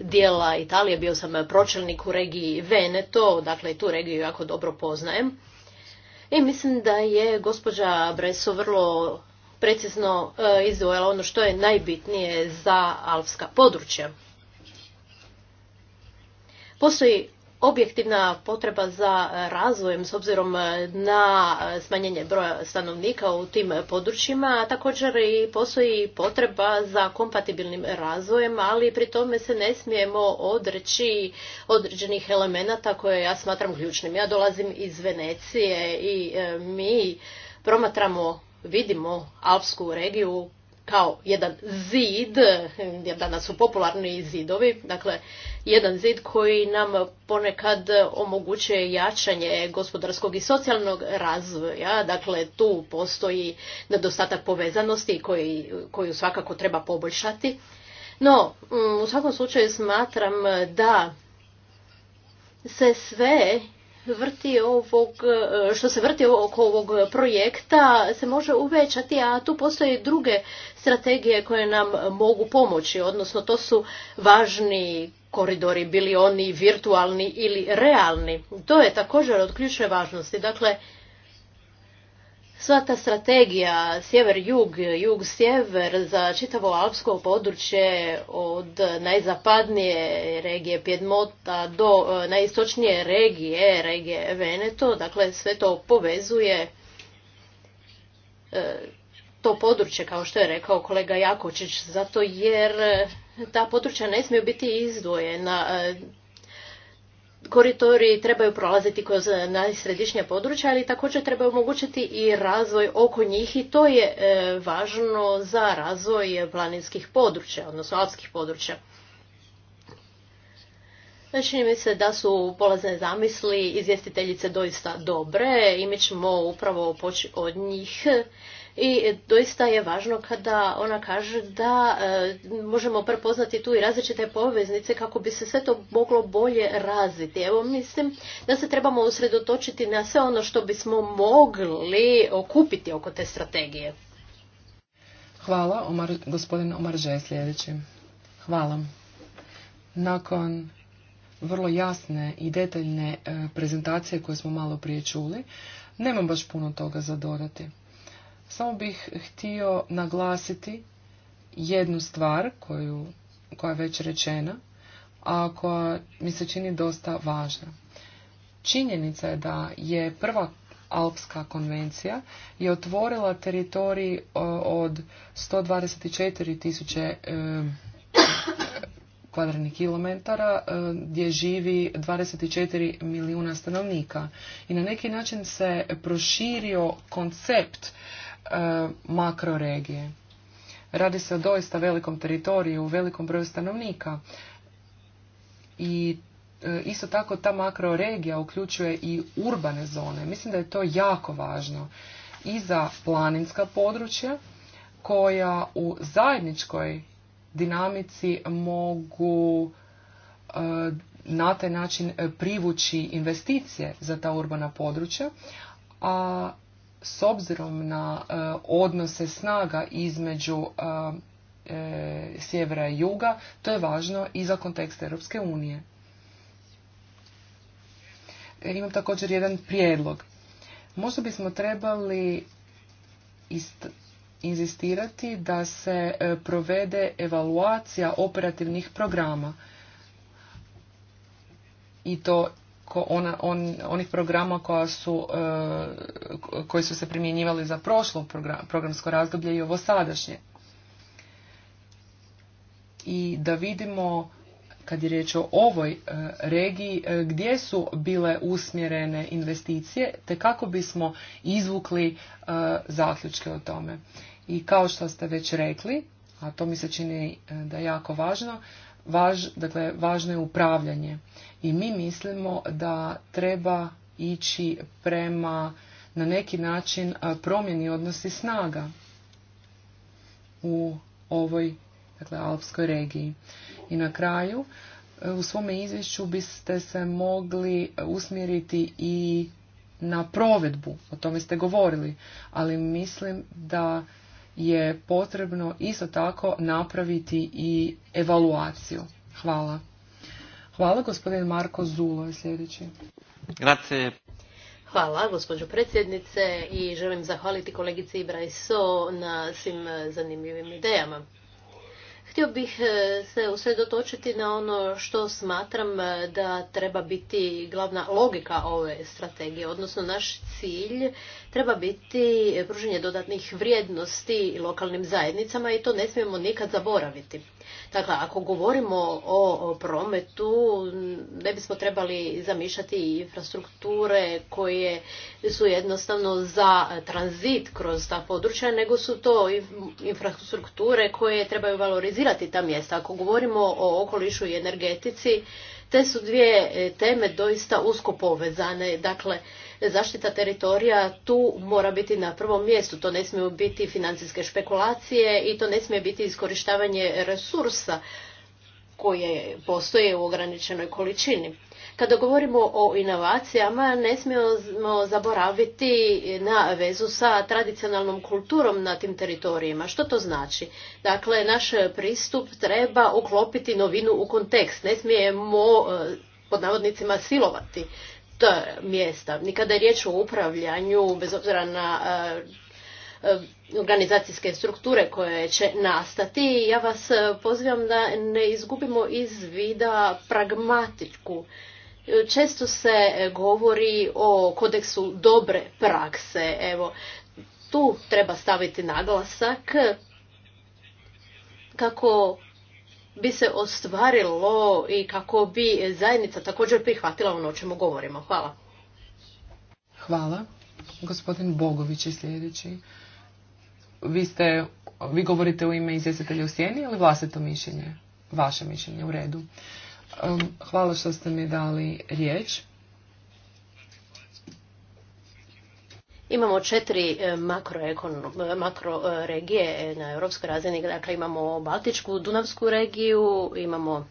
[SPEAKER 2] dijela Italije, bio sam pročelnik u regiji Veneto, dakle tu regiju jako dobro poznajem. I mislim da je gospođa Breso vrlo precizno e, izdvojila ono što je najbitnije za alpska područja. Postoji objektivna potreba za razvojem s obzirom na smanjenje broja stanovnika u tim područjima, a također i postoji potreba za kompatibilnim razvojem, ali pri tome se ne smijemo odreći određenih elemenata koje ja smatram ključnim. Ja dolazim iz Venecije i e, mi promatramo, vidimo Alpsku regiju kao jedan zid, jer danas su popularni zidovi, dakle jedan zid koji nam ponekad omogućuje jačanje gospodarskog i socijalnog razvoja, dakle tu postoji nedostatak povezanosti koju svakako treba poboljšati. No, mm, u svakom slučaju smatram da se sve vrti ovog, e, što se vrti oko ovog projekta se može uvećati, a tu postoje druge strategije koje nam mogu pomoći, odnosno to su važni koridori, bili oni virtualni ili realni. To je također od ključne važnosti. Dakle, Sva ta strategija sjever-jug, jug-sjever za čitavo alpsko područje od najzapadnije regije Pjedmota do e, najistočnije regije, regije Veneto, dakle sve to povezuje e, to područje, kao što je rekao kolega Jakočić, zato jer ta područja ne smiju biti izdvojena. E, koridori trebaju prolaziti kroz najsredišnja područja, ali također treba omogućiti i razvoj oko njih i to je e, važno za razvoj planinskih područja, odnosno alpskih područja. E, čini mi se da su polazne zamisli izvjestiteljice doista dobre i mi ćemo upravo poći od njih i doista je važno kada ona kaže da e, možemo prepoznati tu i različite poveznice kako bi se sve to moglo bolje razviti. Evo mislim da se trebamo usredotočiti na sve ono što bismo mogli okupiti oko te strategije.
[SPEAKER 1] Hvala, Omar, gospodin Omar Že, sljedeći. Hvala. Nakon vrlo jasne i detaljne e, prezentacije koje smo malo prije čuli, nemam baš puno toga za dodati. Samo bih htio naglasiti jednu stvar koju, koja je već rečena, a koja mi se čini dosta važna. Činjenica je da je prva Alpska konvencija je otvorila teritorij e, od 124 tisuće e, kvadratnih kilometara e, gdje živi 24 milijuna stanovnika. I na neki način se proširio koncept E, makroregije. Radi se o doista velikom teritoriju, velikom broju stanovnika i e, isto tako ta makroregija uključuje i urbane zone. Mislim da je to jako važno i za planinska područja koja u zajedničkoj dinamici mogu e, na taj način privući investicije za ta urbana područja, a s obzirom na e, odnose snaga između e, e, sjevera i juga, to je važno i za kontekst Europske unije. Imam također jedan prijedlog. Možda bismo trebali ist inzistirati da se provede evaluacija operativnih programa i to ona, on, onih programa koja su, e, koji su se primjenjivali za prošlo programsko razdoblje i ovo sadašnje. I da vidimo kad je riječ o ovoj e, regiji e, gdje su bile usmjerene investicije te kako bismo izvukli zaključke o tome. I kao što ste već rekli, a to mi se čini da je jako važno, Važ, dakle, važno je upravljanje. I mi mislimo da treba ići prema na neki način promjeni odnosi snaga u ovoj dakle, alpskoj regiji. I na kraju, e, u svome izvješću biste se mogli usmjeriti i na provedbu, o tome ste govorili, ali mislim da je potrebno isto tako napraviti i evaluaciju. Hvala. Hvala, gospodin Marko Zulo sljedeći.
[SPEAKER 2] Hvala, gospođo predsjednice, i želim zahvaliti kolegici So na svim zanimljivim idejama. Htio bih e, se usredotočiti na ono što smatram e, da treba biti glavna logika ove strategije, odnosno naš cilj treba biti pružanje dodatnih vrijednosti lokalnim zajednicama i to ne smijemo nikad zaboraviti. Dakle, ako govorimo o prometu, ne bismo trebali zamišljati infrastrukture koje su jednostavno za tranzit kroz ta područja, nego su to infrastrukture koje trebaju valorizirati ta mjesta. Ako govorimo o okolišu i energetici, te su dvije teme doista usko povezane. Dakle, zaštita teritorija tu mora biti na prvom mjestu. To ne smiju biti financijske špekulacije i to ne smije biti iskorištavanje resursa koje postoje u ograničenoj količini. Kada govorimo o inovacijama, ne smijemo zaboraviti na vezu sa tradicionalnom kulturom na tim teritorijima. Što to znači? Dakle, naš pristup treba uklopiti novinu u kontekst. Ne smijemo eh, pod navodnicima silovati mjesta mjesta. Nikada je riječ o upravljanju, bez obzira na e, e, organizacijske strukture koje će nastati. Ja vas e, pozivam da ne izgubimo iz vida pragmatičku. Često se govori o kodeksu dobre prakse. Evo, tu treba staviti naglasak kako bi se ostvarilo i kako bi zajednica također prihvatila ono o čemu govorimo. Hvala.
[SPEAKER 1] Hvala. Gospodin Bogović je sljedeći. Vi, ste, vi govorite u ime izvjestitelja u sjeni ili vlastito mišljenje? Vaše mišljenje u redu. Hvala što ste mi dali riječ.
[SPEAKER 2] Imamo četiri e, e, makroregije e, na europskoj razini, dakle imamo Baltičku, Dunavsku regiju, imamo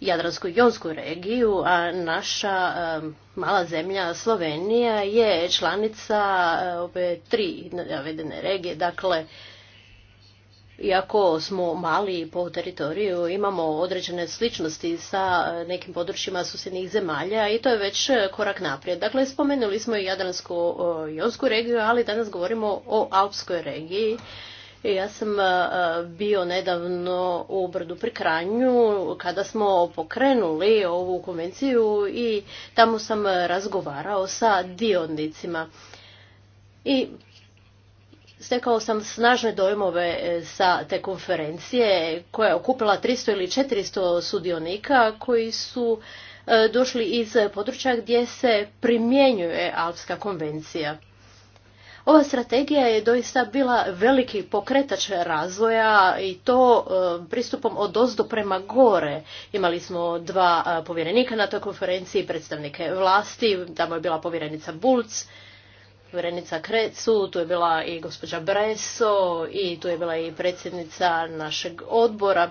[SPEAKER 2] Jadransku i Jonsku regiju, a naša mala zemlja Slovenija je članica ove tri navedene regije, dakle iako smo mali po teritoriju, imamo određene sličnosti sa e, nekim područjima susjednih zemalja i to je već korak naprijed. Dakle, spomenuli smo i Jadransko-Jonsku e, regiju, ali danas govorimo o Alpskoj regiji. Ja sam e, bio nedavno u Brdu pri Kranju kada smo pokrenuli ovu konvenciju i tamo sam razgovarao sa dionicima. I stekao sam snažne dojmove e, sa te konferencije koja je okupila 300 ili 400 sudionika koji su e, došli iz područja gdje se primjenjuje Alpska konvencija. Ova strategija je doista bila veliki pokretač razvoja i to e, pristupom od ozdo prema gore. Imali smo dva povjerenika na toj konferenciji, predstavnike vlasti, tamo je bila povjerenica Bulc, Verenica Krecu, tu je bila i gospođa Breso i tu je bila i predsjednica našeg odbora.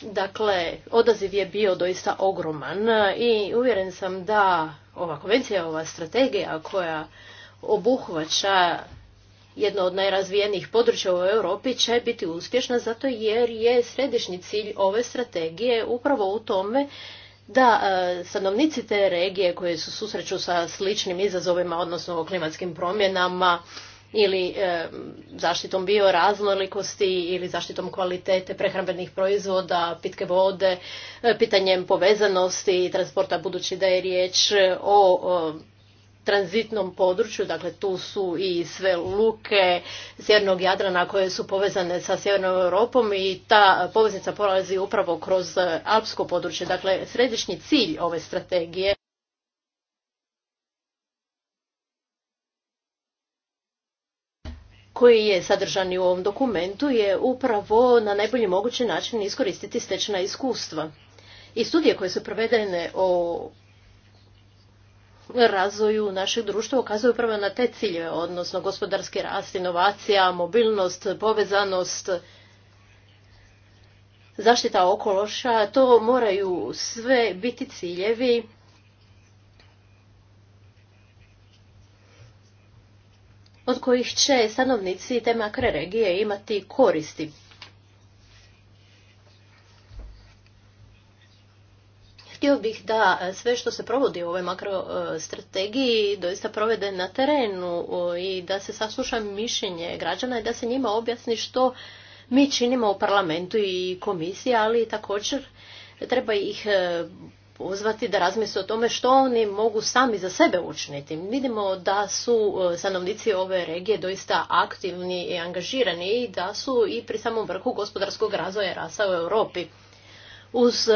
[SPEAKER 2] Dakle, odaziv je bio doista ogroman i uvjeren sam da ova konvencija, ova strategija koja obuhvaća jedno od najrazvijenijih područja u Europi će biti uspješna zato jer je središnji cilj ove strategije upravo u tome da, e, stanovnici te regije koje su susreću sa sličnim izazovima, odnosno o klimatskim promjenama ili e, zaštitom bioraznolikosti ili zaštitom kvalitete prehrambenih proizvoda, pitke vode, e, pitanjem povezanosti i transporta budući da je riječ o tranzitnom području, dakle tu su i sve luke sjevernog Jadrana koje su povezane sa sjevernom Europom i ta poveznica prolazi upravo kroz e, alpsko područje. Dakle, središnji cilj ove strategije koji je sadržani u ovom dokumentu je upravo na najbolji mogući način iskoristiti stečena iskustva. I studije koje su provedene o razvoju našeg društva ukazuju upravo na te ciljeve, odnosno gospodarski rast, inovacija, mobilnost, povezanost, zaštita okološa. To moraju sve biti ciljevi od kojih će stanovnici te makre regije imati koristi. Htio bih da e, sve što se provodi u ovoj makrostrategiji e, doista provede na terenu i da se sasluša mišljenje građana i da se njima objasni što mi činimo u parlamentu i komisiji, ali također treba ih e, pozvati da razmisle o tome što oni mogu sami za sebe učiniti. Vidimo da su stanovnici ove regije doista aktivni i angažirani i da su i pri samom vrhu gospodarskog razvoja rasa u Europi. Uz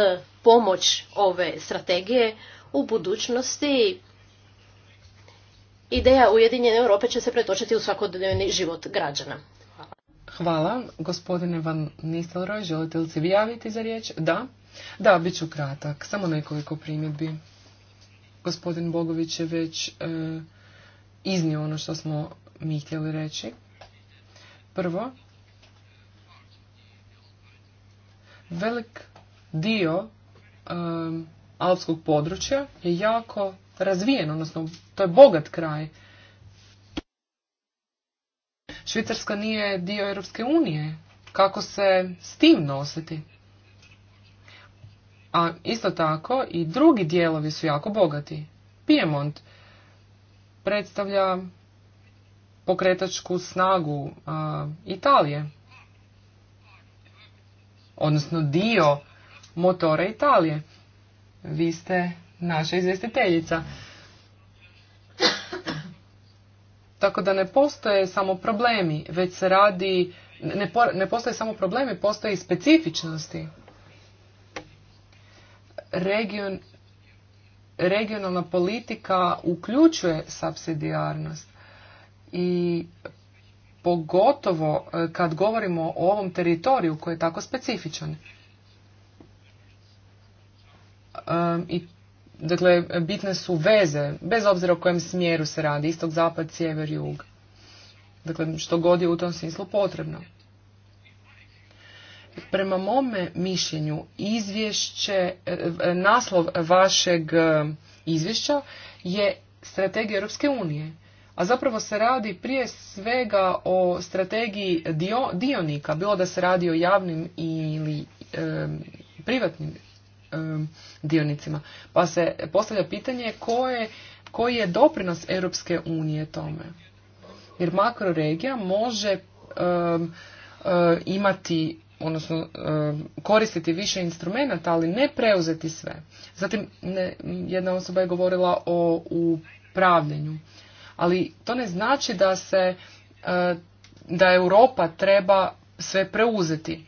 [SPEAKER 2] pomoć ove strategije u budućnosti ideja Ujedinjene Europe će se pretočiti u svakodnevni život građana.
[SPEAKER 1] Hvala. Gospodine Van Nistelroj, želite li se vi javiti za riječ? Da. Da, bit ću kratak. Samo nekoliko primjedbi. Gospodin Bogović je već e, iznio ono što smo mi htjeli reći. Prvo, velik dio alpskog područja je jako razvijen, odnosno to je bogat kraj. Švicarska nije dio Europske unije. Kako se s tim nositi? A isto tako i drugi dijelovi su jako bogati. Piemont predstavlja pokretačku snagu Italije. Odnosno dio Motore Italije. Vi ste naša izvjestiteljica. Tako da ne postoje samo problemi, već se radi, ne, ne postoje samo problemi, postoje i specifičnosti. Region, regionalna politika uključuje subsidijarnost i pogotovo eh, kad govorimo o ovom teritoriju koji je tako specifičan i dakle bitne su veze bez obzira o kojem smjeru se radi istog, zapad sjever jug dakle što god je u tom smislu potrebno prema mome mišljenju izvješće e, e, naslov vašeg e, izvješća je strategija Europske unije a zapravo se radi prije svega o strategiji dionika bilo da se radi o javnim ili privatnim Um, dionicima. Pa se postavlja pitanje koji je doprinos Europske unije tome. Jer makroregija može um, uh, imati odnosno um, koristiti više instrumenata, ali ne preuzeti sve. Zatim ne, jedna osoba je govorila o upravljanju. Ali to ne znači da se uh, da Europa treba sve preuzeti.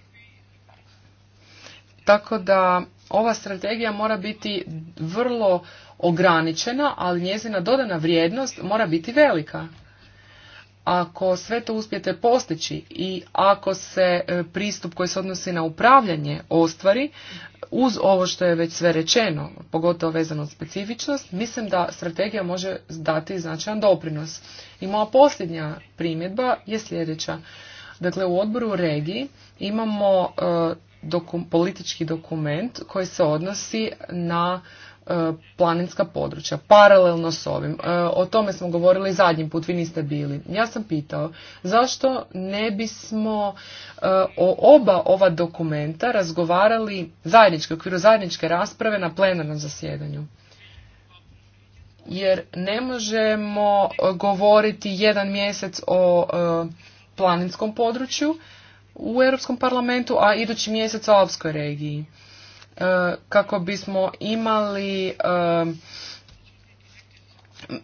[SPEAKER 1] Tako da ova strategija mora biti vrlo ograničena, ali njezina dodana vrijednost mora biti velika. Ako sve to uspijete postići i ako se e, pristup koji se odnosi na upravljanje ostvari, uz ovo što je već sve rečeno, pogotovo vezano od specifičnost, mislim da strategija može dati značajan doprinos. I moja posljednja primjedba je sljedeća. Dakle, u odboru regiji imamo e, politički dokument koji se odnosi na e, planinska područja, paralelno s ovim. E, o tome smo govorili zadnji put, vi niste bili. Ja sam pitao, zašto ne bismo e, o oba ova dokumenta razgovarali zajednički, u okviru zajedničke rasprave na plenarnom zasjedanju? Jer ne možemo govoriti jedan mjesec o planinskom području, u Europskom parlamentu, a idući mjesec u Alpskoj regiji. E, kako bismo imali e,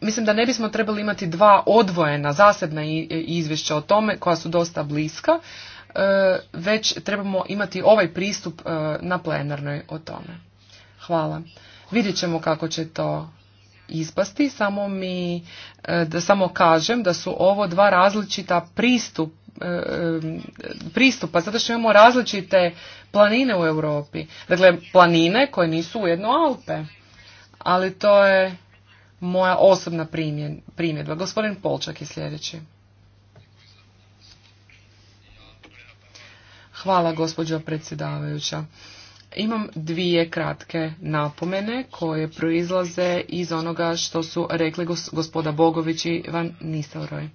[SPEAKER 1] mislim da ne bismo trebali imati dva odvojena zasebna e, izvješća o tome koja su dosta bliska, već trebamo imati ovaj pristup na plenarnoj o tome. Hvala. Vidjet ćemo kako će to ispasti, samo mi da samo kažem da su ovo dva različita pristup, E, e, pristupa, zato što imamo različite planine u Europi. Dakle, planine koje nisu ujedno Alpe. Ali to je moja osobna primjedba. Gospodin Polčak je sljedeći. Hvala, gospođo predsjedavajuća. Imam dvije kratke napomene koje proizlaze iz onoga što su rekli gospoda Bogović i Van Nistelroj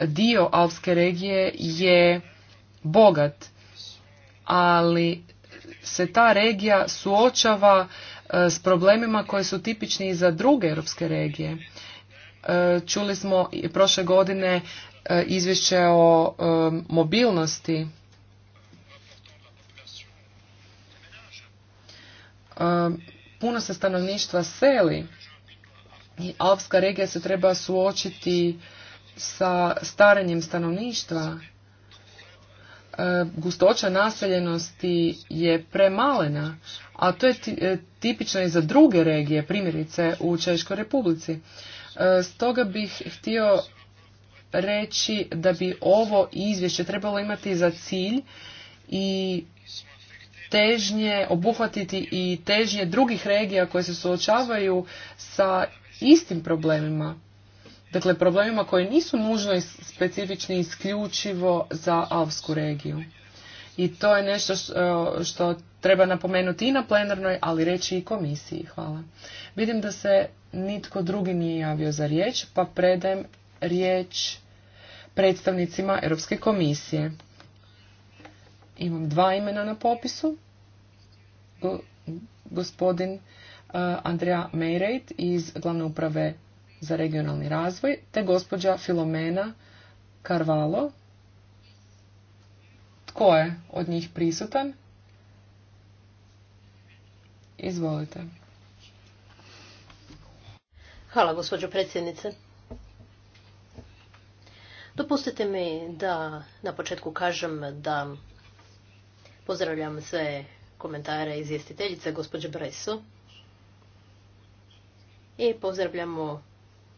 [SPEAKER 1] dio Alpske regije je bogat, ali se ta regija suočava e, s problemima koji su tipični i za druge europske regije. E, čuli smo prošle godine e, izvješće o mobilnosti. Puno se stanovništva seli i Alpska regija se treba suočiti sa staranjem stanovništva e, gustoća naseljenosti je premalena, a to je e, tipično i za druge regije, primjerice u Češkoj republici. E, stoga bih htio reći da bi ovo izvješće trebalo imati za cilj i težnje, obuhvatiti i težnje drugih regija koje se suočavaju sa istim problemima dakle problemima koji nisu nužno specifični isključivo za Alpsku regiju. I to je nešto e, što, treba napomenuti i na plenarnoj, ali reći i komisiji. Hvala. Vidim da se nitko drugi nije javio za riječ, pa predajem riječ predstavnicima Europske komisije. Imam dva imena na popisu. gospodin e, Andrea iz glavne uprave za regionalni razvoj, te gospođa Filomena Carvalho. Tko je od njih prisutan? Izvolite.
[SPEAKER 2] Hvala, gospođo predsjednice. Dopustite mi da na početku kažem da pozdravljam sve komentare izvjestiteljice gospođe Bresu. i pozdravljamo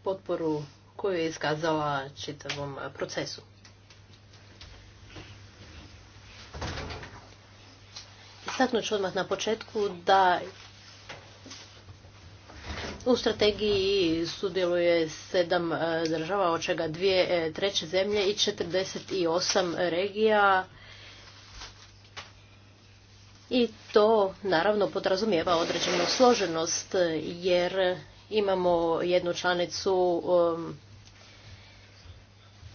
[SPEAKER 2] potporu koju je iskazala čitavom eh, procesu. Istaknut ću odmah na početku da u strategiji sudjeluje sedam eh, država, od čega dvije eh, treće zemlje i 48 regija. I to naravno podrazumijeva određenu složenost jer Imamo jednu članicu um,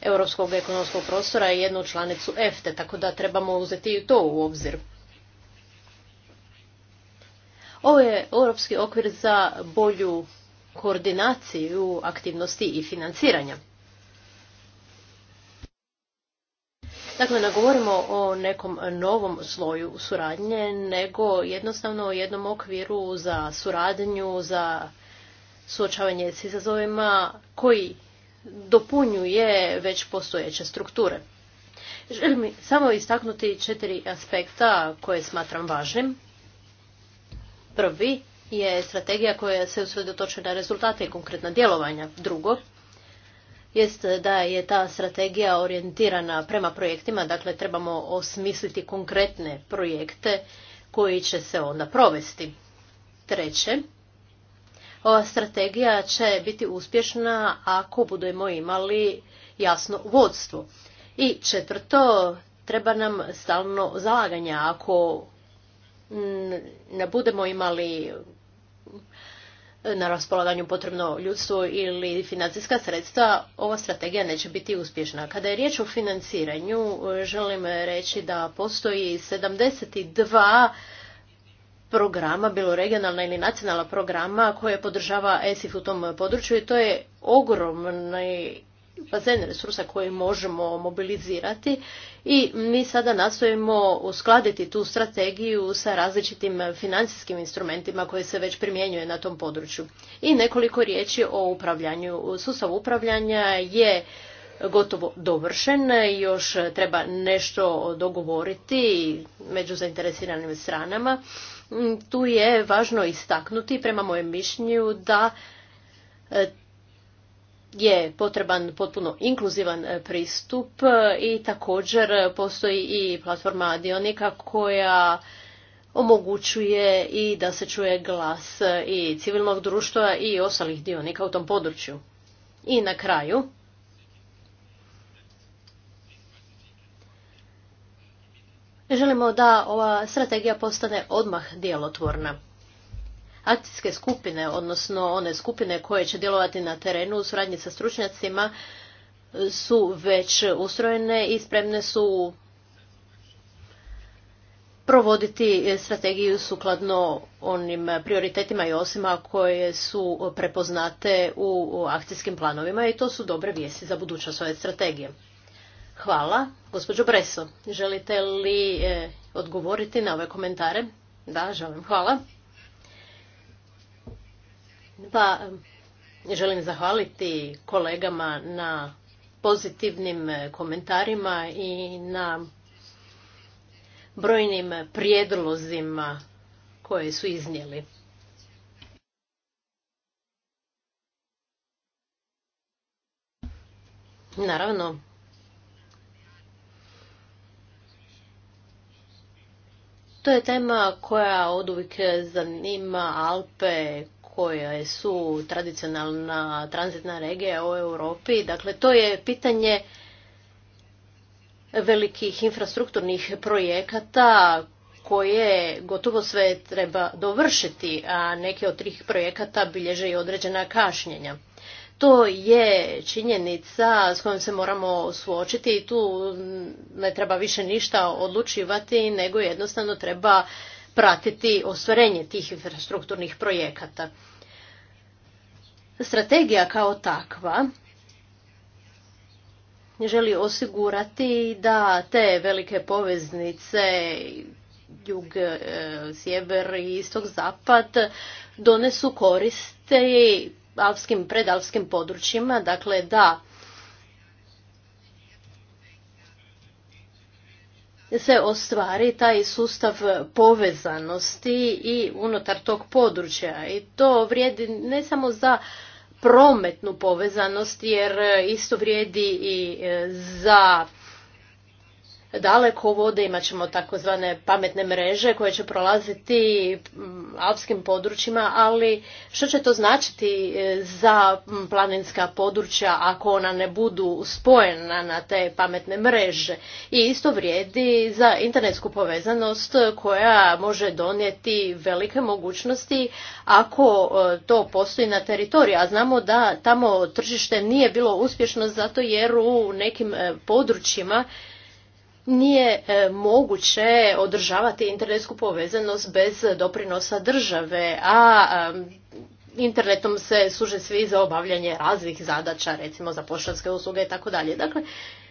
[SPEAKER 2] Europskog ekonomskog prostora i jednu članicu EFTE, tako da trebamo uzeti i to u obzir. Ovo je europski okvir za bolju koordinaciju aktivnosti i financiranja. Dakle, ne govorimo o nekom novom sloju suradnje, nego jednostavno o jednom okviru za suradnju, za suočavanje s izazovima koji dopunjuje već postojeće strukture. Želim samo istaknuti četiri aspekta koje smatram važnim. Prvi je strategija koja se usredotoče na rezultate i konkretna djelovanja. Drugo, jest da je ta strategija orijentirana prema projektima, dakle trebamo osmisliti konkretne projekte koji će se onda provesti. Treće, ova strategija će biti uspješna ako budemo imali jasno vodstvo. I četvrto, treba nam stalno zalaganja. Ako ne budemo imali na raspolaganju potrebno ljudstvo ili financijska sredstva, ova strategija neće biti uspješna. Kada je riječ o financiranju, želim reći da postoji 72 programa, bilo regionalna ili nacionalna programa koje podržava ESIF u tom području i to je ogromni bazen resursa koje možemo mobilizirati i mi sada nastojimo uskladiti tu strategiju sa različitim financijskim instrumentima koje se već primjenjuje na tom području. I nekoliko riječi o upravljanju. Sustav upravljanja je gotovo dovršen, još treba nešto dogovoriti među zainteresiranim stranama Mm, tu je važno istaknuti prema mojem mišljenju da e, je potreban potpuno inkluzivan e, pristup e, i također postoji i platforma dionika koja omogućuje i da se čuje glas i civilnog društva i ostalih dionika u tom području. I na kraju, Želimo da ova strategija postane odmah djelotvorna. Akcijske skupine, odnosno one skupine koje će djelovati na terenu u suradnji sa stručnjacima, su već ustrojene i spremne su provoditi strategiju sukladno onim prioritetima i osima koje su prepoznate u akcijskim planovima i to su dobre vijesti za budućnost ove strategije. Hvala. Gospođo Breso, želite li e, odgovoriti na ove komentare? Da, želim. Hvala. Pa, e, želim zahvaliti kolegama na pozitivnim e, komentarima i na brojnim prijedlozima koje su iznijeli. Naravno, To je tema koja od uvijek zanima Alpe koje su tradicionalna tranzitna regija u Europi. Dakle, to je pitanje velikih infrastrukturnih projekata koje gotovo sve treba dovršiti, a neke od tih projekata bilježe i određena kašnjenja. To je činjenica s kojom se moramo suočiti i tu ne treba više ništa odlučivati nego jednostavno treba pratiti ostvarenje tih infrastrukturnih projekata. Strategija kao takva želi osigurati da te velike poveznice jug, e, sjever i istog zapad donesu koriste alpskim, predalpskim područjima, dakle da se ostvari taj sustav povezanosti i unutar tog područja. I to vrijedi ne samo za prometnu povezanost, jer isto vrijedi i e, za Daleko vode imat ćemo takozvane pametne mreže koje će prolaziti mm, alpskim područjima, ali što će to značiti e, za mm, planinska područja ako ona ne budu spojena na te pametne mreže? I isto vrijedi za internetsku povezanost koja može donijeti velike mogućnosti ako e, to postoji na teritoriju, a znamo da tamo tržište nije bilo uspješno zato jer u nekim e, područjima nije e, moguće održavati internetsku povezanost bez doprinosa države, a e, internetom se služe svi za obavljanje raznih zadaća, recimo za poštanske usluge i tako dalje. Dakle,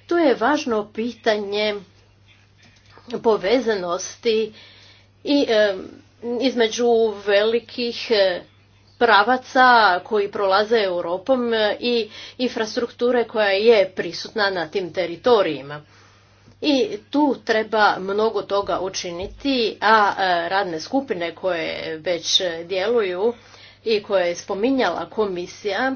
[SPEAKER 2] tu je važno pitanje povezanosti i e, između velikih pravaca koji prolaze Europom i infrastrukture koja je prisutna na tim teritorijima. I tu treba mnogo toga učiniti, a e, radne skupine koje već djeluju i koje je spominjala komisija,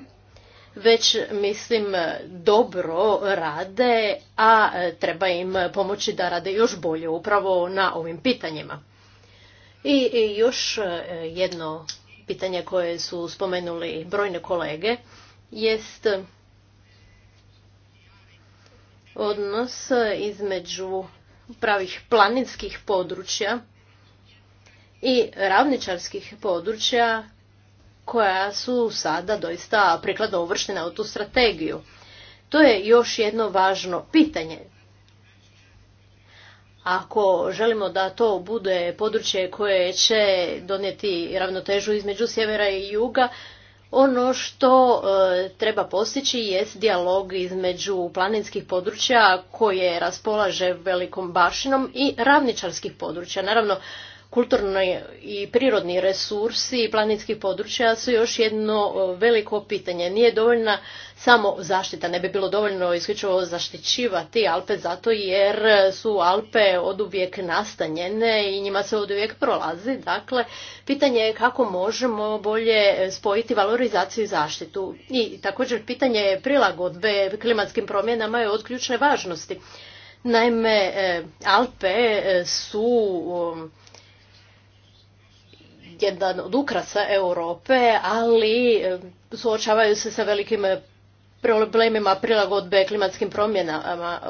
[SPEAKER 2] već mislim dobro rade, a e, treba im pomoći da rade još bolje upravo na ovim pitanjima. I još e, jedno pitanje koje su spomenuli brojne kolege jest odnos između pravih planinskih područja i ravničarskih područja koja su sada doista prikladno uvrštena u tu strategiju. To je još jedno važno pitanje. Ako želimo da to bude područje koje će donijeti ravnotežu između sjevera i juga, ono što e, treba postići jest dijalog između planinskih područja koje raspolaže velikom bašinom i ravničarskih područja. Naravno, kulturni i prirodni resursi i planinskih područja su još jedno veliko pitanje. Nije dovoljna samo zaštita, ne bi bilo dovoljno isključivo zaštićivati Alpe zato jer su Alpe oduvijek nastanjene i njima se oduvijek prolazi. Dakle, pitanje je kako možemo bolje spojiti valorizaciju i zaštitu. I također pitanje prilagodbe klimatskim promjenama je od ključne važnosti. Naime, e, Alpe e, su jedan od ukrasa Europe, ali suočavaju se sa velikim problemima prilagodbe klimatskim promjenama.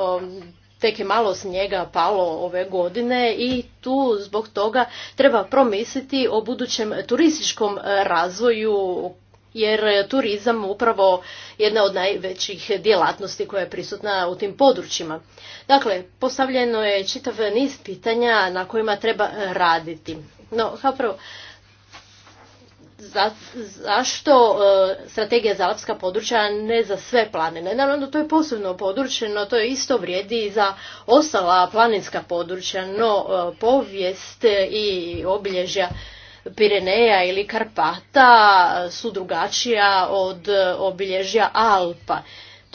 [SPEAKER 2] Tek je malo snijega palo ove godine i tu zbog toga treba promisliti o budućem turističkom razvoju jer turizam upravo jedna od najvećih djelatnosti koja je prisutna u tim područjima. Dakle, postavljeno je čitav niz pitanja na kojima treba raditi. No, zapravo, za, zašto e, strategija za alpska područja ne za sve planine. Naravno to je posebno područje, no to je isto vrijedi i za ostala planinska područja, no e, povijest i obilježja Pireneja ili Karpata su drugačija od obilježja Alpa.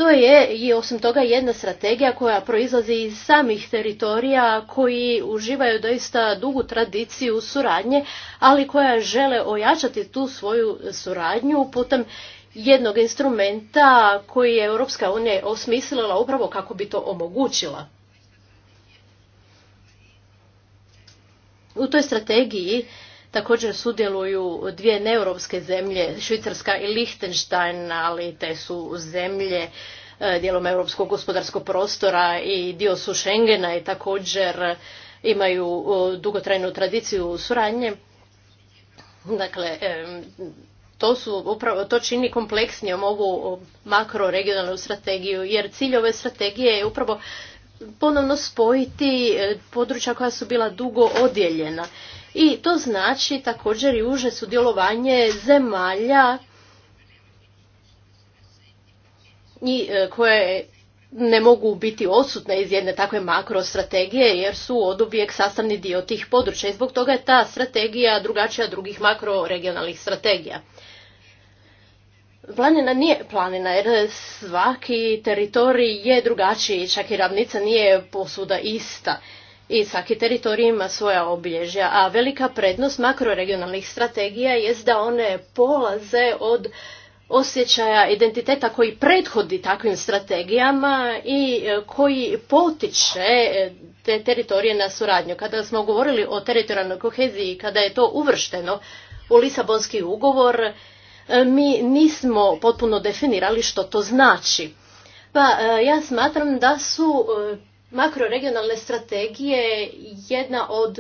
[SPEAKER 2] To je i osim toga jedna strategija koja proizlazi iz samih teritorija koji uživaju doista dugu tradiciju suradnje, ali koja žele ojačati tu svoju suradnju putem jednog instrumenta koji je Europska unija osmislila upravo kako bi to omogućila. U toj strategiji Također sudjeluju dvije neeuropske zemlje, Švicarska i Lichtenstein, ali te su zemlje e, dijelom europskog gospodarskog prostora i dio su Schengena i također imaju e, dugotrajnu tradiciju suradnje. Dakle, e, to, su, upravo, to čini kompleksnijom ovu makroregionalnu strategiju, jer cilj ove strategije je upravo ponovno spojiti područja koja su bila dugo odjeljena i to znači također i uže sudjelovanje zemalja e, koje ne mogu biti osutne iz jedne takve makrostrategije jer su od uvijek sastavni dio tih područja i zbog toga je ta strategija drugačija drugih makroregionalnih strategija. Planina nije planina jer svaki teritorij je drugačiji, čak i ravnica nije posuda ista i svaki teritorij ima svoja obilježja, a velika prednost makroregionalnih strategija je da one polaze od osjećaja identiteta koji prethodi takvim strategijama i e, koji potiče e, te teritorije na suradnju. Kada smo govorili o teritorijalnoj koheziji, kada je to uvršteno u Lisabonski ugovor, e, mi nismo potpuno definirali što to znači. Pa ja smatram da su makroregionalne strategije jedna od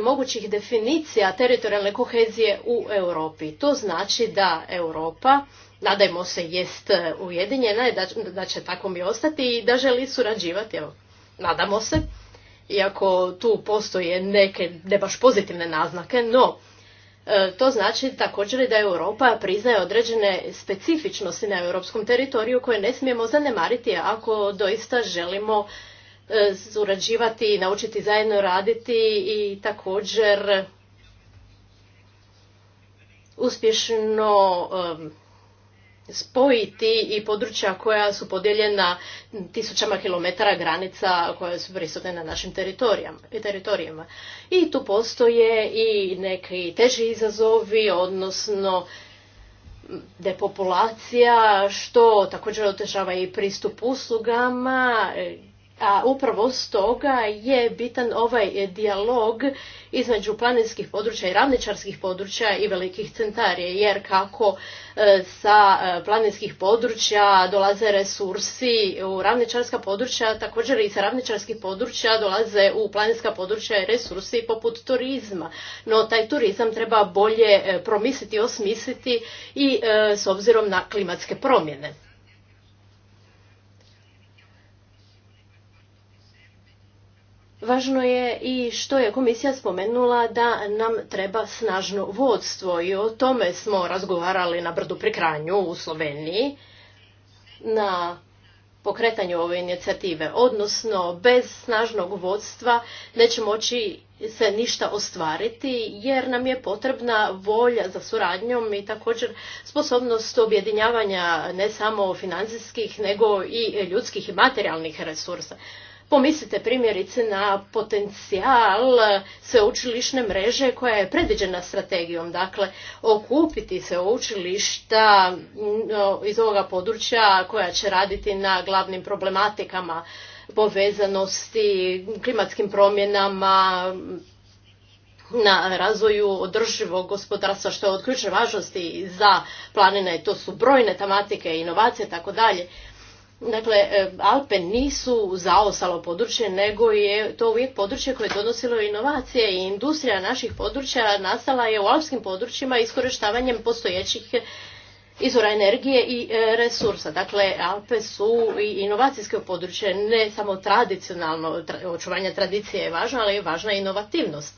[SPEAKER 2] mogućih definicija teritorijalne kohezije u Europi. To znači da Europa, nadajmo se, jest ujedinjena i da, da će tako mi ostati i da želi surađivati. Evo, nadamo se, iako tu postoje neke ne baš pozitivne naznake, no E, to znači također da Europa priznaje određene specifičnosti na europskom teritoriju koje ne smijemo zanemariti ako doista želimo e, surađivati, i naučiti zajedno raditi i također uspješno e, spojiti i područja koja su podijeljena tisućama kilometara granica koje su prisutne na našim teritorijama, I tu postoje i neki teži izazovi, odnosno depopulacija, što također otežava i pristup uslugama, a upravo stoga je bitan ovaj dijalog između planinskih područja i ravničarskih područja i velikih centara, jer kako e, sa e, planinskih područja dolaze resursi u ravničarska područja, također i sa ravničarskih područja dolaze u planinska područja resursi poput turizma. No taj turizam treba bolje e, promisliti, osmisliti i s obzirom na klimatske promjene. Važno je i što je komisija spomenula da nam treba snažno vodstvo i o tome smo razgovarali na Brdu Prikranju u Sloveniji na pokretanju ove inicijative. Odnosno, bez snažnog vodstva neće moći se ništa ostvariti jer nam je potrebna volja za suradnjom i također sposobnost objedinjavanja ne samo financijskih nego i ljudskih i materijalnih resursa. Pomislite primjerice na potencijal sveučilišne mreže koja je predviđena strategijom. Dakle, okupiti sveučilišta mm, iz ovoga područja koja će raditi na glavnim problematikama povezanosti, klimatskim promjenama, na razvoju održivog gospodarstva što je od ključne važnosti za planine, to su brojne tematike, inovacije i tako dalje. Dakle, e, Alpe nisu zaostalo područje, nego je to uvijek područje koje je donosilo inovacije i industrija naših područja nastala je u alpskim područjima iskorištavanjem postojećih e, izvora energije i e, resursa. Dakle, Alpe su i inovacijske područje, ne samo tradicionalno, očuvanje tradicije je važno, ali je važna inovativnost.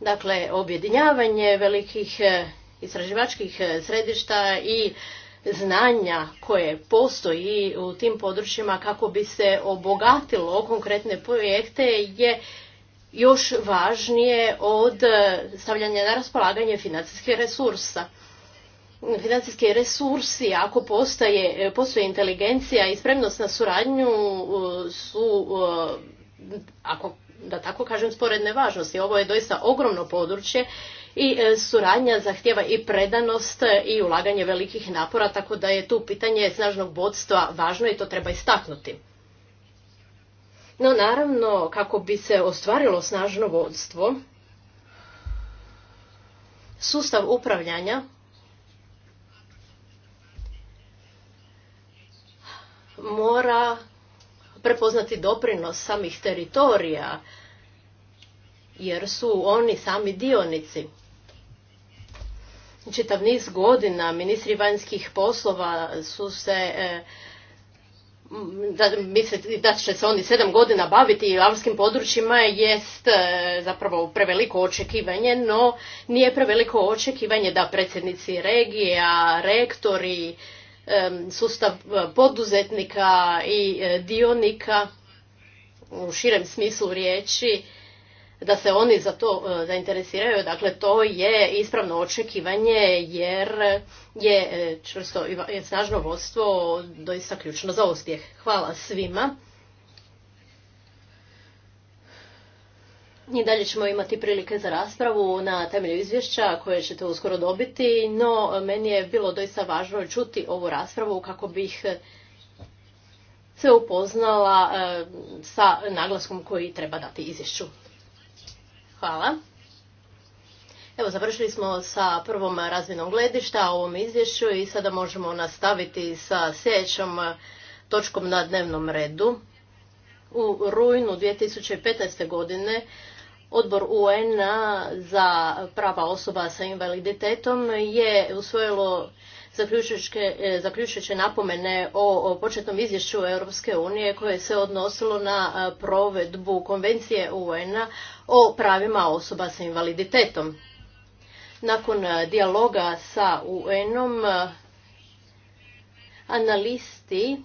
[SPEAKER 2] Dakle, objedinjavanje velikih istraživačkih središta i znanja koje postoji u tim područjima kako bi se obogatilo konkretne projekte je još važnije od stavljanja na raspolaganje financijskih resursa. Financijski resursi, ako postoje, inteligencija i spremnost na suradnju, su, ako da tako kažem, sporedne važnosti. Ovo je doista ogromno područje i e, suradnja zahtjeva i predanost i ulaganje velikih napora, tako da je tu pitanje snažnog vodstva važno i to treba istaknuti. No naravno, kako bi se ostvarilo snažno vodstvo, sustav upravljanja mora prepoznati doprinos samih teritorija, jer su oni sami dionici čitav niz godina ministri vanjskih poslova su se e, da, da će se oni sedam godina baviti avskim područjima jest e, zapravo preveliko očekivanje, no nije preveliko očekivanje da predsjednici regija, rektori, e, sustav poduzetnika i dionika u širem smislu riječi da se oni za to e, zainteresiraju. Dakle, to je ispravno očekivanje jer je e, čvrsto i snažno vodstvo doista ključno za uspjeh. Hvala svima. I dalje ćemo imati prilike za raspravu na temelju izvješća koje ćete uskoro dobiti, no meni je bilo doista važno čuti ovu raspravu kako bih e, se upoznala sa naglaskom koji treba dati izvješću. Hvala. Evo, završili smo sa prvom razvinom gledišta u ovom izvješću i sada možemo nastaviti sa sljedećom eh, točkom na dnevnom redu. U rujnu 2015. godine Odbor UN za prava osoba sa invaliditetom je usvojilo zaključujuće napomene o početnom izvješću Europske unije koje se odnosilo na e, provedbu konvencije UN-a o pravima osoba sa invaliditetom. Nakon e, dijaloga sa UN-om e, analisti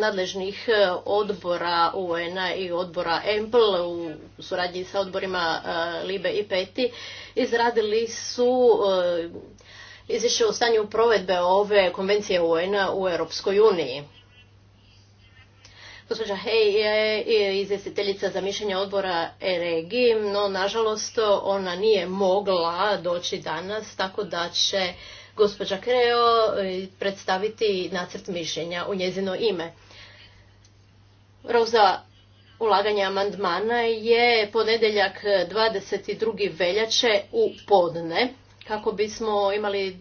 [SPEAKER 2] nadležnih odbora UN-a i odbora EMPL u suradnji sa odborima Libe i Peti izradili su izvješće o stanju provedbe ove konvencije un u Europskoj uniji. Gospođa Hej je izvjestiteljica za mišljenje odbora EREGI, no nažalost ona nije mogla doći danas, tako da će gospođa Kreo e, predstaviti nacrt mišljenja u njezino ime. Roza ulaganja amandmana je ponedjeljak 22. veljače u podne kako bismo imali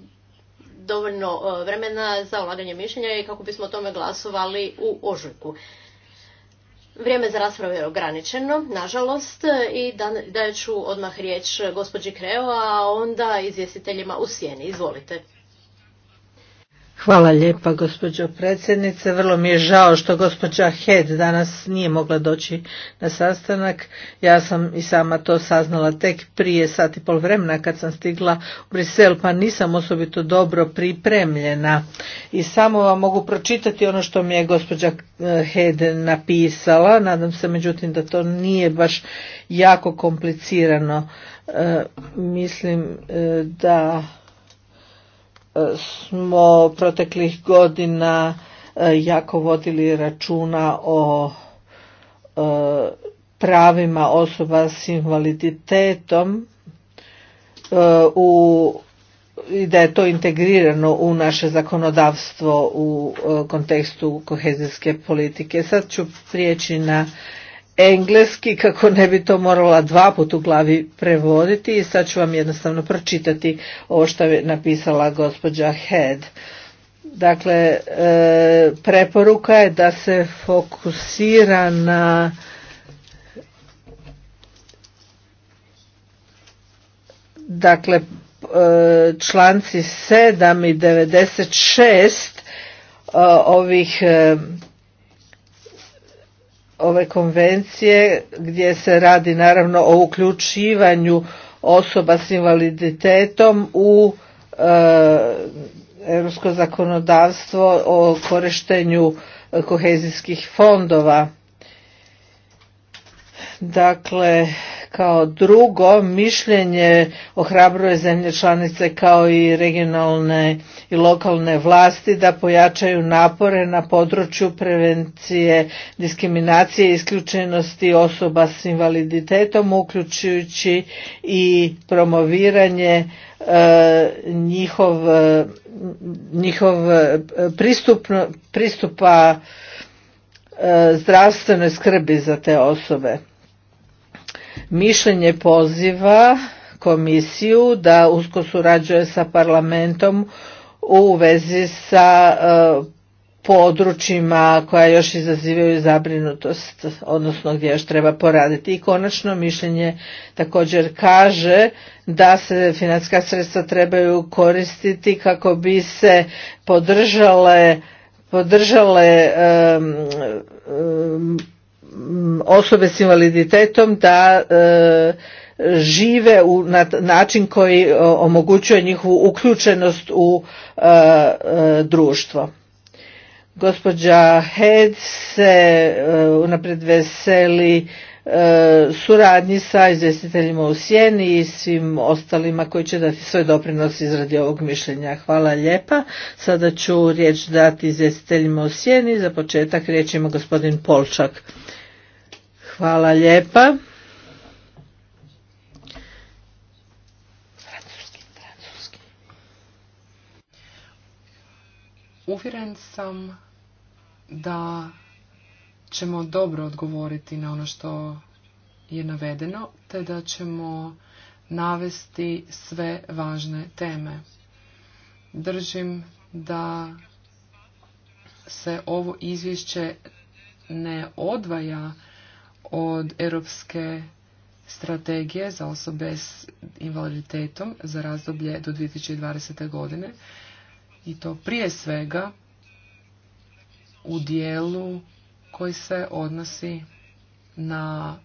[SPEAKER 2] dovoljno e, vremena za ulaganje mišljenja i kako bismo o tome glasovali u ožujku. Vrijeme za raspravu je ograničeno, nažalost, i daje ću odmah riječ gospođi Kreo, a onda izvjestiteljima u sjeni. Izvolite.
[SPEAKER 3] Hvala lijepa gospođo predsjednice. Vrlo mi je žao što gospođa Hed danas nije mogla doći na sastanak. Ja sam i sama to saznala tek prije sat i pol vremena kad sam stigla u Brisel pa nisam osobito dobro pripremljena. I samo vam mogu pročitati ono što mi je gospođa eh, Hed napisala. Nadam se međutim da to nije baš jako komplicirano. Eh, mislim eh, da smo proteklih godina e, jako vodili računa o e, pravima osoba s invaliditetom e, i da je to integrirano u naše zakonodavstvo u kontekstu kohezijske politike. Sad ću prijeći na engleski kako ne bi to morala dva put u glavi prevoditi i sad ću vam jednostavno pročitati ovo što je napisala gospođa Head. Dakle, e, preporuka je da se fokusira na dakle e, članci 7 i 96 e, ovih ove konvencije gdje se radi naravno o uključivanju osoba s invaliditetom u e, europsko zakonodavstvo o korištenju kohezijskih fondova Dakle, kao drugo, mišljenje ohrabruje zemlje članice kao i regionalne i lokalne vlasti da pojačaju napore na području prevencije diskriminacije i isključenosti osoba s invaliditetom, uključujući i promoviranje e, njihov, e, njihov e, pristupa zdravstvenoj skrbi za te osobe. Mišljenje poziva komisiju da usko surađuje sa parlamentom u vezi sa e, područjima koja još izazivaju zabrinutost, odnosno gdje još treba poraditi. I konačno mišljenje također kaže da se financijska sredstva trebaju koristiti kako bi se podržale podržale osobe s invaliditetom da e, žive u, na način koji e, omogućuje njihovu uključenost u e, društvo. Gospođa Head se unaprijed veseli suradnji sa izvjestiteljima u Sjeni i svim ostalima koji će dati svoj doprinos izradi ovog mišljenja. Hvala lijepa. Sada ću riječ dati izvjestiteljima u Sjeni. Za početak riječ ima gospodin Polčak. Hvala lijepa.
[SPEAKER 1] Uvjeren sam da ćemo dobro odgovoriti na ono što je navedeno, te da ćemo navesti sve važne teme. Držim da se ovo izvješće ne odvaja od Europske strategije za osobe s invaliditetom za razdoblje do 2020. godine i to prije svega u dijelu koji se odnosi na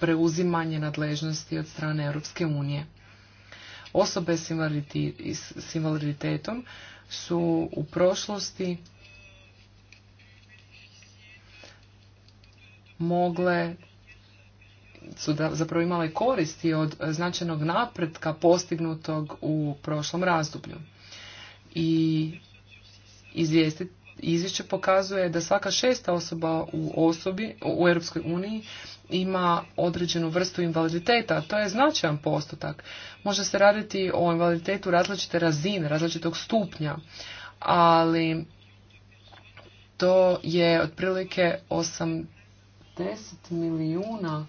[SPEAKER 1] preuzimanje nadležnosti od strane Europske unije. Osobe s invaliditetom su u prošlosti mogle su zapravo imale koristi od značajnog napretka postignutog u prošlom razdoblju. I izvješće pokazuje da svaka šesta osoba u osobi u Europskoj uniji ima određenu vrstu invaliditeta. To je značajan postotak. Može se raditi o invaliditetu različite razine, različitog stupnja, ali to je otprilike 80 10 milijuna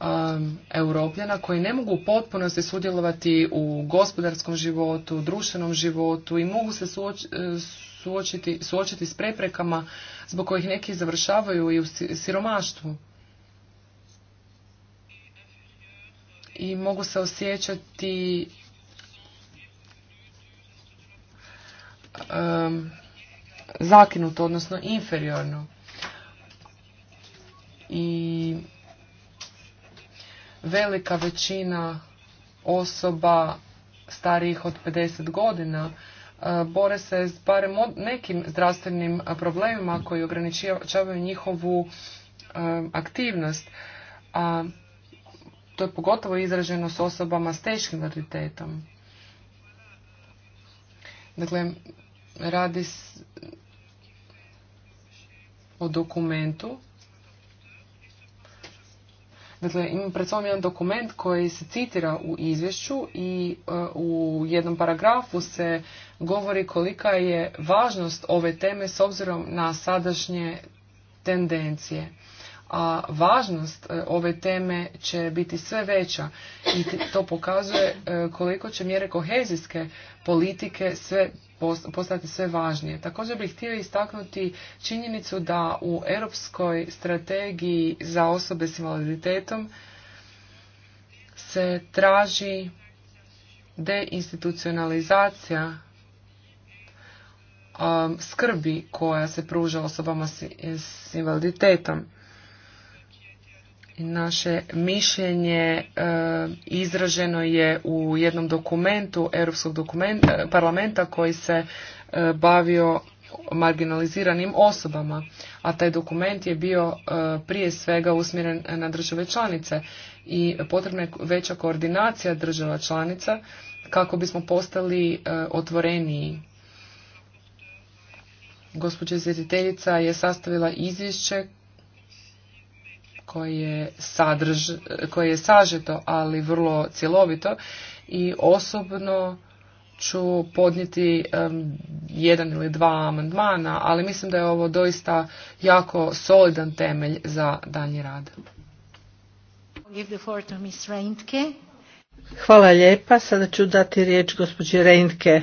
[SPEAKER 1] um, europljana koji ne mogu u potpunosti sudjelovati u gospodarskom životu, društvenom životu i mogu se e, suočiti, s preprekama zbog kojih neki završavaju i u siromaštvu. I mogu se osjećati um, zakinuto, odnosno inferiorno i velika većina osoba starijih od 50 godina e, bore se s barem nekim zdravstvenim problemima koji ograničavaju njihovu e, aktivnost. A to je pogotovo izraženo s osobama s teškim invaliditetom. Dakle, radi o dokumentu Dakle, imam pred sobom jedan dokument koji se citira u izvješću i e, u jednom paragrafu se govori kolika je važnost ove teme s obzirom na sadašnje tendencije. A važnost e, ove teme će biti sve veća i to pokazuje e, koliko će mjere kohezijske politike sve postati sve važnije. Također bih htio istaknuti činjenicu da u europskoj strategiji za osobe s invaliditetom se traži deinstitucionalizacija skrbi koja se pruža osobama s invaliditetom. Naše mišljenje e, izraženo je u jednom dokumentu Europskog e, parlamenta koji se e, bavio marginaliziranim osobama, a taj dokument je bio prije svega usmjeren na države članice i potrebna je veća koordinacija država članica kako bismo postali otvoreniji. Gospođa izvjetiteljica je sastavila izvješće koje, je sažeto, ali vrlo cjelovito i osobno ću podnijeti jedan ili dva amandmana, ali mislim da je ovo doista jako solidan temelj za danji rad. Hvala lijepa.
[SPEAKER 3] Sada ću dati riječ gospođi Reintke,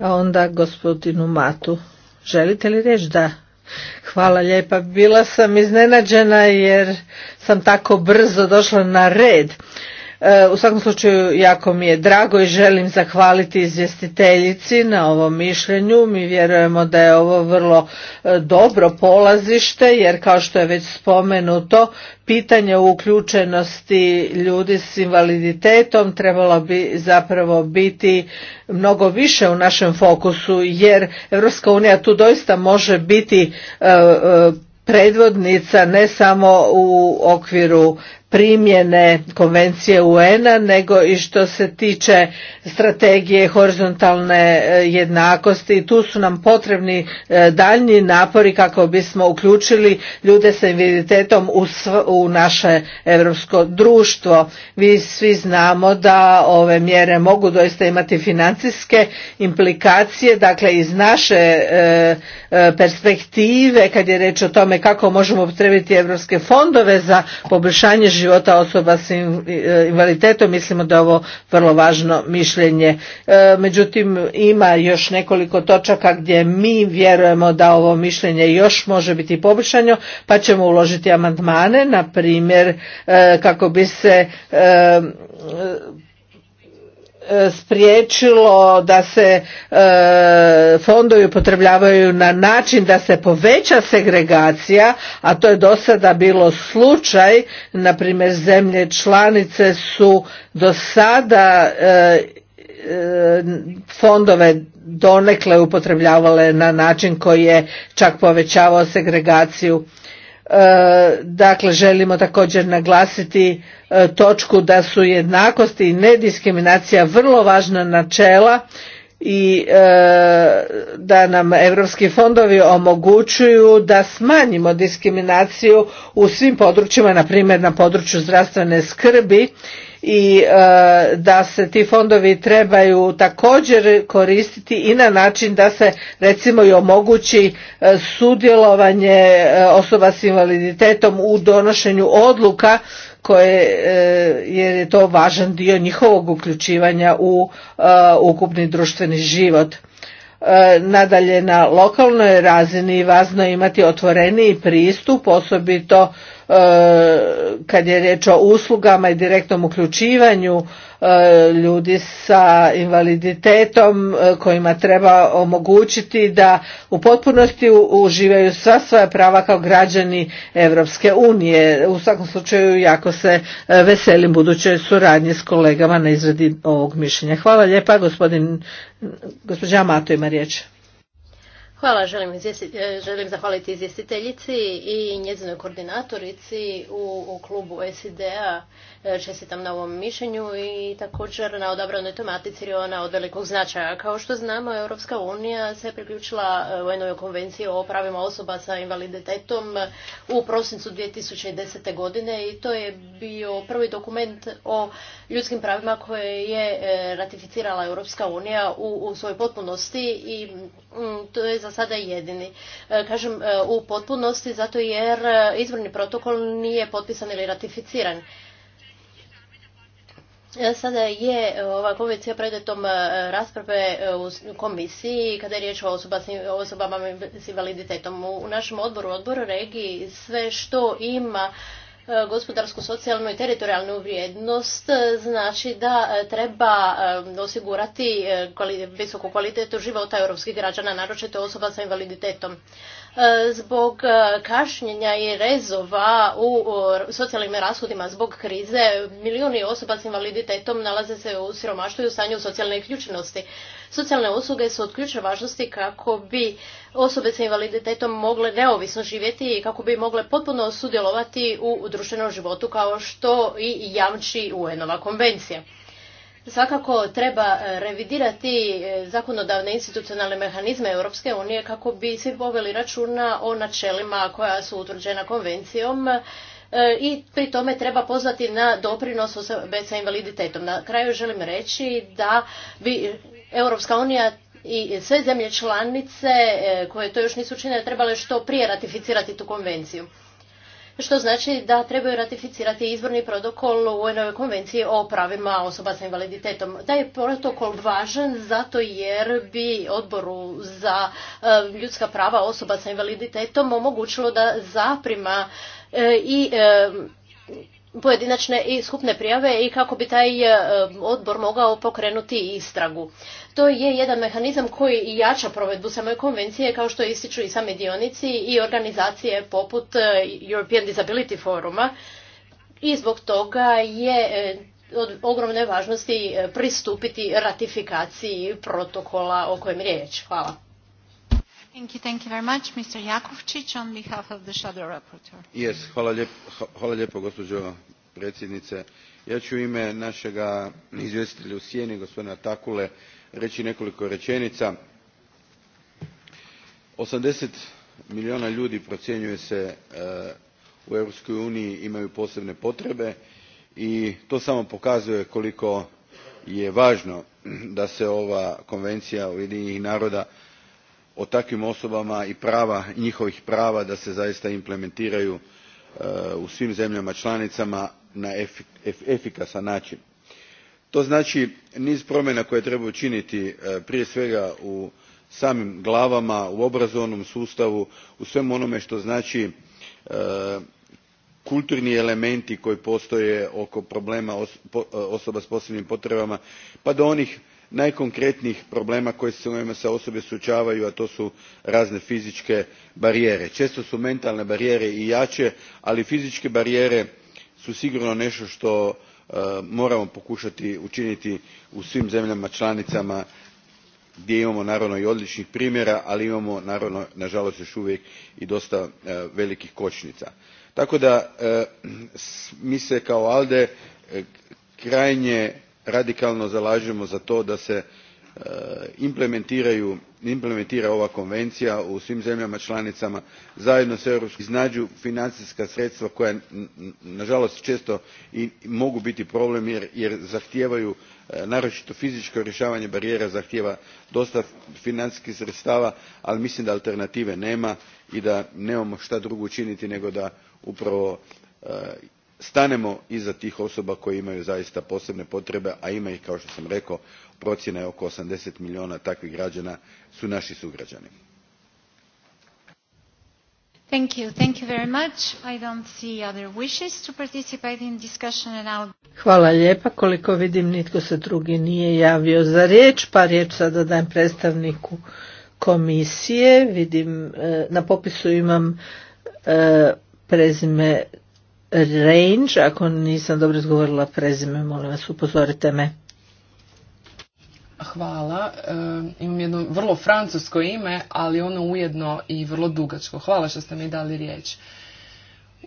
[SPEAKER 3] a onda gospodinu Matu. Želite li riječ da Hvala lijepa. Bila sam iznenađena jer sam tako brzo došla na red. U svakom slučaju jako mi je drago i želim zahvaliti izvjestiteljici na ovom mišljenju. Mi vjerujemo da je ovo vrlo e, dobro polazište jer kao što je već spomenuto pitanje uključenosti ljudi s invaliditetom trebalo bi zapravo biti mnogo više u našem fokusu jer EU unija tu doista može biti e, e, predvodnica ne samo u okviru primjene konvencije UN-a nego i što se tiče strategije horizontalne e, jednakosti. Tu su nam potrebni e, daljnji napori kako bismo uključili ljude sa invaliditetom u, naše europsko društvo. Vi svi znamo da ove mjere mogu doista imati financijske implikacije, dakle iz naše e, E, perspektive kad je reč o tome kako možemo upotrebiti europske fondove za poboljšanje života osoba s e, invaliditetom. Mislimo da je ovo vrlo važno mišljenje. E, međutim, ima još nekoliko točaka gdje mi vjerujemo da ovo mišljenje još može biti poboljšano, pa ćemo uložiti amandmane, na primjer kako bi se E, spriječilo da se e, fondovi upotrebljavaju na način da se poveća segregacija, a to je do sada bilo slučaj, na primjer zemlje članice su do sada e, fondove donekle upotrebljavale na način koji je čak povećavao segregaciju E, dakle, želimo također naglasiti e, točku da su jednakost i nediskriminacija vrlo važna načela i e, da nam europski fondovi omogućuju da smanjimo diskriminaciju u svim područjima, na primjer na području zdravstvene skrbi i e, da se ti fondovi trebaju također koristiti i na način da se recimo i omogući e, sudjelovanje e, osoba s invaliditetom u donošenju odluka koje jer je to važan dio njihovog uključivanja u ukupni društveni život nadalje na lokalnoj razini važno je imati otvoreniji pristup osobito E, kad je riječ o uslugama i direktnom uključivanju e, ljudi sa invaliditetom e, kojima treba omogućiti da u potpunosti uživaju sva svoja prava kao građani Europske unije. U svakom slučaju jako se veselim budućoj suradnji s kolegama na izradi ovog mišljenja. Hvala lijepa, gospodin, gospođa Mato ima riječ.
[SPEAKER 2] Hvala, e, želim, zahvaliti izvjestiteljici i njezinoj koordinatorici u, u klubu SID-a E, čestitam na ovom mišljenju i također na odabranoj tematici je ona od velikog značaja. Kao što znamo, Europska unija se priključila e, u enoj konvenciji o pravima osoba sa invaliditetom u prosincu 2010. godine i to je bio prvi dokument o ljudskim pravima koje je e, ratificirala Europska unija u, svojoj potpunosti i mm, to je za sada jedini. Kažem u potpunosti zato jer izvorni protokol nije potpisan ili ratificiran. E, sada je e, ova konvencija predmetom e, rasprave u komisiji kada je riječ o osobama s invaliditetom. U našem odboru, odboru regiji, sve što ima gospodarsku, socijalnu i teritorijalnu vrijednost znači da treba osigurati visoku kvalitetu života europskih građana, naročito osoba sa invaliditetom. E, zbog e, kašnjenja i rezova u socijalnim rashodima zbog krize milijuni osoba s invaliditetom nalaze se u siromaštvu i u stanju socijalne uključenosti. Socijalne usluge su od ključne važnosti kako bi osobe s invaliditetom mogle neovisno živjeti i kako bi mogle potpuno sudjelovati u društvenom životu kao što i jamči UN-ova konvencija. Svakako treba e, revidirati e, zakonodavne institucionalne mehanizme Europske unije kako bi svi poveli računa o načelima koja su utvrđena konvencijom e, i pri tome treba pozvati na doprinos osobe sa invaliditetom. Na kraju želim reći da bi Europska unija i sve zemlje članice koje to još nisu učinile trebale što prije ratificirati tu konvenciju što znači da trebaju ratificirati izborni protokol u ove konvencije o pravima osoba sa invaliditetom. Da je protokol važan zato jer bi odboru za e, ljudska prava osoba sa invaliditetom omogućilo da zaprima e, i e, pojedinačne i skupne prijave i kako bi taj odbor mogao pokrenuti istragu. To je jedan mehanizam koji jača provedbu same konvencije kao što ističu i sami dionici i organizacije poput e, European Disability Foruma i zbog toga je e, od ogromne važnosti e, pristupiti ratifikaciji protokola o kojem je riječ. Hvala.
[SPEAKER 3] Thank you, very much, Mr. Jakovčić, on behalf of the shadow rapporteur.
[SPEAKER 4] Yes, lijepo, predsjednice. Ja ću ime našega izvjestitelja u sjeni gospodina Takule reći nekoliko rečenica. osamdeset milijuna ljudi procjenjuje se e, u europskoj uniji imaju posebne potrebe i to samo pokazuje koliko je važno da se ova konvencija ujedinjenih naroda o takvim osobama i prava, njihovih prava da se zaista implementiraju e, u svim zemljama članicama na efikasan način to znači niz promjena koje treba učiniti e, prije svega u samim glavama u obrazovnom sustavu u svemu onome što znači e, kulturni elementi koji postoje oko problema e, osoba s posebnim potrebama pa do onih najkonkretnijih problema s kojima se osobe suočavaju a to su razne fizičke barijere. često su mentalne barijere i jače ali fizičke barijere su sigurno nešto što Eh, moramo pokušati učiniti u svim zemljama članicama gdje imamo naravno i odličnih primjera ali imamo naravno nažalost još uvijek i dosta eh, velikih kočnica. tako da eh, mi se kao alde krajnje radikalno zalažemo za to da se E, implementira ova konvencija u svim zemljama članicama zajedno s europskom iznađu financijska sredstva koja nažalost često i mogu biti problem jer zahtijevaju e, naročito fizičko rješavanje barijera zahtijeva dosta financijskih sredstava ali mislim da alternative nema i da nemamo šta drugo učiniti nego da upravo e, stanemo iza tih osoba koje imaju zaista posebne potrebe a ima ih kao što sam rekao procjena je oko eighty milijuna takvih građana su naši sugrađani.
[SPEAKER 3] Thank Hvala lijepa. Koliko vidim nitko se drugi nije javio za riječ, pa riječ sada dajem predstavniku komisije. Vidim, e, na popisu imam e, prezime Range, ako nisam dobro izgovorila prezime, molim vas upozorite me.
[SPEAKER 1] Hvala. E, imam jedno vrlo francusko ime, ali ono ujedno i vrlo dugačko. Hvala što ste mi dali riječ.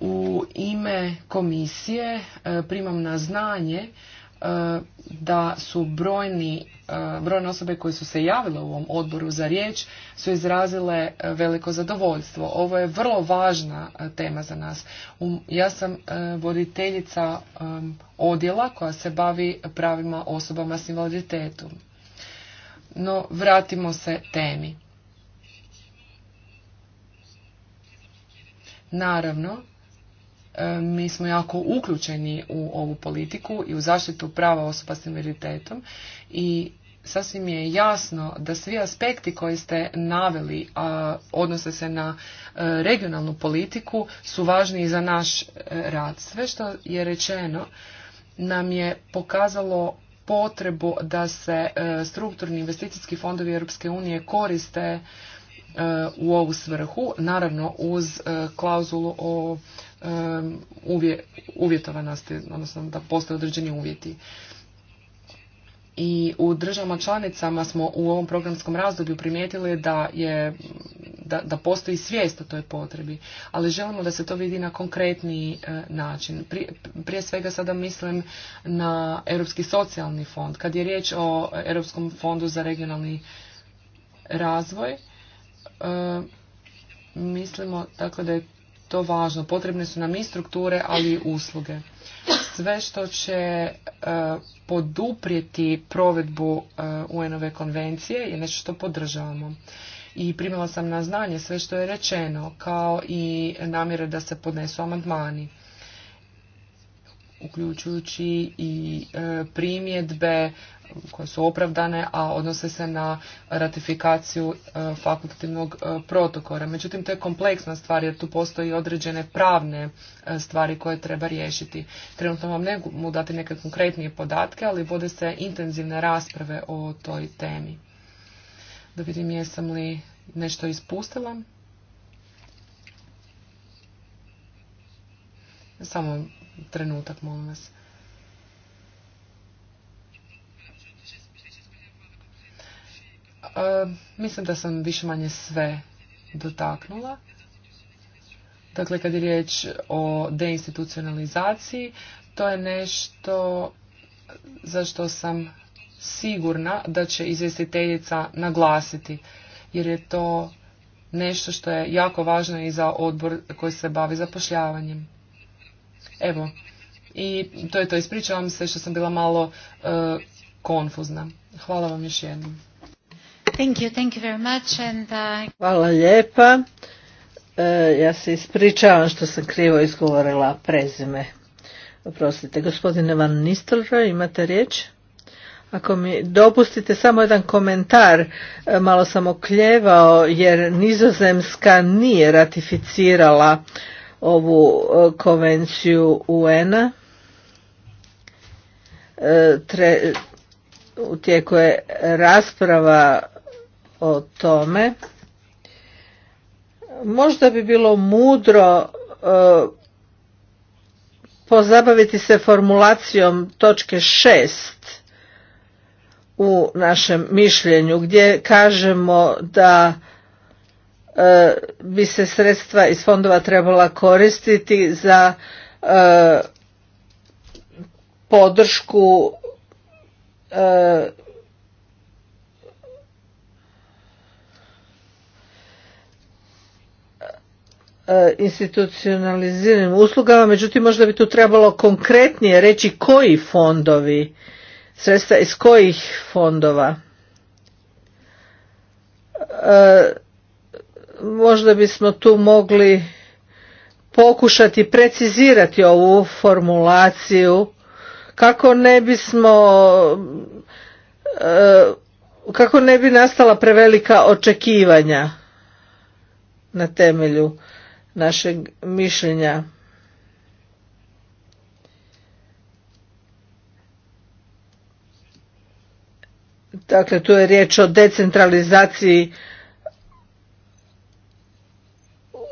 [SPEAKER 1] U ime komisije e, primam na znanje e, da su brojni E, brojne osobe koje su se javile u ovom odboru za riječ su izrazile e, veliko zadovoljstvo. Ovo je vrlo važna e, tema za nas. Um, ja sam voditeljica odjela koja se bavi pravima osobama s invaliditetom. No, vratimo se temi. Naravno, mi smo jako uključeni u ovu politiku i u zaštitu prava osoba s invaliditetom i sasvim je jasno da svi aspekti koji ste naveli, a odnose se na e, regionalnu politiku, su važni za naš e, rad. Sve što je rečeno nam je pokazalo potrebu da se e, strukturni investicijski fondovi Europske unije koriste u ovu svrhu, naravno uz klauzulu o uvjetovanosti, odnosno da postoje određeni uvjeti i u državama članicama smo u ovom programskom razdoblju primijetili da je da, da postoji svijest o toj potrebi ali želimo da se to vidi na konkretni e, način prije, prije svega sada mislim na europski socijalni fond kad je riječ o europskom fondu za regionalni razvoj e, mislimo dakle da je to važno. Potrebne su nam i strukture, ali i usluge. Sve što će e, poduprijeti provedbu e, UN-ove konvencije je nešto što podržavamo. I primila sam na znanje sve što je rečeno, kao i namjere da se podnesu amandmani uključujući i e, primjedbe koje su opravdane, a odnose se na ratifikaciju e, fakultativnog e, protokora. Međutim, to je kompleksna stvar jer tu postoji određene pravne e, stvari koje treba riješiti. Trenutno vam ne mu dati neke konkretnije podatke, ali vode se intenzivne rasprave o toj temi. Da vidim jesam li nešto ispustila. Samo trenutak, molim vas. E, mislim da sam više manje sve dotaknula. Dakle, kad je riječ o deinstitucionalizaciji, to je nešto za što sam sigurna da će izvjestiteljica naglasiti, jer je to nešto što je jako važno i za odbor koji se bavi zapošljavanjem. Evo, i to je to, ispričavam se što sam bila malo e, konfuzna. Hvala vam još jednom.
[SPEAKER 3] Thank you, uh, Hvala lijepa. E, ja se ispričavam što sam krivo izgovorila prezime. Oprostite, gospodine Van Nistelrooy, imate riječ? Ako mi dopustite samo jedan komentar, e, malo sam okljevao jer Nizozemska nije ratificirala ovu e, konvenciju UN-a. E, u tijeku je rasprava o tome. Možda bi bilo mudro e, pozabaviti se formulacijom točke 6 u našem mišljenju gdje kažemo da e, bi se sredstva iz fondova trebala koristiti za e, podršku E, institucionaliziranim uslugama, međutim možda bi tu trebalo konkretnije reći koji fondovi, sredstva iz kojih fondova. E, možda bismo tu mogli pokušati precizirati ovu formulaciju kako ne bismo e, kako ne bi nastala prevelika očekivanja na temelju našeg mišljenja. Dakle, tu je riječ o decentralizaciji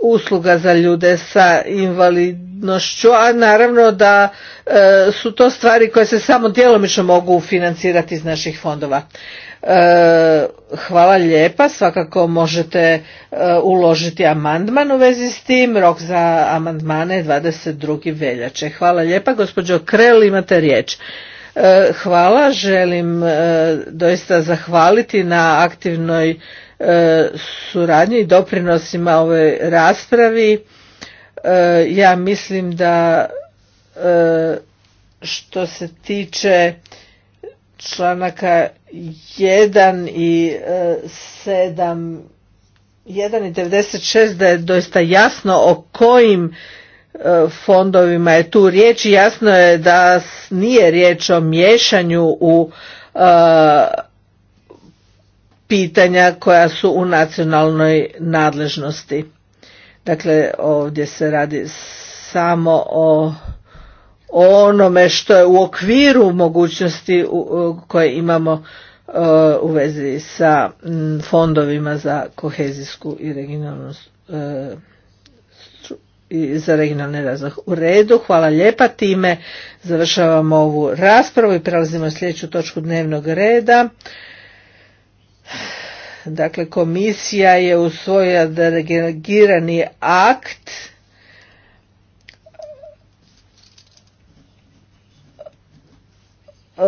[SPEAKER 3] usluga za ljude sa invalidnošću, a naravno da e, su to stvari koje se samo djelomično mogu financirati iz naših fondova. E, hvala lijepa, svakako možete e, uložiti amandman u vezi s tim, rok za amandmane je 22. veljače. Hvala lijepa, gospođo Krel, imate riječ. E, hvala, želim doista zahvaliti na aktivnoj suradnji i doprinosima ove raspravi. Ja mislim da što se tiče članaka 1 i 7 e, 1 i 96 da je doista jasno o kojim e, fondovima je tu riječ jasno je da nije riječ o miješanju u e, pitanja koja su u nacionalnoj nadležnosti. Dakle, ovdje se radi samo o onome što je u okviru mogućnosti koje imamo e, u vezi sa fondovima za kohezijsku i regionalnu e, i za regionalni razvoj. U redu, hvala lijepa. Time završavamo ovu raspravu i prelazimo na sljedeću točku dnevnog reda. Dakle, komisija je usvojila delegirani akt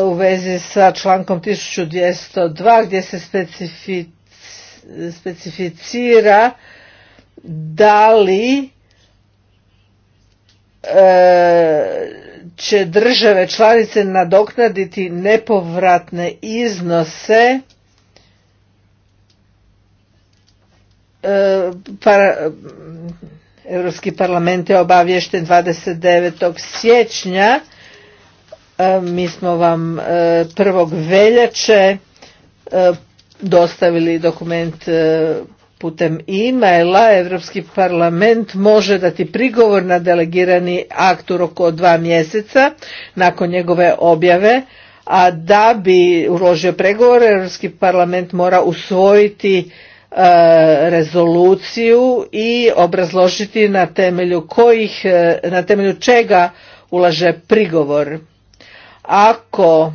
[SPEAKER 3] u vezi sa člankom 1202 gdje se specificira da li e, će države članice nadoknaditi nepovratne iznose e, Europski parlament je obavješten 29. siječnja mi smo vam e, prvog veljače e, dostavili dokument e, putem e-maila. Europski parlament može dati prigovor na delegirani akt u roku od dva mjeseca nakon njegove objave, a da bi uložio pregovor, Europski parlament mora usvojiti rezoluciju i obrazložiti na temelju kojih, na temelju čega ulaže prigovor. Ako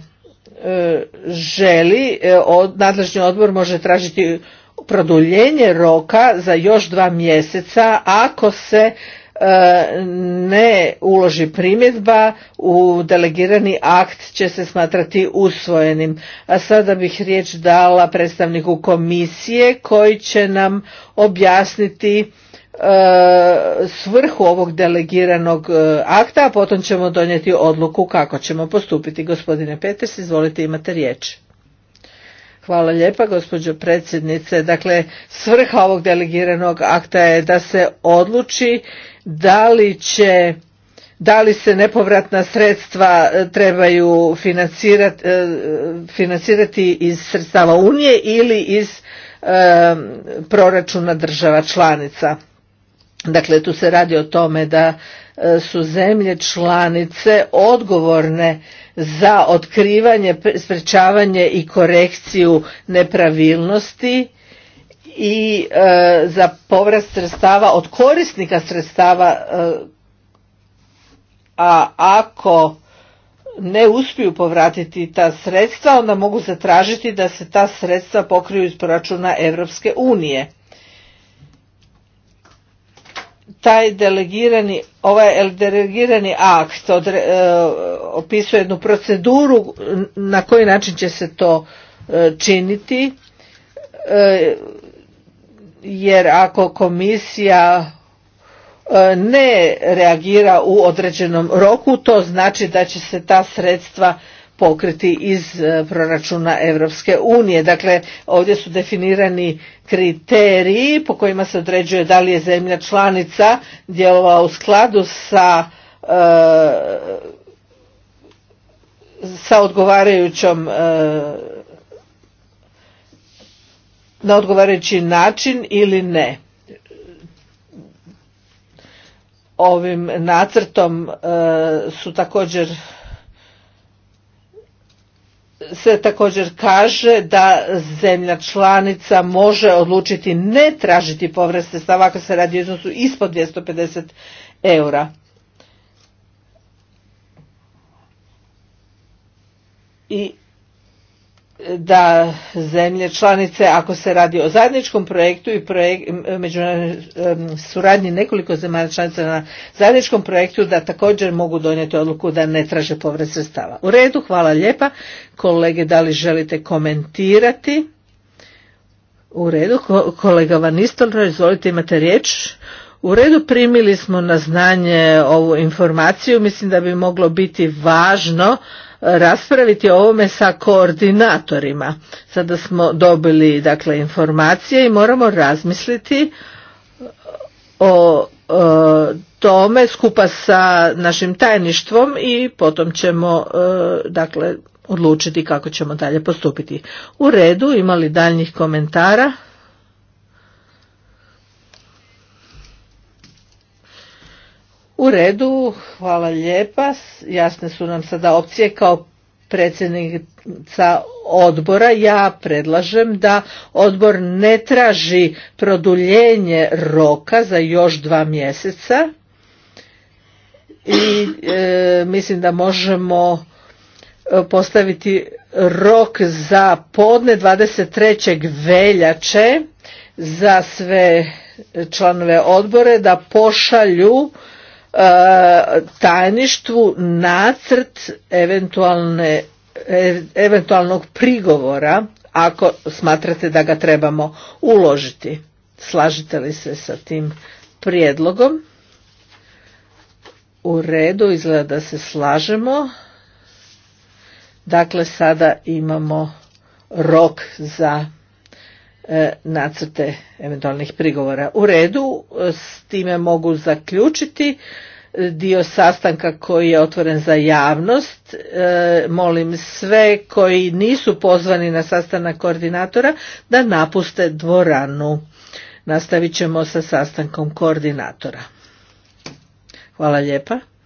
[SPEAKER 3] e, želi, e, nadležni odbor može tražiti produljenje roka za još dva mjeseca ako se e, ne uloži primjedba u delegirani akt će se smatrati usvojenim. A sada bih riječ dala predstavniku komisije koji će nam objasniti E, svrhu ovog delegiranog e, akta, a potom ćemo donijeti odluku kako ćemo postupiti. Gospodine Peters, izvolite imate riječ. Hvala lijepa gospođo predsjednice. Dakle, svrha ovog delegiranog akta je da se odluči da li će da li se nepovratna sredstva e, trebaju financirati, financirati iz sredstava Unije ili iz proračuna država članica. Dakle, tu se radi o tome da e, su zemlje članice odgovorne za otkrivanje, sprečavanje i korekciju nepravilnosti i e, za povrat sredstava od korisnika sredstava, e, a ako ne uspiju povratiti ta sredstva, onda mogu zatražiti da se ta sredstva pokriju iz proračuna Europske unije taj delegirani, ovaj delegirani akt e, opisuje jednu proceduru na koji način će se to e, činiti e, jer ako komisija ne reagira u određenom roku to znači da će se ta sredstva pokriti iz e, proračuna Europske unije. Dakle, ovdje su definirani kriteriji po kojima se određuje da li je zemlja članica djelovala u skladu sa e, sa odgovarajućom e, na odgovarajući način ili ne. Ovim nacrtom su također se također kaže da zemlja članica može odlučiti ne tražiti povrat sredstava ako se radi o iznosu ispod 250 eura. I da zemlje članice ako se radi o zajedničkom projektu i projek, suradnji nekoliko zemalja članica na zajedničkom projektu da također mogu donijeti odluku da ne traže povrat sredstava. U redu, hvala lijepa. Kolege, da li želite komentirati? U redu, kolega Van Istolno, izvolite, imate riječ. U redu primili smo na znanje ovu informaciju, mislim da bi moglo biti važno raspraviti o ovome sa koordinatorima. Sada smo dobili dakle informacije i moramo razmisliti o e, tome skupa sa našim tajništvom i potom ćemo e, dakle odlučiti kako ćemo dalje postupiti. U redu, imali daljnjih komentara? U redu, hvala lijepa. Jasne su nam sada opcije kao predsjednica odbora. Ja predlažem da odbor ne traži produljenje roka za još dva mjeseca i e, mislim da možemo e, postaviti rok za podne 23. veljače za sve članove odbore da pošalju E, tajništvu nacrt eventualne, e, eventualnog prigovora ako smatrate da ga trebamo uložiti. Slažete li se sa tim prijedlogom? U redu, izgleda da se slažemo. Dakle, sada imamo rok za E, nacrte eventualnih prigovora. U redu, e, s time mogu zaključiti e, dio sastanka koji je otvoren za javnost. Molim sve koji nisu pozvani na sastanak koordinatora da napuste dvoranu. Nastavit ćemo sa sastankom koordinatora. Hvala lijepa.